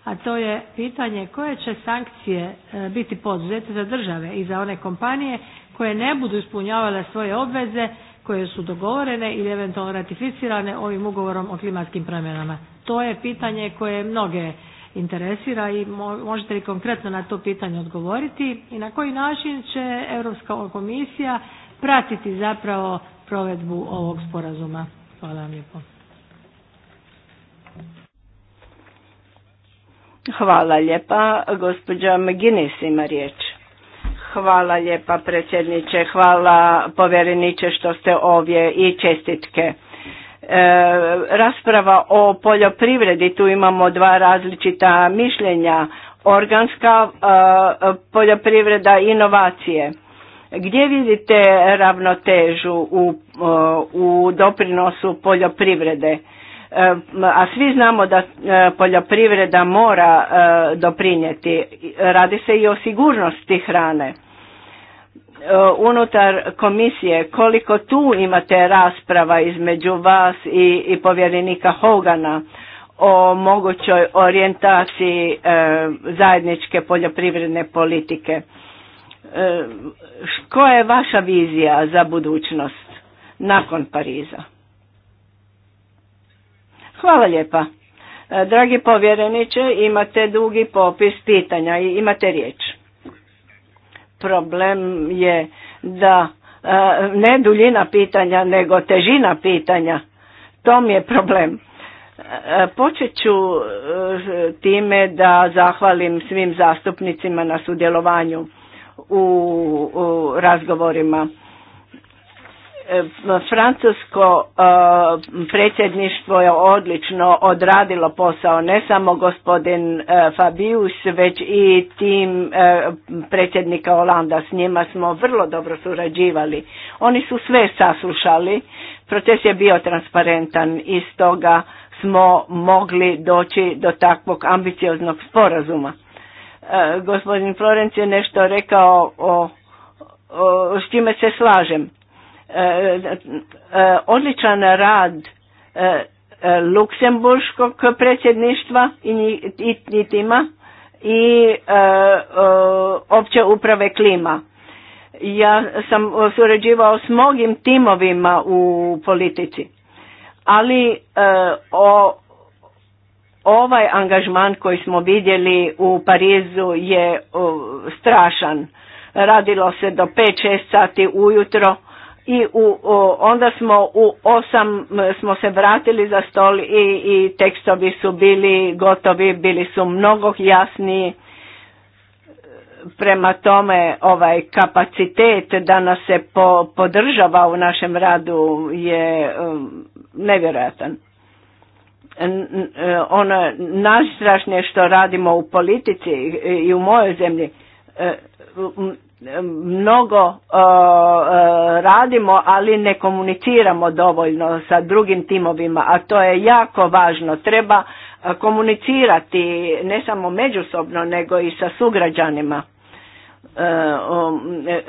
Speaker 5: a to je pitanje koje će sankcije e, biti poduzete za države i za one kompanije koje ne budu ispunjavale svoje obveze koje su dogovorene ili eventualno ratificirane ovim ugovorom o klimatskim promjenama. To je pitanje koje mnoge interesira i možete li konkretno na to pitanje odgovoriti i na koji način će Europska komisija pratiti zapravo provedbu ovog sporazuma. Hvala vam lijepo.
Speaker 4: Hvala lijepa. Gospođa McGinnis ima riječ. Hvala lijepa predsjedniče, hvala povjereniče što ste ovdje i čestitke. E, rasprava o poljoprivredi, tu imamo dva različita mišljenja, organska e, poljoprivreda i inovacije. Gdje vidite ravnotežu u, e, u doprinosu poljoprivrede? a svi znamo da e, poljoprivreda mora e, doprinijeti. Radi se i o sigurnosti hrane. E, unutar komisije koliko tu imate rasprava između vas i, i povjerenika Hogana o mogućoj orijentaciji zajedničke poljoprivredne politike. Koja je vaša vizija za budućnost nakon Pariza? Hvala lijepa. E, dragi povjereniče, imate dugi popis pitanja i imate riječ. Problem je da e, ne duljina pitanja, nego težina pitanja. To mi je problem. E, počet ću time da zahvalim svim zastupnicima na sudjelovanju u, u razgovorima. Eh, francusko eh, predsjedništvo je odlično odradilo posao, ne samo gospodin eh, Fabius, već i tim predsjednika Olanda. S njima smo vrlo dobro surađivali. Oni su sve saslušali, proces je bio transparentan i stoga smo mogli doći do takvog ambicioznog sporazuma. Gospodin Florenc je nešto rekao o, o s čime se slažem E, e, odličan rad e, luksemburškog predsjedništva i tima i opće uprave klima. Ja sam surađivao s mnogim timovima u politici, ali o ovaj angažman koji smo vidjeli u Parizu je strašan. Radilo se do 5-6 sati ujutro i u, onda smo u osam smo se vratili za stol i, i tekstovi su bili gotovi, bili su mnogo jasniji. Prema tome ovaj kapacitet da nas se podržava u našem radu je um, nevjerojatan. Ono najstrašnije što radimo u politici i u mojoj zemlji, e, mnogo radimo, ali ne komuniciramo dovoljno sa drugim timovima, a to je jako važno. Treba e, komunicirati ne samo međusobno, nego i sa sugrađanima. E, e,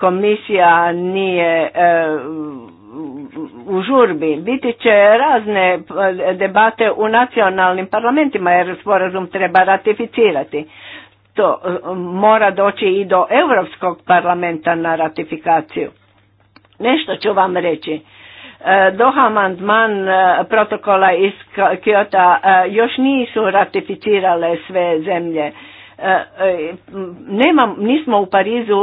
Speaker 4: komisija nije u žurbi. Biti će razne debate u nacionalnim parlamentima jer sporazum treba ratificirati to e, mora doći i do Europskog parlamenta na ratifikaciju. Nešto ću vam reći. E, Doha amandman e, protokola iz Kiota još nisu ratificirale sve zemlje. Nema, nismo u Parizu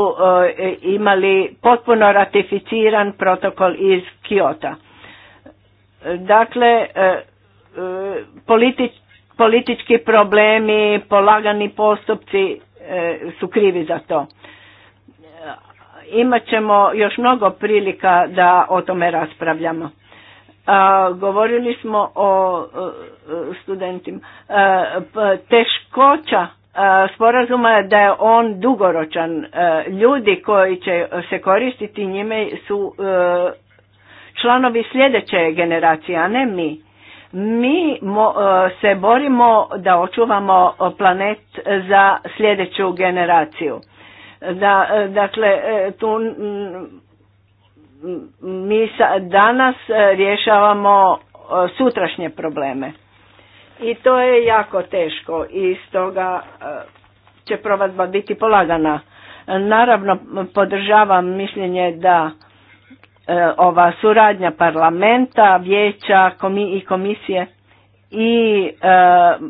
Speaker 4: imali potpuno ratificiran protokol iz Kiota. Dakle, politič, politički problemi, polagani postupci e, su krivi za to. Imaćemo ćemo još mnogo prilika da o tome raspravljamo. E, govorili smo o e, studentima. Teškoća sporazuma je da je on dugoročan. Ljudi koji će se koristiti njime su članovi sljedeće generacije, a ne mi. Mi e, se borimo da očuvamo planet za sljedeću generaciju. Da, e, dakle, e, tu mi danas rješavamo sutrašnje probleme. I to je jako teško i stoga će provadba biti polagana. Naravno, podržavam mišljenje da E, ova suradnja parlamenta, vijeća i komisije i e, e,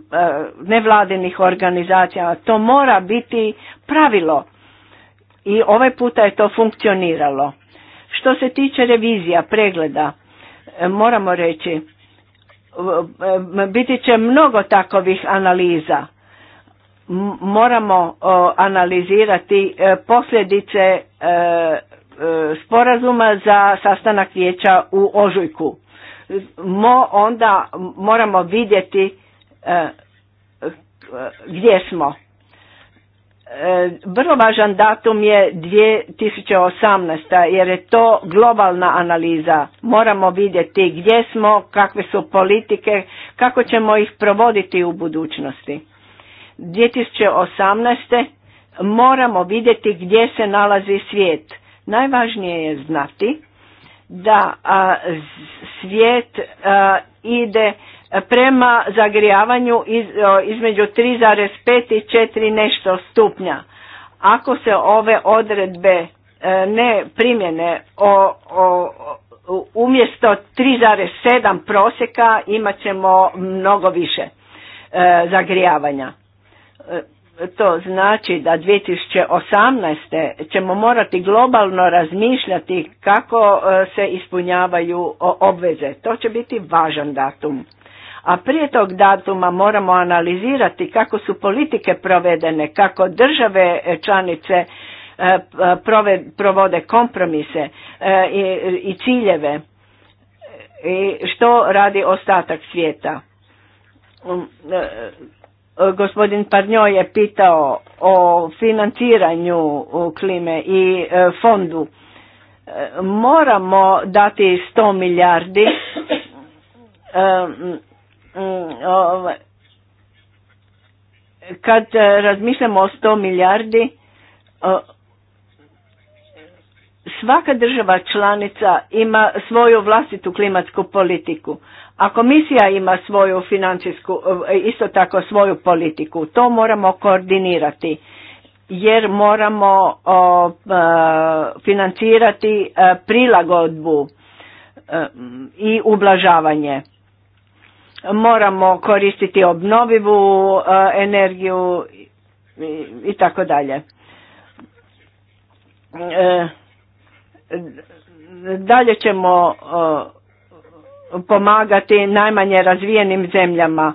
Speaker 4: nevladinih organizacija. To mora biti pravilo i ovaj puta je to funkcioniralo. Što se tiče revizija, pregleda, moramo reći, biti će mnogo takovih analiza. Moramo analizirati posljedice E, sporazuma za sastanak vijeća u ožujku. Mo onda moramo vidjeti e, gdje smo. E, vrlo važan datum je 2018. jer je to globalna analiza. Moramo vidjeti gdje smo, kakve su politike, kako ćemo ih provoditi u budućnosti. 2018. moramo vidjeti gdje se nalazi svijet Najvažnije je znati da svijet ide prema zagrijavanju između 3,5 i 4 nešto stupnja. Ako se ove odredbe e, ne primjene o, umjesto 3,7 prosjeka imat ćemo mnogo više e, zagrijavanja. E, to znači da 2018. ćemo morati globalno razmišljati kako e, se ispunjavaju obveze. To će biti važan datum. A prije tog datuma moramo analizirati kako su politike provedene, kako države e, članice e, provode kompromise i ciljeve i što radi ostatak svijeta um, Gospodin Parnjo je pitao o financiranju klime i e, fondu. E, moramo dati 100 milijardi
Speaker 6: e,
Speaker 4: mm, kad razmišljamo o 100 milijardi svaka država članica ima svoju vlastitu klimatsku politiku a komisija ima svoju financijsku, e, isto tako svoju politiku. To moramo koordinirati jer moramo e, financirati e, prilagodbu i ublažavanje. Moramo koristiti obnovivu energiju i tako dalje. Dalje ćemo pomagati najmanje razvijenim zemljama.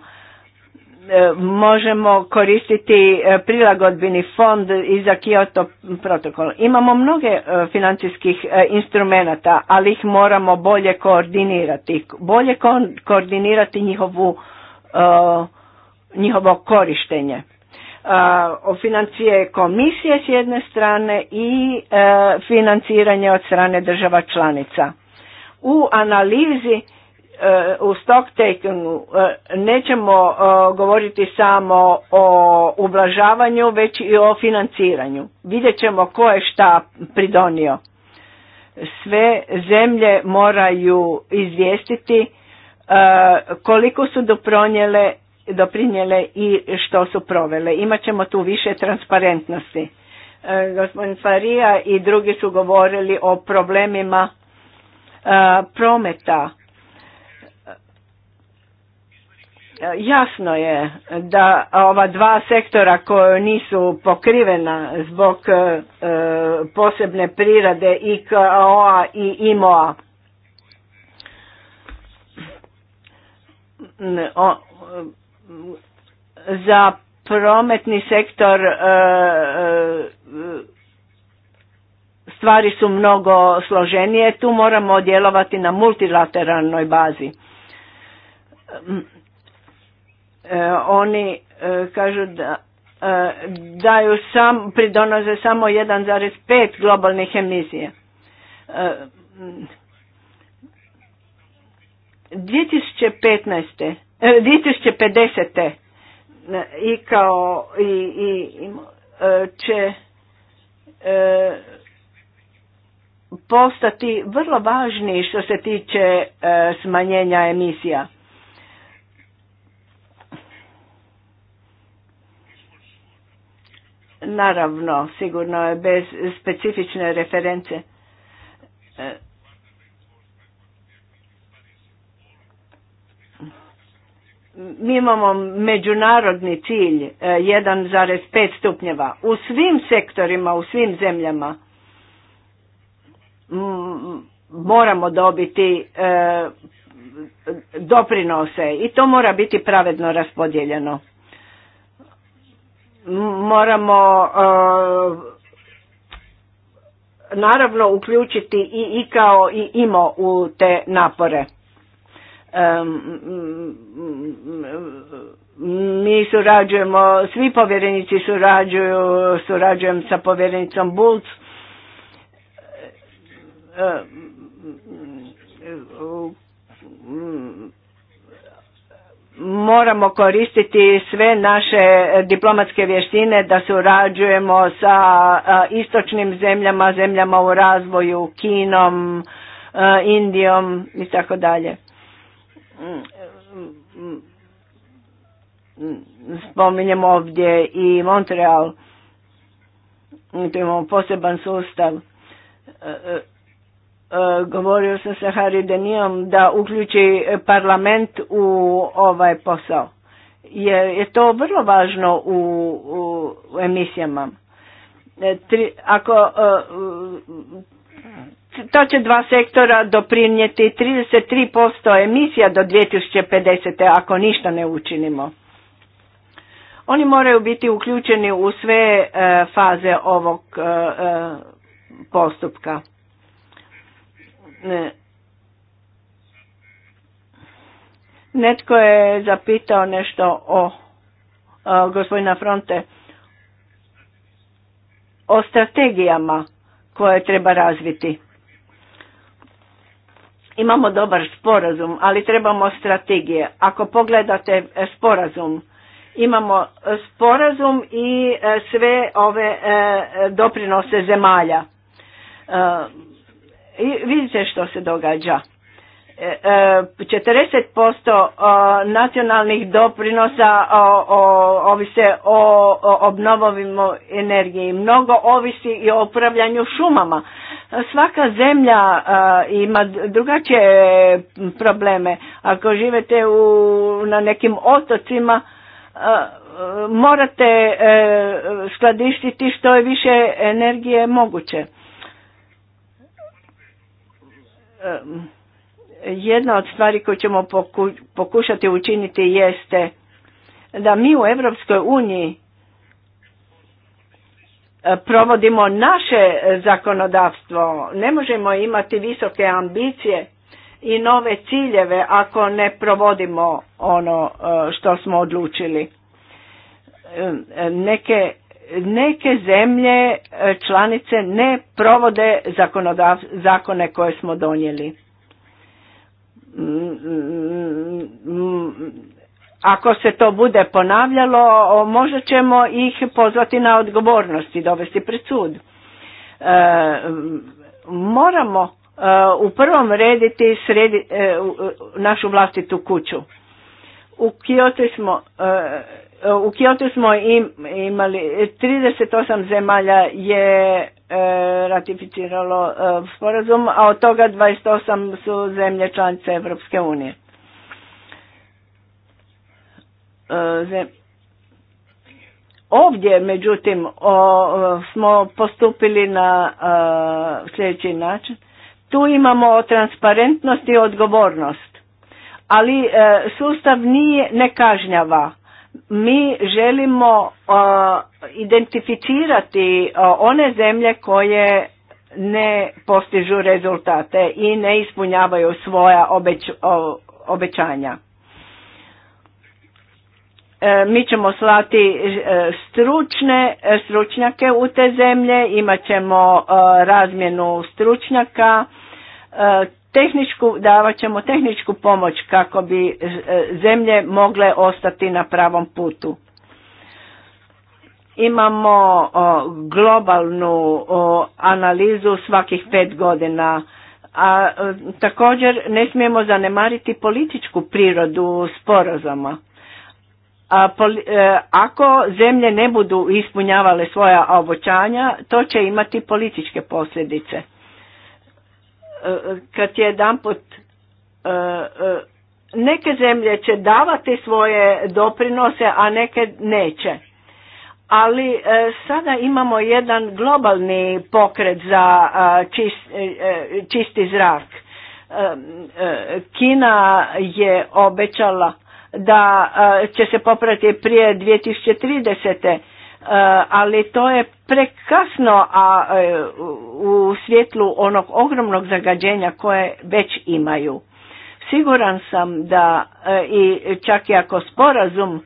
Speaker 4: E, možemo koristiti e, prilagodbeni fond i za Kyoto protokol. Imamo mnoge e, financijskih instrumenata, ali ih moramo bolje koordinirati. Bolje koordinirati njihovu, njihovo korištenje. O financije komisije s jedne strane i financiranje od strane država članica. U analizi u stock takingu e, nećemo e, govoriti samo o ublažavanju, već i o financiranju. Vidjet ćemo ko je šta pridonio. Sve zemlje moraju izvijestiti e, koliko su dopronjele, doprinjele i što su provele. Imaćemo tu više transparentnosti. Gospodin Farija i drugi su govorili o problemima prometa E, jasno je da ova dva sektora koja nisu pokrivena zbog e, e, posebne prirade IKO-a i IMO-a, za prometni sektor stvari su mnogo složenije, tu moramo djelovati na multilateralnoj bazi E, oni e, kažu da e, daju sam, pridonoze samo 1,5 globalnih emisija. 2015. 2050. i kao i, i će postati vrlo važni što se tiče smanjenja emisija. Naravno, sigurno je bez specifične reference. E, mi imamo međunarodni cilj 1,5 e, stupnjeva u svim sektorima, u svim zemljama. Moramo dobiti e, doprinose i to mora biti pravedno raspodijeljeno moramo e, naravno uključiti i IKAO i IMO u te napore. E, mi surađujemo, svi povjerenici surađuju, surađujem sa povjerenicom Bulc. E, moramo koristiti sve naše diplomatske vještine da surađujemo sa istočnim zemljama, zemljama u razvoju, Kinom, Indijom i tako dalje. Spominjemo ovdje i Montreal, tu imamo poseban sustav govorio sam sa Haridenijom da uključi parlament u ovaj posao. Je, je to vrlo važno u, u, emisijama. E, tri, ako e, to će dva sektora doprinijeti 33% emisija do 2050. ako ništa ne učinimo. Oni moraju biti uključeni u sve e, faze ovog postupka. Netko je zapitao nešto o, gospodina Fronte o strategijama koje treba razviti. Imamo dobar sporazum, ali trebamo strategije. Ako pogledate sporazum, imamo sporazum i sve ove e, doprinose zemalja. E, i vidite što se događa. 40% e, e, e, nacionalnih doprinosa ovise o obnovovim energiji. Mnogo ovisi i o upravljanju šumama. Svaka zemlja ima drugačije probleme. Ako živete u, na nekim otocima, morate skladištiti što je više energije moguće jedna od stvari koju ćemo pokušati učiniti jeste da mi u Europskoj uniji e, provodimo naše zakonodavstvo. Ne možemo imati visoke ambicije i nove ciljeve ako ne provodimo ono e, što smo odlučili. Neke neke zemlje e, članice ne provode zakone koje smo donijeli. Mm, mm, mm, Ako se to bude ponavljalo, možda ćemo ih pozvati na odgovornost i dovesti pred sud. E, moramo e, u prvom rediti našu vlastitu kuću. U Kijotu smo u Kyoto smo imali 38 zemalja je e, ratificiralo e, sporazum, a od toga 28 su zemlje članice Europske unije. E, Ovdje, međutim, o, smo postupili na sljedeći način. Tu imamo transparentnost i odgovornost, ali sustav nije ne kažnjava. Mi želimo uh, identificirati uh, one zemlje koje ne postižu rezultate i ne ispunjavaju svoja obećanja. E, mi ćemo slati e, stručne e, stručnjake u te zemlje, imat ćemo razmjenu stručnjaka, tehničku, davat ćemo tehničku pomoć kako bi e, zemlje mogle ostati na pravom putu. Imamo globalnu analizu svakih pet godina, a e, također ne smijemo zanemariti političku prirodu sporazuma. A e, ako zemlje ne budu ispunjavale svoja obočanja, to će imati političke posljedice kad jedanput e, e, neke zemlje će davati svoje doprinose, a neke neće. Ali e, sada imamo jedan globalni pokret za čist, čisti zrak. Kina je obećala da će se poprati prije 2030. Eh, ali to je prekasno a eh, u svjetlu onog ogromnog zagađenja koje već imaju. Siguran sam da eh, i čak i ako sporazum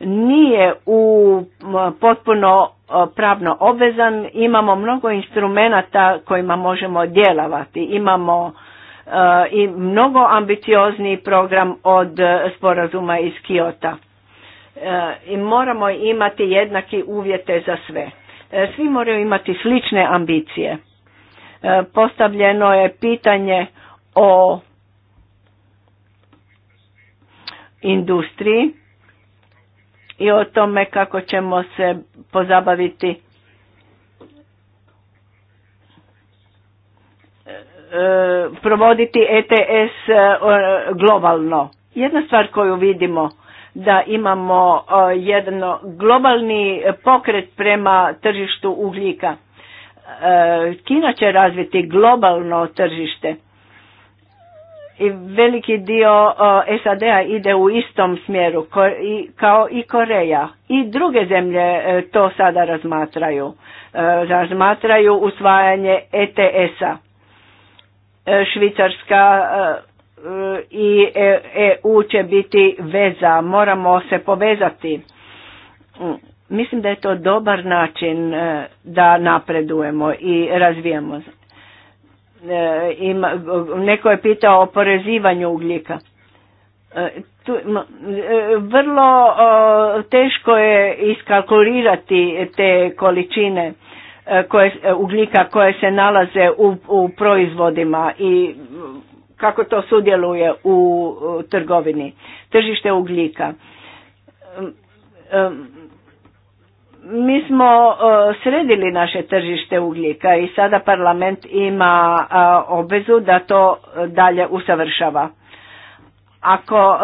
Speaker 4: nije u potpuno pravno obvezan, imamo mnogo instrumenata kojima možemo djelovati. Imamo i mnogo ambiciozniji program od sporazuma iz Kiota. E, i moramo imati jednaki uvjete za sve. E, svi moraju imati slične ambicije. E, postavljeno je pitanje o industriji i o tome kako ćemo se pozabaviti provoditi ETS globalno. Jedna stvar koju vidimo da imamo e, jedan globalni pokret prema tržištu ugljika. E, Kina će razviti globalno tržište i veliki dio e, SAD-a ide u istom smjeru kao i Koreja. I druge zemlje to sada razmatraju. Razmatraju usvajanje ETS-a. Švicarska i EU e će biti veza, moramo se povezati. Mm, mislim da je to dobar način e, da napredujemo i razvijemo. E, neko je pitao o porezivanju ugljika. Vrlo teško je iskalkulirati te količine koje, ugljika koje se nalaze u, u proizvodima i kako to sudjeluje u trgovini. Tržište ugljika. Mi smo e, sredili naše tržište ugljika i sada parlament ima e, obvezu da to dalje usavršava. Ako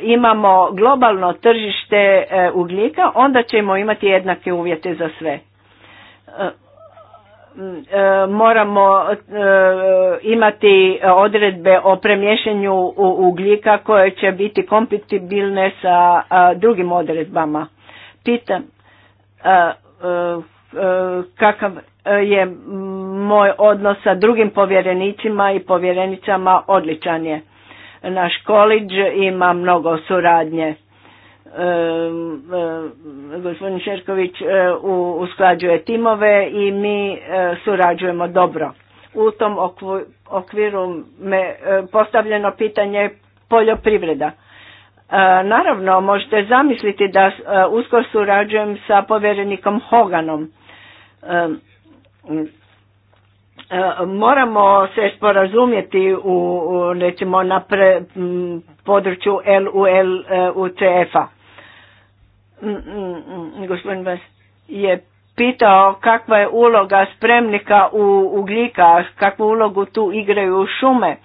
Speaker 4: imamo globalno tržište e, ugljika, onda ćemo imati jednake uvjete za sve. E, moramo e, imati odredbe o premješanju ugljika koje će biti kompatibilne sa drugim odredbama. Pitam e, kakav je moj odnos sa drugim povjerenicima i povjerenicama odličan je. Naš koliđ ima mnogo suradnje gospodin Šerković e, usklađuje timove i mi e, surađujemo dobro. U tom okviru me e, postavljeno pitanje poljoprivreda. Naravno, možete zamisliti da usko surađujem sa povjerenikom Hoganom. Moramo se sporazumjeti u, recimo, na pre, području LUL UCF-a Mm, mm, mm, gospodin Vas je pitao kakva je uloga spremnika u ugljika, kakvu ulogu tu igraju šume, e,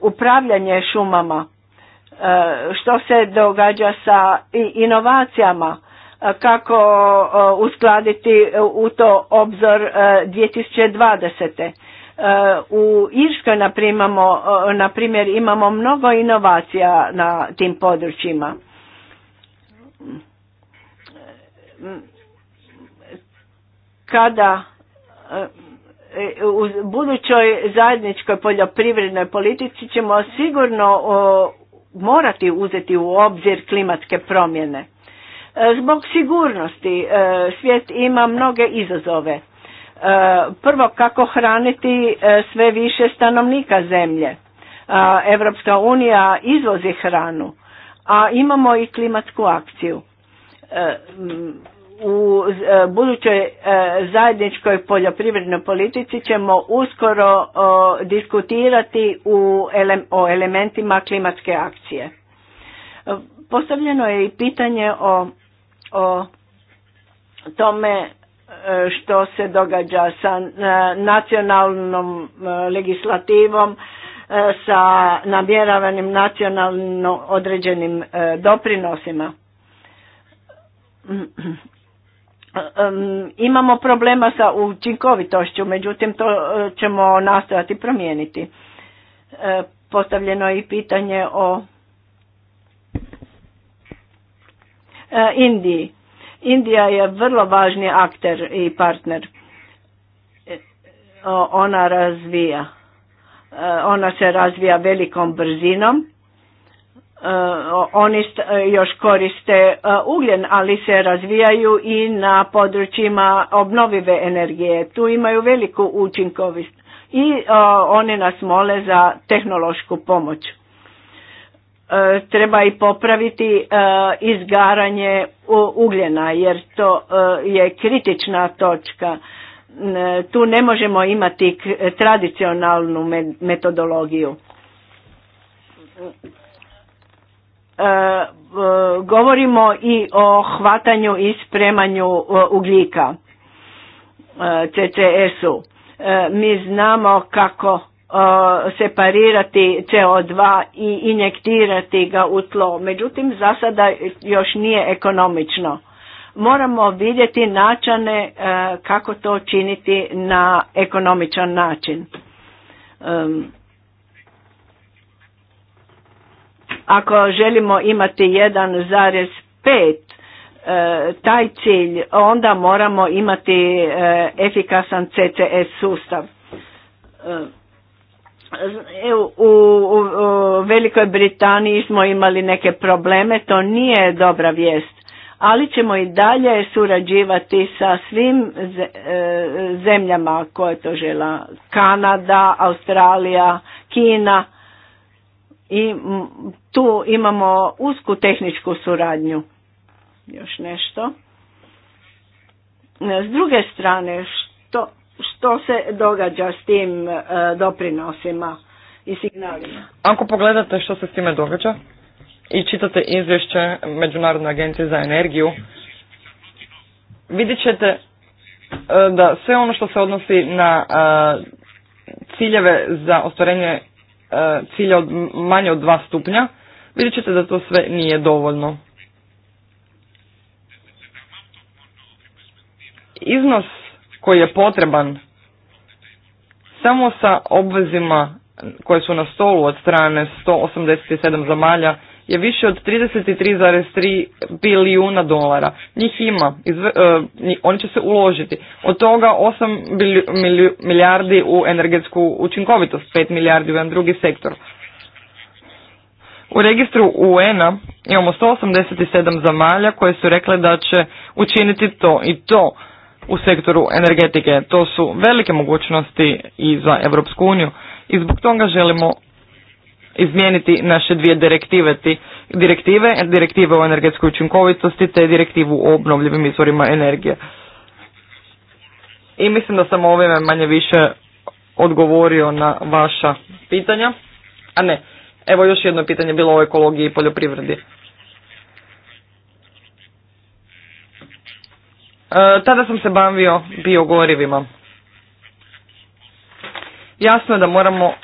Speaker 4: upravljanje šumama, e, što se događa sa inovacijama, e, kako uskladiti u to obzor 2020. U Irskoj na primjer imamo mnogo inovacija na tim područjima kada e, e, u budućoj zajedničkoj poljoprivrednoj politici ćemo sigurno morati uzeti u obzir klimatske promjene. E, zbog sigurnosti svijet ima mnoge izazove. Prvo kako hraniti sve više stanovnika zemlje. Evropska unija izvozi hranu a imamo i klimatsku akciju. E, u e, budućoj e, zajedničkoj poljoprivrednoj politici ćemo uskoro diskutirati o elementima klimatske akcije. Postavljeno je i pitanje o, o tome što se događa sa nacionalnom legislativom sa namjeravanim nacionalno određenim e, doprinosima. Imamo problema sa učinkovitošću, međutim to e, ćemo nastojati promijeniti. E, postavljeno je i pitanje o Indiji. Indija je vrlo važni akter i partner. Ona razvija Eh, ona se razvija velikom brzinom. Eh, oni eh, još koriste ugljen, ali se razvijaju i na područjima obnovive energije. Tu imaju veliku učinkovist i oni nas mole za tehnološku pomoć. Treba i popraviti izgaranje ugljena jer to je kritična točka E, tu ne možemo imati tradicionalnu metodologiju. E, e, govorimo i o hvatanju i spremanju ugljika CCS-u. Mi znamo kako separirati CO2 i injektirati ga u tlo. Međutim, za sada još nije ekonomično Moramo vidjeti načane e, kako to činiti na ekonomičan način. Ako želimo imati 1,5 e, taj cilj, onda moramo imati e, efikasan CCS sustav. U, u Velikoj Britaniji smo imali neke probleme, to nije dobra vijest ali ćemo i dalje surađivati sa svim e, zemljama koje to žela. Kanada, Australija, Kina i tu imamo usku tehničku suradnju. Još nešto. E, s druge strane, što, što se događa s tim e, doprinosima i signalima?
Speaker 1: Ako pogledate što se s time događa, i čitate izvješće Međunarodne agencije za energiju, vidjet ćete e, da sve ono što se odnosi na e, ciljeve za ostvarenje e, cilja od manje od dva stupnja, vidjet ćete da to sve nije dovoljno. Iznos koji je potreban samo sa obvezima koje su na stolu od strane 187 zamalja je više od 33,3 bilijuna dolara. Njih ima, e, oni će se uložiti. Od toga 8 milijardi u energetsku učinkovitost, 5 milijardi u jedan drugi sektor. U registru UN-a imamo 187 zamalja koje su rekle da će učiniti to i to u sektoru energetike. To su velike mogućnosti i za Europsku uniju i zbog toga želimo izmijeniti naše dvije direktive, direktive, direktive o energetskoj učinkovitosti te direktivu o obnovljivim izvorima energije. I mislim da sam ovime manje više odgovorio na vaša pitanja. A ne, evo još jedno pitanje bilo o ekologiji i poljoprivredi. E, tada sam se bavio biogorivima. Jasno je da moramo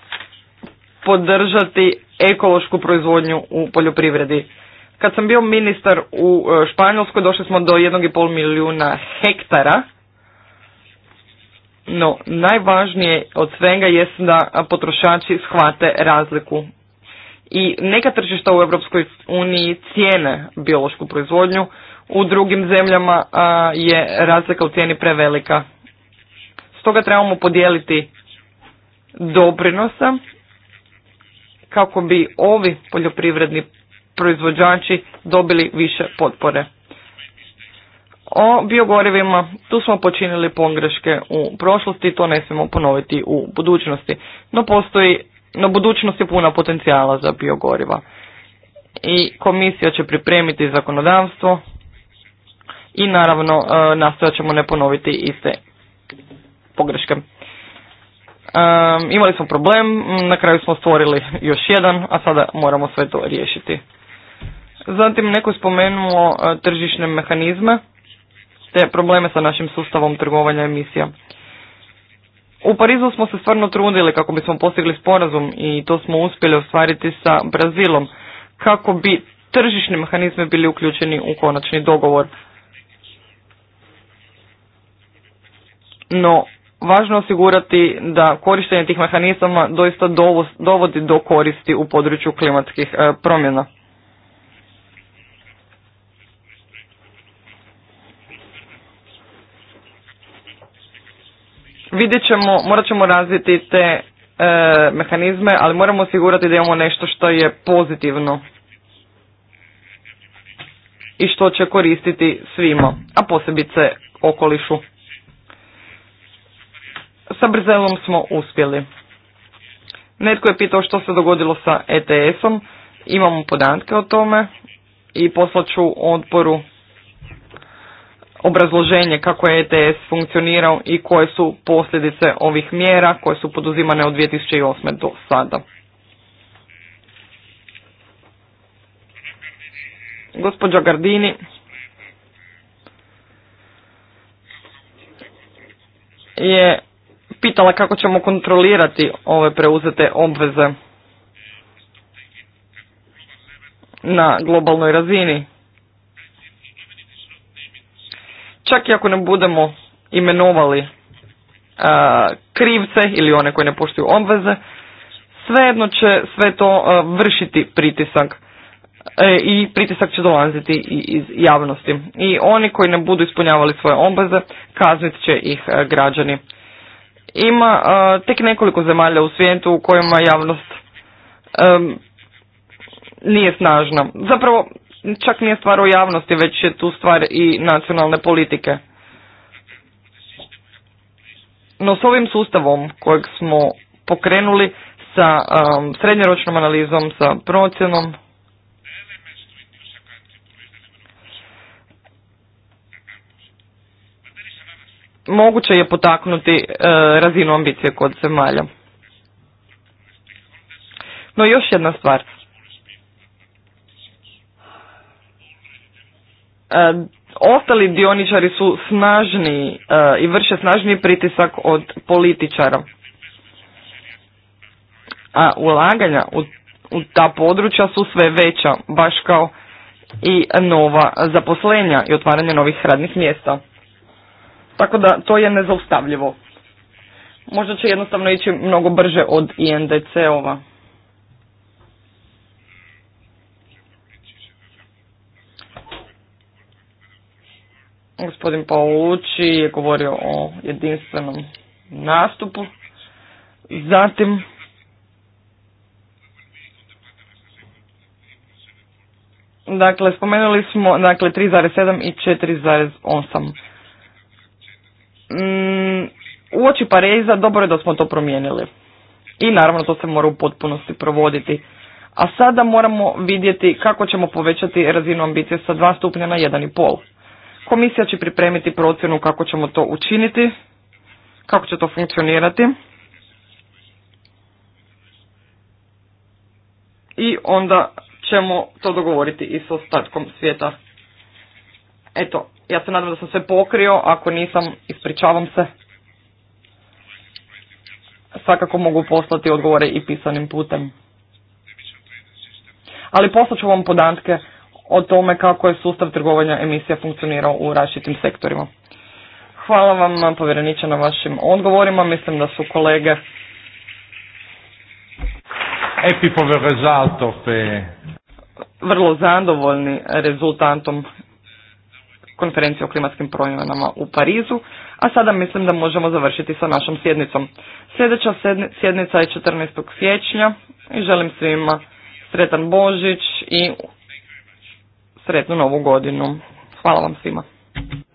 Speaker 1: podržati ekološku proizvodnju u poljoprivredi. Kad sam bio ministar u e, Španjolskoj došli smo do 1,5 milijuna hektara. No, najvažnije od svega jest da potrošači shvate razliku. I neka tržišta u Europskoj uniji cijene biološku proizvodnju, u drugim zemljama je razlika u cijeni prevelika. Stoga trebamo podijeliti doprinosa kako bi ovi poljoprivredni proizvođači dobili više potpore. O biogorivima tu smo počinili pogreške u prošlosti, to ne smijemo ponoviti u budućnosti. No postoji, no budućnost je puna potencijala za biogoriva. I komisija će pripremiti zakonodavstvo i naravno e, nastojat ćemo ne ponoviti iste pogreške. Um, imali smo problem, mm, na kraju smo stvorili još jedan, a sada moramo sve to riješiti. Zatim neko je spomenuo e, tržišne mehanizme, te probleme sa našim sustavom trgovanja emisija. U Parizu smo se stvarno trudili kako bismo postigli sporazum i to smo uspjeli ostvariti sa Brazilom, kako bi tržišni mehanizmi bili uključeni u konačni dogovor. No, važno osigurati da korištenje tih mehanizama doista dovodi do koristi u području klimatskih e, promjena. Vidjet ćemo, morat ćemo razviti te e, mehanizme, ali moramo osigurati da imamo nešto što je pozitivno i što će koristiti svima, a posebice okolišu sa Brzelom smo uspjeli. Netko je pitao što se dogodilo sa ETS-om. Imamo podatke o tome i poslaću odporu obrazloženje kako je ETS funkcionirao i koje su posljedice ovih mjera koje su poduzimane od 2008. do sada. Gospođa Gardini je pitala kako ćemo kontrolirati ove preuzete obveze na globalnoj razini. Čak i ako ne budemo imenovali e, krivce ili one koji ne poštuju obveze, svejedno će sve to e, vršiti pritisak e, i pritisak će dolaziti i iz javnosti. I oni koji ne budu ispunjavali svoje obveze, kaznit će ih e, građani. Ima tek nekoliko zemalja u svijetu u kojima javnost nije snažna. Zapravo, čak nije stvar o javnosti, već je tu stvar i nacionalne politike. No s ovim sustavom kojeg smo pokrenuli sa um, analizom, sa procjenom, moguće je potaknuti e, razinu ambicije kod zemalja. No još jedna stvar. E, ostali dioničari su snažni e, i vrše snažniji pritisak od političara. A ulaganja u, u ta područja su sve veća, baš kao i nova zaposlenja i otvaranje novih radnih mjesta. Tako da to je nezaustavljivo. Možda će jednostavno ići mnogo brže od INDC-ova. Gospodin Paolucci je govorio o jedinstvenom nastupu. Zatim, dakle, spomenuli smo dakle, 3,7 i 4,8 Mm, u oči Pariza dobro je da smo to promijenili. I naravno to se mora u potpunosti provoditi. A sada moramo vidjeti kako ćemo povećati razinu ambicije sa dva stupnja na pol. Komisija će pripremiti procjenu kako ćemo to učiniti, kako će to funkcionirati. I onda ćemo to dogovoriti i s ostatkom svijeta. Eto, ja se nadam da sam sve pokrio, ako nisam, ispričavam se. Svakako mogu poslati odgovore i pisanim putem. Ali poslat ću vam podatke o tome kako je sustav trgovanja emisija funkcionirao u različitim sektorima. Hvala vam povjereniče na vašim odgovorima. Mislim da su kolege
Speaker 2: Epi pe
Speaker 1: vrlo zadovoljni rezultantom konferencije o klimatskim promjenama u Parizu, a sada mislim da možemo završiti sa našom sjednicom. Sljedeća sjednica je 14. siječnja i želim svima sretan Božić i sretnu novu godinu. Hvala vam svima.